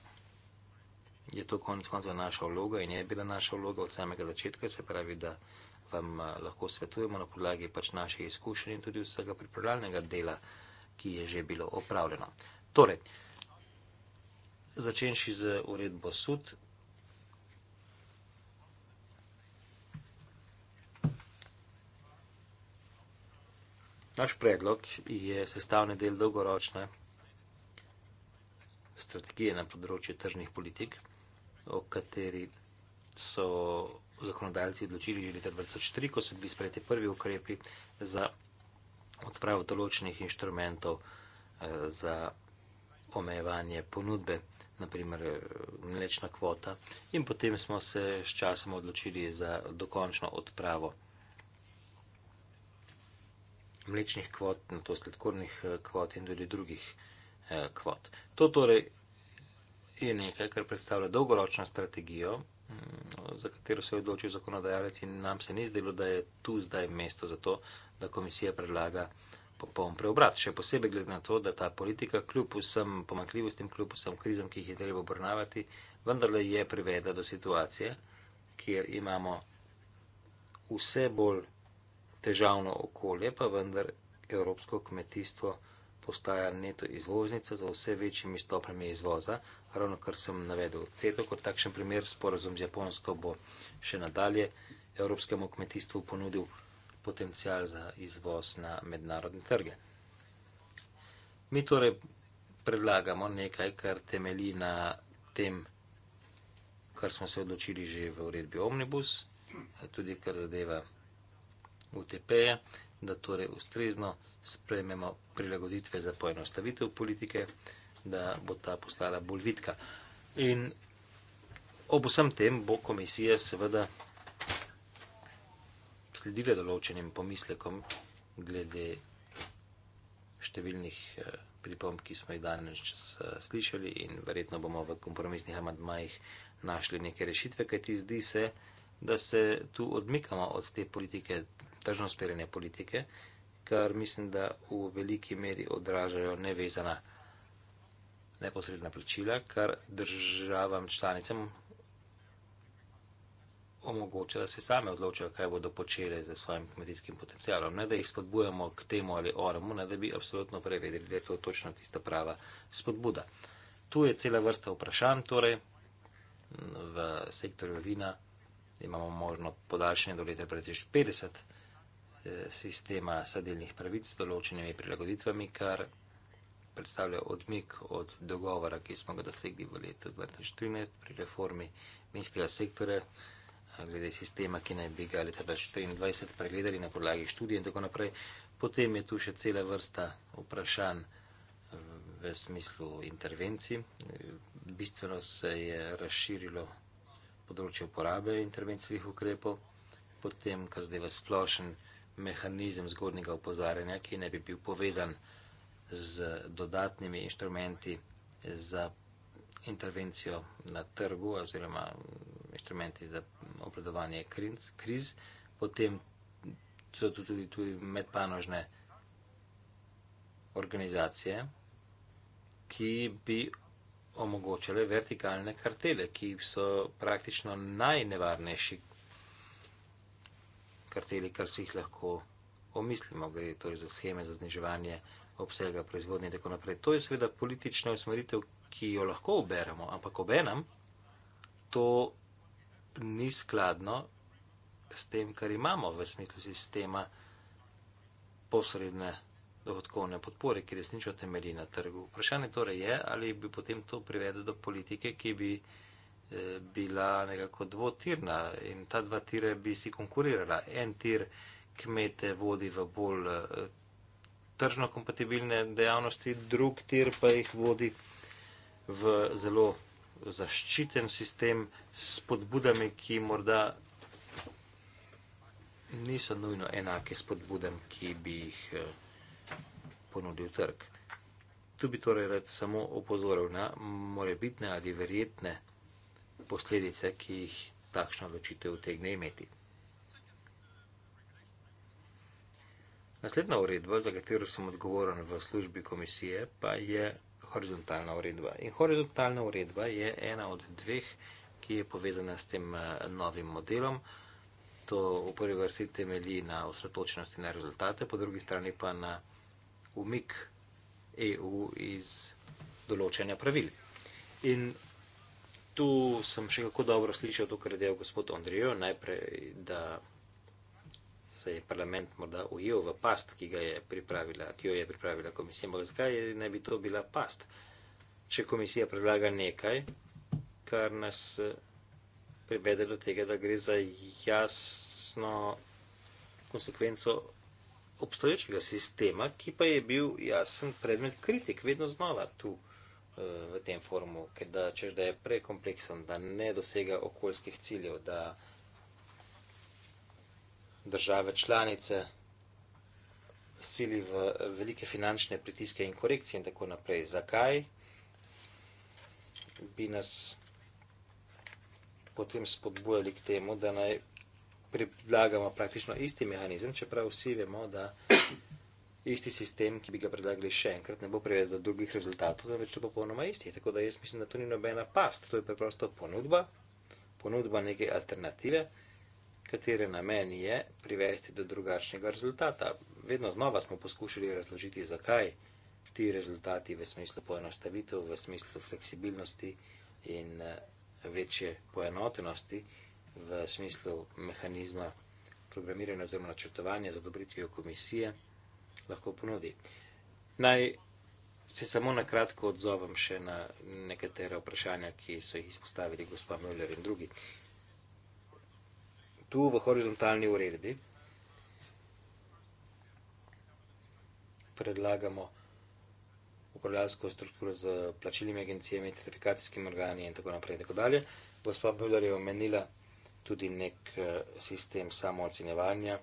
je to konec konca naša vloga in je bila naša vloga od samega začetka, se pravi, da vam eh, lahko svetujemo na podlagi pač naših izkušenj in tudi vsega pripravljalnega dela, ki je že bilo opravljeno. Torej, začenši z uredbo sud. Naš predlog je sestavni del dolgoročne strategije na področju tržnih politik, o kateri so zakonodajalci odločili že leta 2003, ko so bili sprejeti prvi ukrepi za odpravo določenih inštrumentov eh, za omejevanje ponudbe, naprimer eh, mlečna kvota. In potem smo se s časom odločili za dokončno odpravo mlečnih kvot, na to sladkornih eh, kvot in tudi drugih kvot. To torej investicij je nekaj, kar predstavlja dolgoročno strategijo, za katero se je odločil zakonodajalec in nam se ni zdelo, da je tu zdaj mesto za to, da komisija predlaga popoln preobrat. Še posebej glede na to, da ta politika kljub vsem pomakljivostim, kljub vsem krizom, ki jih je treba obrnavati, vendarle je privedla do situacije, kjer imamo vse bolj težavno okolje, pa vendar evropsko kmetijstvo postaja neto izvoznica za vse večjimi stopnjami izvoza, ravno kar sem navedel. CETO kot takšen primer, sporozum z Japonsko bo še nadalje evropskemu kmetijstvu ponudil potencial za izvoz na mednarodne trge. Mi torej predlagamo nekaj, kar temelji na tem, kar smo se odločili že v uredbi Omnibus, tudi kar zadeva UTP-je, da torej ustrezno sprejmemo prilagoditve za poenostavitev politike, da bo ta postala bolj vidka. In ob vsem tem bo komisija seveda sledila določenim pomislekom glede številnih eh, pripomb, ki smo jih danes eh, slišali in verjetno bomo v kompromisnih amadmajih našli neke rešitve, kajti zdi se, da se tu odmikamo od te politike, tržno sperene politike, kar mislim, da v veliki meri odražajo nevezana neposredna plačila, kar državam članicam omogoča, da se same odločajo, kaj bodo počele z svojim kmetijskim potencialom. Ne da jih spodbujamo k temu ali oremu, ne da bi absolutno prevedeli, da je to točno tista prava spodbuda. Tu je cela vrsta vprašanj, torej v sektorju vina imamo možno podaljšanje do leta 2050. Eh, sistema sadeljnih pravic s določenimi prilagoditvami, kar predstavlja odmik od dogovora, ki smo ga dosegli v letu 2013 pri reformi minskega sektora, eh, glede sistema, ki naj bi ga leta 2024 pregledali na podlagi študij in tako naprej. Potem je tu še cela vrsta vprašanj eh, v smislu intervencij. Bistveno se je razširilo področje uporabe intervencijskih ukrepov, potem, kar zdaj v splošnem mehanizem zgodnjega opozarjanja, ki ne bi bil povezan z dodatnimi inštrumenti za intervencijo na trgu oziroma inštrumenti za obladovanje kriz, potem so tu tudi, tudi medpanožne organizacije, ki bi omogočale vertikalne kartele, ki so praktično najnevarnejši karteli, kar si jih lahko omislimo, gre torej za scheme za zniževanje obsega proizvodnje in tako naprej. To je seveda politična usmeritev, ki jo lahko uberemo, ampak obenem to ni skladno s tem, kar imamo v smislu sistema posredne dohodkovne podpore, ki resnično temelji na trgu. Vprašanje torej je, ali bi potem to privedlo do politike, ki bi bila nekako dvotirna in ta dva tire bi si konkurirala. En tir kmete vodi v bolj eh, tržno kompatibilne dejavnosti, drug tir pa jih vodi v zelo zaščiten sistem s podbudami, ki morda niso nujno enake s podbudem, ki bi jih eh, ponudil trg. Tu bi torej rad samo opozoril na morebitne ali verjetne posledice, ki jih takšno odločitev tegne imeti. Naslednja uredba, za katero sem odgovoren v službi komisije, pa je horizontalna uredba. In horizontalna uredba je ena od dveh, ki je povedana s tem eh, novim modelom. To v prvi vrsti temelji na osredotočenosti na rezultate, po drugi strani pa na umik EU iz določenja pravil. In tu sem še kako dobro slišal to, kar je delal gospod Andrijo, najprej, da se je parlament morda ujel v past, ki, je ki jo je pripravila komisija. Ampak zakaj naj bi to bila past? Če komisija predlaga nekaj, kar nas eh, privede do tega, da gre za jasno konsekvenco obstoječega sistema, ki pa je bil jasen predmet kritik, vedno znova tu. Eh, v tem forumu, ker da, češ, da je prekompleksen, da ne dosega okoljskih ciljev, da države članice sili v velike finančne pritiske in korekcije in tako naprej. Zakaj bi nas potem spodbujali k temu, da naj predlagamo praktično isti mehanizem, čeprav vsi vemo, da isti sistem, ki bi ga predlagali še enkrat, ne bo privedel do drugih rezultatov, temveč bo popolnoma isti. Tako da jaz mislim, da to ni nobena past, to je preprosto ponudba, ponudba neke alternative, katere namen je privesti do drugačnega rezultata. Vedno znova smo poskušali razložiti, zakaj ti rezultati v smislu poenostavitev, v smislu fleksibilnosti in eh, večje poenotenosti v smislu mehanizma programiranja oziroma načrtovanja z odobritvijo komisije lahko ponudi. Naj se samo na kratko odzovem še na nekatere vprašanja, ki so jih izpostavili gospod Müller in drugi. Tu v horizontalni uredbi predlagamo upravljalsko strukturo z plačilnimi agencijami, certifikacijskimi organi in tako naprej. Gospod Müller je omenila tudi nek eh, sistem samoocenevanja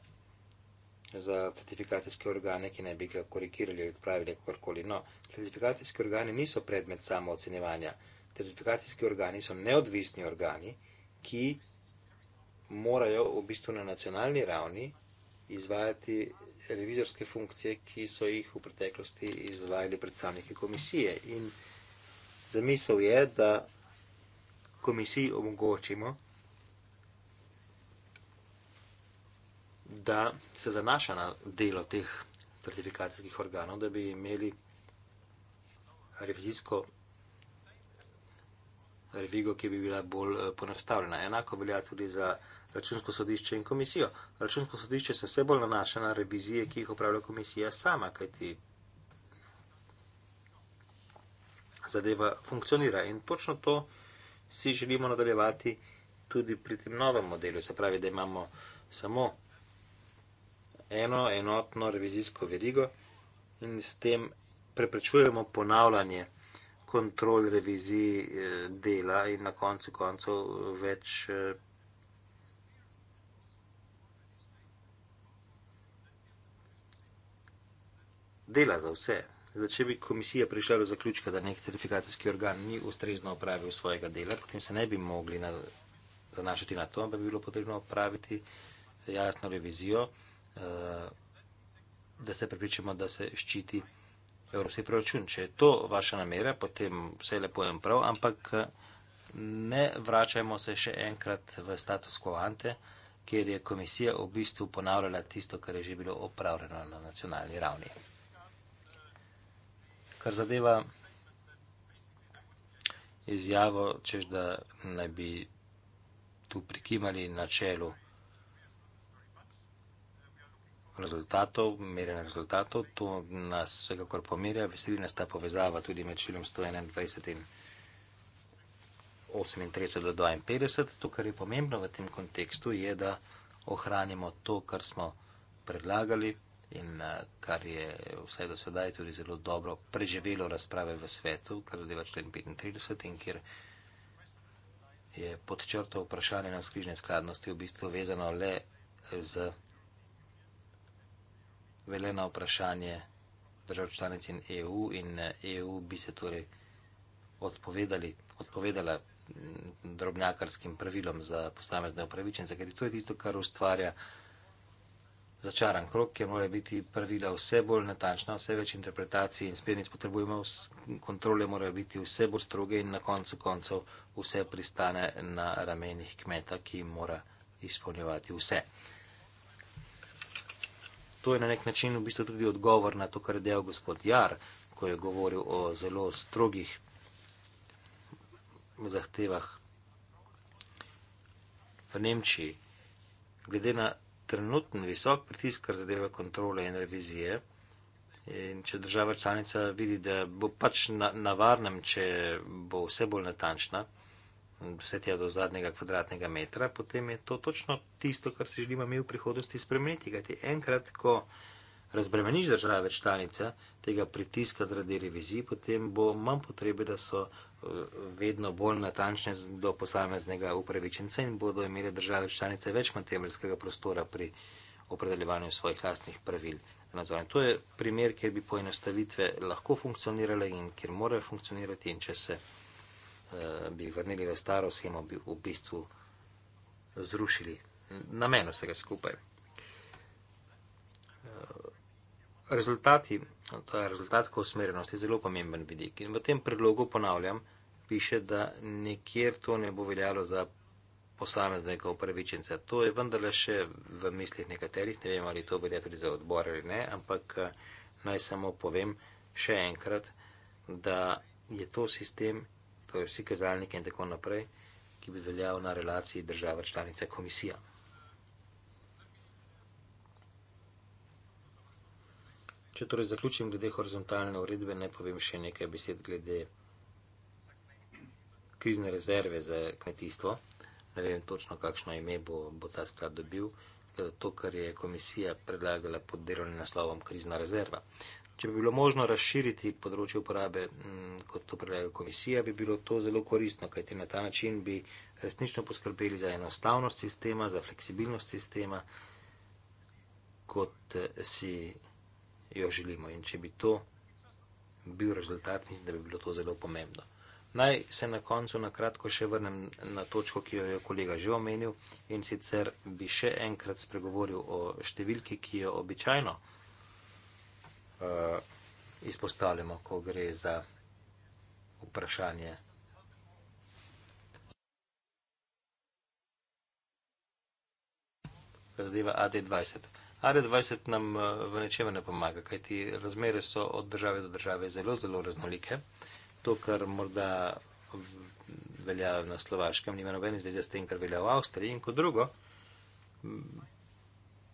za certifikacijske organe, ki naj bi ga korigirali ali odpravili kakorkoli. No, certifikacijski organi niso predmet samo ocenjevanja. Certifikacijski organi so neodvisni organi, ki morajo v bistvu na nacionalni ravni izvajati revizorske funkcije, ki so jih v preteklosti izvajali predstavniki komisije. In zamisel je, da komisiji omogočimo, da se zanaša na delo teh certifikacijskih organov, da bi imeli revizijsko revigo, ki bi bila bolj eh, ponastavljena. Enako velja tudi za računsko sodišče in komisijo. Računsko sodišče se vse bolj nanaša na revizije, ki jih upravlja komisija sama, kajti zadeva funkcionira. In točno to si želimo nadaljevati tudi pri tem novem modelu. Se pravi, da imamo samo eno enotno revizijsko verigo in s tem preprečujemo ponavljanje kontrol revizij eh, dela in na koncu koncev eh, več eh, dela za vse. Zdaj, če bi komisija prišla do zaključka, da nek certifikacijski organ ni ustrezno opravil svojega dela, potem se ne bi mogli na, zanašati na to, ampak bi bilo potrebno opraviti jasno revizijo. Eh, da se pripričamo, da se ščiti evropski proračun. Če je to vaša namera, potem vse lepo in prav, ampak eh, ne vračajmo se še enkrat v status quo ante, kjer je komisija v bistvu ponavljala tisto, kar je že bilo opravljeno na nacionalni ravni. Kar zadeva izjavo, čež da naj bi tu prikimali na čelu rezultatov, merjenja rezultatov. To nas vsekakor pomirja, veseli nas ta povezava tudi med šilom 121 in 38 do 52. To, kar je pomembno v tem kontekstu, je, da ohranimo to, kar smo predlagali in eh, kar je vsaj do sedaj tudi zelo dobro preživelo razprave v svetu, kar zadeva člen 35 in kjer je pod črto vprašanje na skrižne skladnosti v bistvu vezano le z veljena vprašanje držav članic in EU in EU eh, e bi se torej odpovedali, odpovedala mm, drobnjakarskim pravilom za postamezne upravičence, ker to je tisto, kar ustvarja začaran krok, kjer mora biti pravila vse bolj natančna, vse več interpretacij in spernic potrebujemo, kontrole morajo biti vse bolj stroge in na koncu koncev vse pristane na ramenih kmeta, ki mora izpolnjevati vse to je na nek način v bistvu tudi odgovor na to, kar je dejal gospod Jar, ko je govoril o zelo strogih zahtevah v Nemčiji. Glede na trenutni visok pritisk, kar zadeva kontrole in revizije, in če država članica vidi, da bo pač na, na varnem, če bo vse bolj natančna, vse tja do zadnjega kvadratnega metra, potem je to točno tisto, kar si želimo mi v prihodnosti spremeniti. Kajti enkrat, ko razbremeniš države članice tega pritiska zaradi revizij, potem bo manj potrebe, da so eh, vedno bolj natančne do posameznega upravičenca in bodo imele države članice več materijalskega prostora pri opredeljevanju svojih lastnih pravil. Nazorne. To je primer, kjer bi poenostavitve lahko funkcionirale in kjer morajo funkcionirati in če se Eh, bi jih vrnili v staro schemo, bi v bistvu zrušili namen vsega skupaj. Eh, rezultati, to je rezultatska usmerjenost, je zelo pomemben vidik. In v tem predlogu ponavljam, piše, da nikjer to ne bo veljalo za posameznega upravičenca. To je vendarle še v mislih nekaterih, ne vem ali to velja tudi za odbor ali ne, ampak eh, naj samo povem še enkrat, da je to sistem torej vsi kazalniki in tako naprej, ki bi veljal na relaciji država članica komisija. Če torej zaključim glede horizontalne uredbe, ne povem še nekaj besed glede krizne rezerve za kmetijstvo. Ne vem točno, kakšno ime bo, bo ta sklad dobil, to, kar je komisija predlagala pod delovnim naslovom krizna rezerva. Če bi bilo možno razširiti področje uporabe, mm, kot to predlaga komisija, bi bilo to zelo koristno, kajti na ta način bi resnično poskrbeli za enostavnost sistema, za fleksibilnost sistema, kot eh, si jo želimo. In če bi to bil rezultat, mislim, da bi bilo to zelo pomembno. Naj se na koncu na kratko še vrnem na točko, ki jo je kolega že omenil in sicer bi še enkrat spregovoril o številki, ki jo običajno. Eh, izpostavljamo, ko gre za vprašanje. Zadeva AD20. AD20 nam eh, v nečem ne pomaga, kajti razmere so od države do države zelo, zelo raznolike. To, kar morda velja na Slovaškem, nima nobene zveze s tem, kar velja v Avstriji. In kot drugo,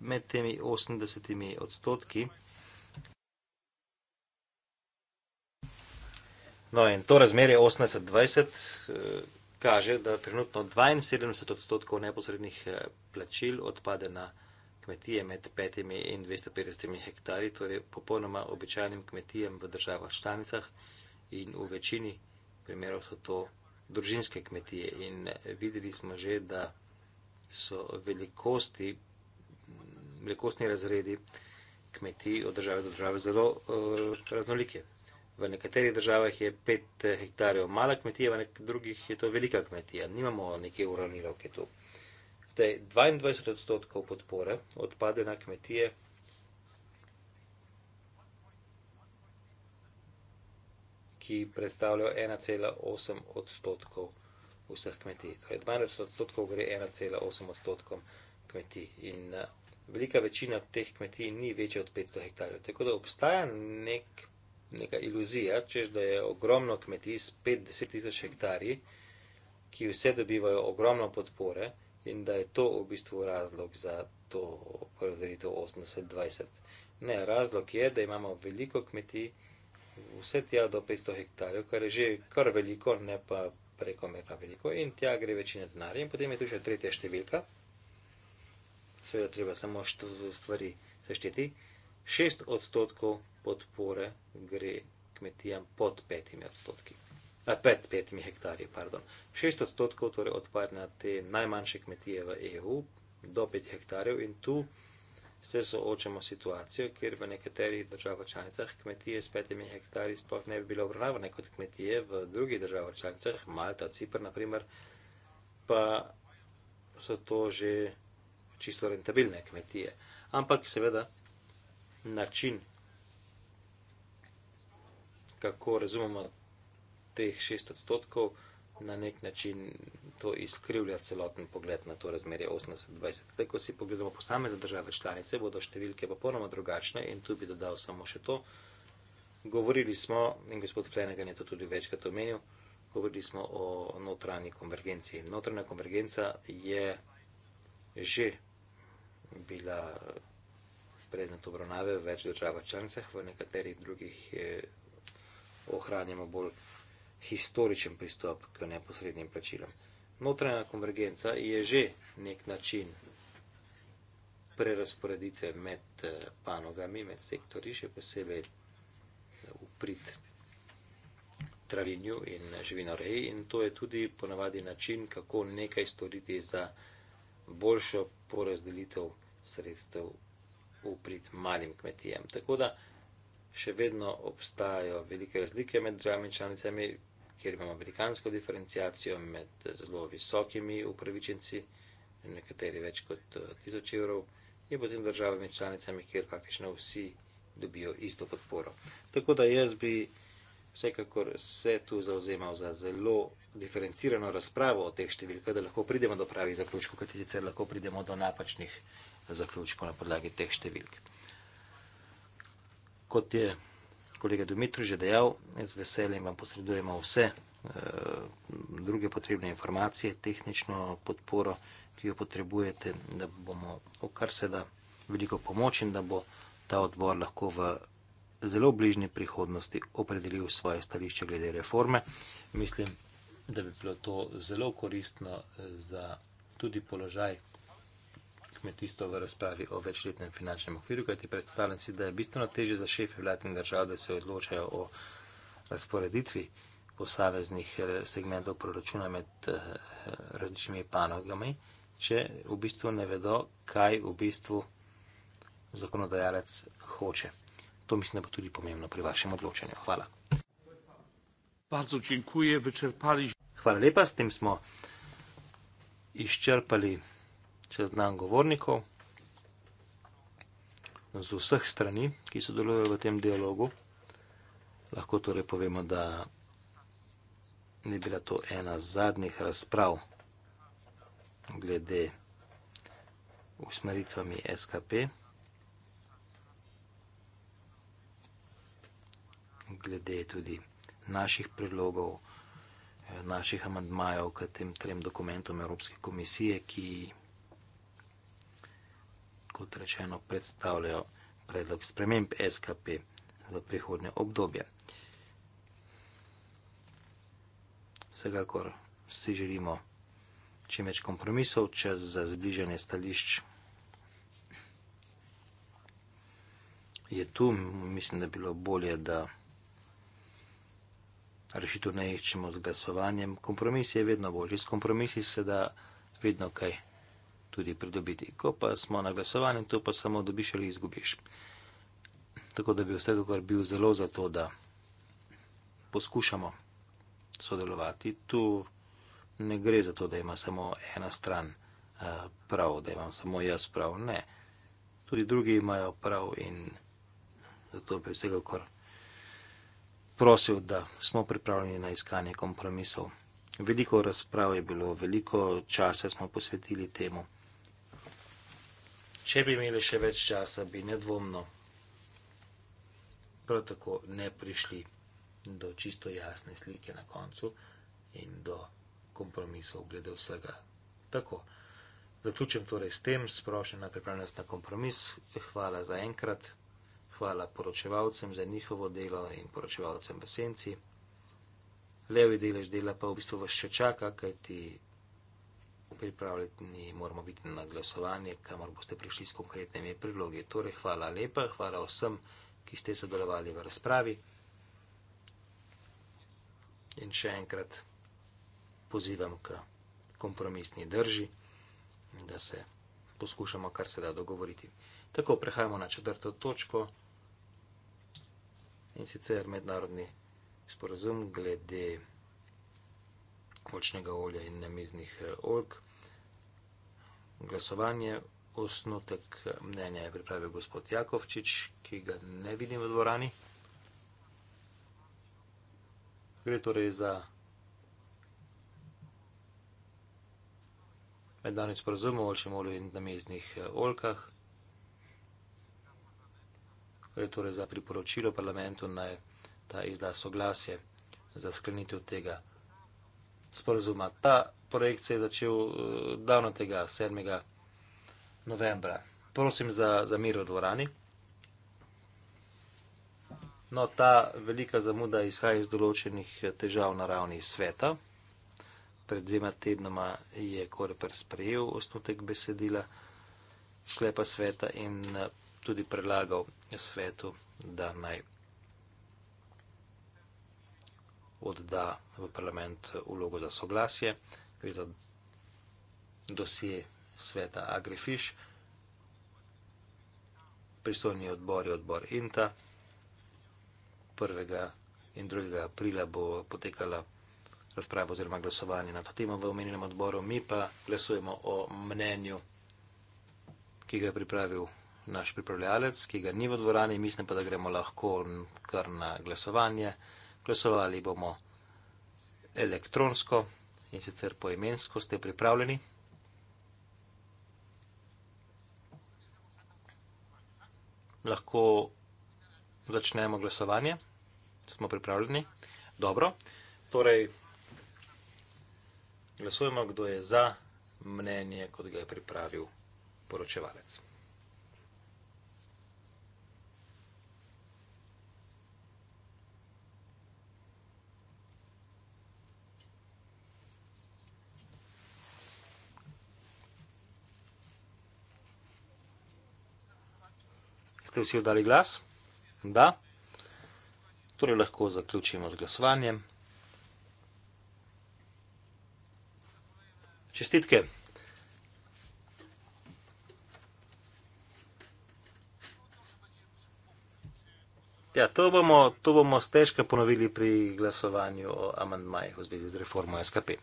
med temi 80 odstotki No, in to razmerje 80-20 eh, kaže, da trenutno 72 odstotkov neposrednih eh, plačil odpade na kmetije med 5 in 250 hektari, torej popolnoma običajnim kmetijem v državah članicah in v večini primerov so to družinske kmetije. In eh, videli smo že, da so velikosti, velikostni razredi kmetij od države do države zelo uh, raznolike. V nekaterih državah je 5 eh, hektarjev mala kmetija, v drugih je to velika kmetija. Nimamo neke uravnilovke tu. Zdaj, 22 odstotkov podpore odpade na kmetije. ki predstavljajo 1,8 odstotkov vseh kmetij. Torej 12 odstotkov gre 1,8 odstotkov kmetij. In eh, velika večina teh kmetij ni večja od 500 hektarjev. Tako da obstaja nek neka iluzija, češ da je ogromno kmetij s 50 tisoč hektarji, ki vse dobivajo ogromno podpore in da je to v bistvu razlog za to porazdelitev 80-20. Ne, razlog je, da imamo veliko kmetij, vse tja do 500 hektarjev, kar je že kar veliko, ne pa prekomerno veliko in tja gre večina denarja in potem je tu še tretja številka. Seveda treba samo stvari sešteti šest odstotkov podpore gre kmetijam pod petimi odstotki. A pet, petimi hektarji, pardon. Šest odstotkov torej odpade na te najmanjše kmetije v EU, do pet hektarjev in tu se soočamo s situacijo, kjer v nekaterih državah članicah kmetije s petimi hektarji sploh ne bi bilo obravnavane kot kmetije, v drugih državah članicah, Malta, Cipr, naprimer, pa so to že čisto rentabilne kmetije. Ampak seveda način, kako razumemo teh šest odstotkov, na nek način to izkrivlja celoten pogled na to razmerje 80-20. Zdaj, ko si pogledamo posamezne države članice, bodo številke popolnoma drugačne in tu bi dodal samo še to. Govorili smo, in gospod Flanagan je to tudi večkrat omenil, govorili smo o notranji konvergenciji. Notranja konvergenca je že bila predmet obravnave v več državah članicah, v nekaterih drugih eh, ohranjamo bolj historičen pristop k neposrednim plačilom. Notranja konvergenca je že nek način prerasporeditve med eh, panogami, med sektori, še posebej uprit eh, travinju in živinoreji in to je tudi ponavadi način, kako nekaj storiti za boljšo porazdelitev sredstev v prid malim kmetijam. Tako da še vedno obstajajo velike razlike med državami članicami, kjer imamo velikansko diferencijacijo med zelo visokimi upravičenci, nekateri več kot 1000 eh, evrov, in potem državami članicami, kjer praktično vsi dobijo isto podporo. Tako da jaz bi vsekakor se tu zauzemal za zelo diferencirano razpravo o teh številkah, da lahko pridemo do pravih zaključkov, kajti sicer lahko pridemo do napačnih zaključkov na podlagi teh številk. Kot je kolega Dumitru že dejal, z veseljem vam posredujemo vse e, druge potrebne informacije, tehnično podporo, ki jo potrebujete, da bomo v kar se da veliko pomoč in da bo ta odbor lahko v zelo bližnji prihodnosti opredelil svoje stališče glede reforme. Mislim, da bi bilo to zelo koristno eh, za tudi položaj kmetijstvo v razpravi o večletnem finančnem okviru, kajti predstavljam si, da je bistveno teže za šefe vladnih držav, da se odločajo o razporeditvi posameznih eh, segmentov proračuna med eh, različnimi panogami, če v bistvu ne vedo, kaj v bistvu zakonodajalec hoče. To mislim, da bo tudi pomembno pri vašem odločanju. Hvala. Hvala lepa, s tem smo izčrpali seznam govornikov z vseh strani, ki sodelujejo v tem dialogu. Lahko torej povemo, da ni bila to ena zadnjih razprav glede usmeritvami SKP, glede tudi naših predlogov, eh, naših amandmajev k tem trem dokumentom Evropske komisije, ki kot rečeno, predstavljajo predlog sprememb SKP za prihodnje obdobje. Vsekakor vsi želimo čim več kompromisov, čas za zbližanje stališč je tu. Mislim, da bi bilo bolje, da rešitev ne iščemo z glasovanjem. Kompromis je vedno bolj. Z kompromisi se da vedno kaj tudi pridobiti. Ko pa smo na glasovanju, to pa samo dobiš ali izgubiš. Tako da bi vsekakor bil zelo za to, da poskušamo sodelovati. Tu ne gre za to, da ima samo ena stran eh, prav, da imam samo jaz prav. Ne. Tudi drugi imajo prav in zato bi vsekakor prosil, da smo pripravljeni na iskanje kompromisov. Veliko razprav je bilo, veliko časa smo posvetili temu. Če bi imeli še več časa, bi nedvomno prav tako ne prišli do čisto jasne slike na koncu in do kompromisov glede vsega. Tako, zaključim torej s tem sprošnjo na pripravljenost na kompromis. Hvala za enkrat, hvala poročevalcem za njihovo delo in poročevalcem v senci. Levi delež dela pa v bistvu vas še čaka, kajti pripravljeni moramo biti na glasovanje, kamor boste prišli s konkretnimi predlogi. Torej, hvala lepa, hvala vsem, ki ste sodelovali v razpravi. In še enkrat pozivam k kompromisni drži, da se poskušamo kar se da dogovoriti. Tako prehajamo na četrto točko in sicer mednarodni sporozum glede olčnega olja in namiznih eh, oljk glasovanje. Osnotek mnenja je pripravil gospod Jakovčič, ki ga ne vidim v dvorani. Gre torej za mednarodni sporozum o olčem olju in namestnih eh, olkah. Gre torej za priporočilo parlamentu naj ta izda soglasje za sklenitev tega sporozuma. Ta projekt se je začel eh, davno tega 7. novembra. Prosim za, za mir v dvorani. No, ta velika zamuda izhaja iz določenih eh, težav na ravni sveta. Pred dvema tednoma je Koreper sprejel osnutek besedila sklepa sveta in eh, tudi predlagal svetu, da naj odda v parlament ulogo za soglasje. Gre za dosje sveta Agrifiš, pristojni odbor je odbor INTA. 1. in 2. aprila bo potekala razprava oziroma glasovanje na to temo v omenjenem odboru, mi pa glasujemo o mnenju, ki ga je pripravil naš pripravljalec, ki ga ni v dvorani, mislim pa, da gremo lahko kar na glasovanje. Glasovali bomo elektronsko in sicer poemensko ste pripravljeni. Lahko začnemo glasovanje. Smo pripravljeni. Dobro. Torej, glasujemo, kdo je za mnenje, kot ga je pripravil poročevalec. Ste vsi dali glas? Da. Torej lahko zaključimo z glasovanjem. Čestitke. Ja, to bomo, to bomo stežka ponovili pri glasovanju o amandmajih v zvezi z reformo SKP.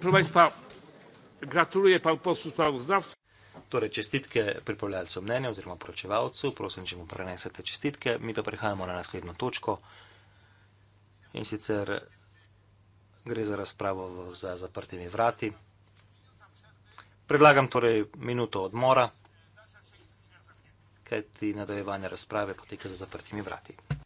Proba izpa, gratuluje pa poslu spravo zdravstva. Torej, čestitke pripravljalcu mnenja oziroma poročevalcu, prosim, če mu prenesete čestitke, mi pa prehajamo na naslednjo točko in sicer gre za razpravo za zaprtimi vrati. Predlagam torej minuto odmora, kajti nadaljevanje razprave poteka za zaprtimi vrati.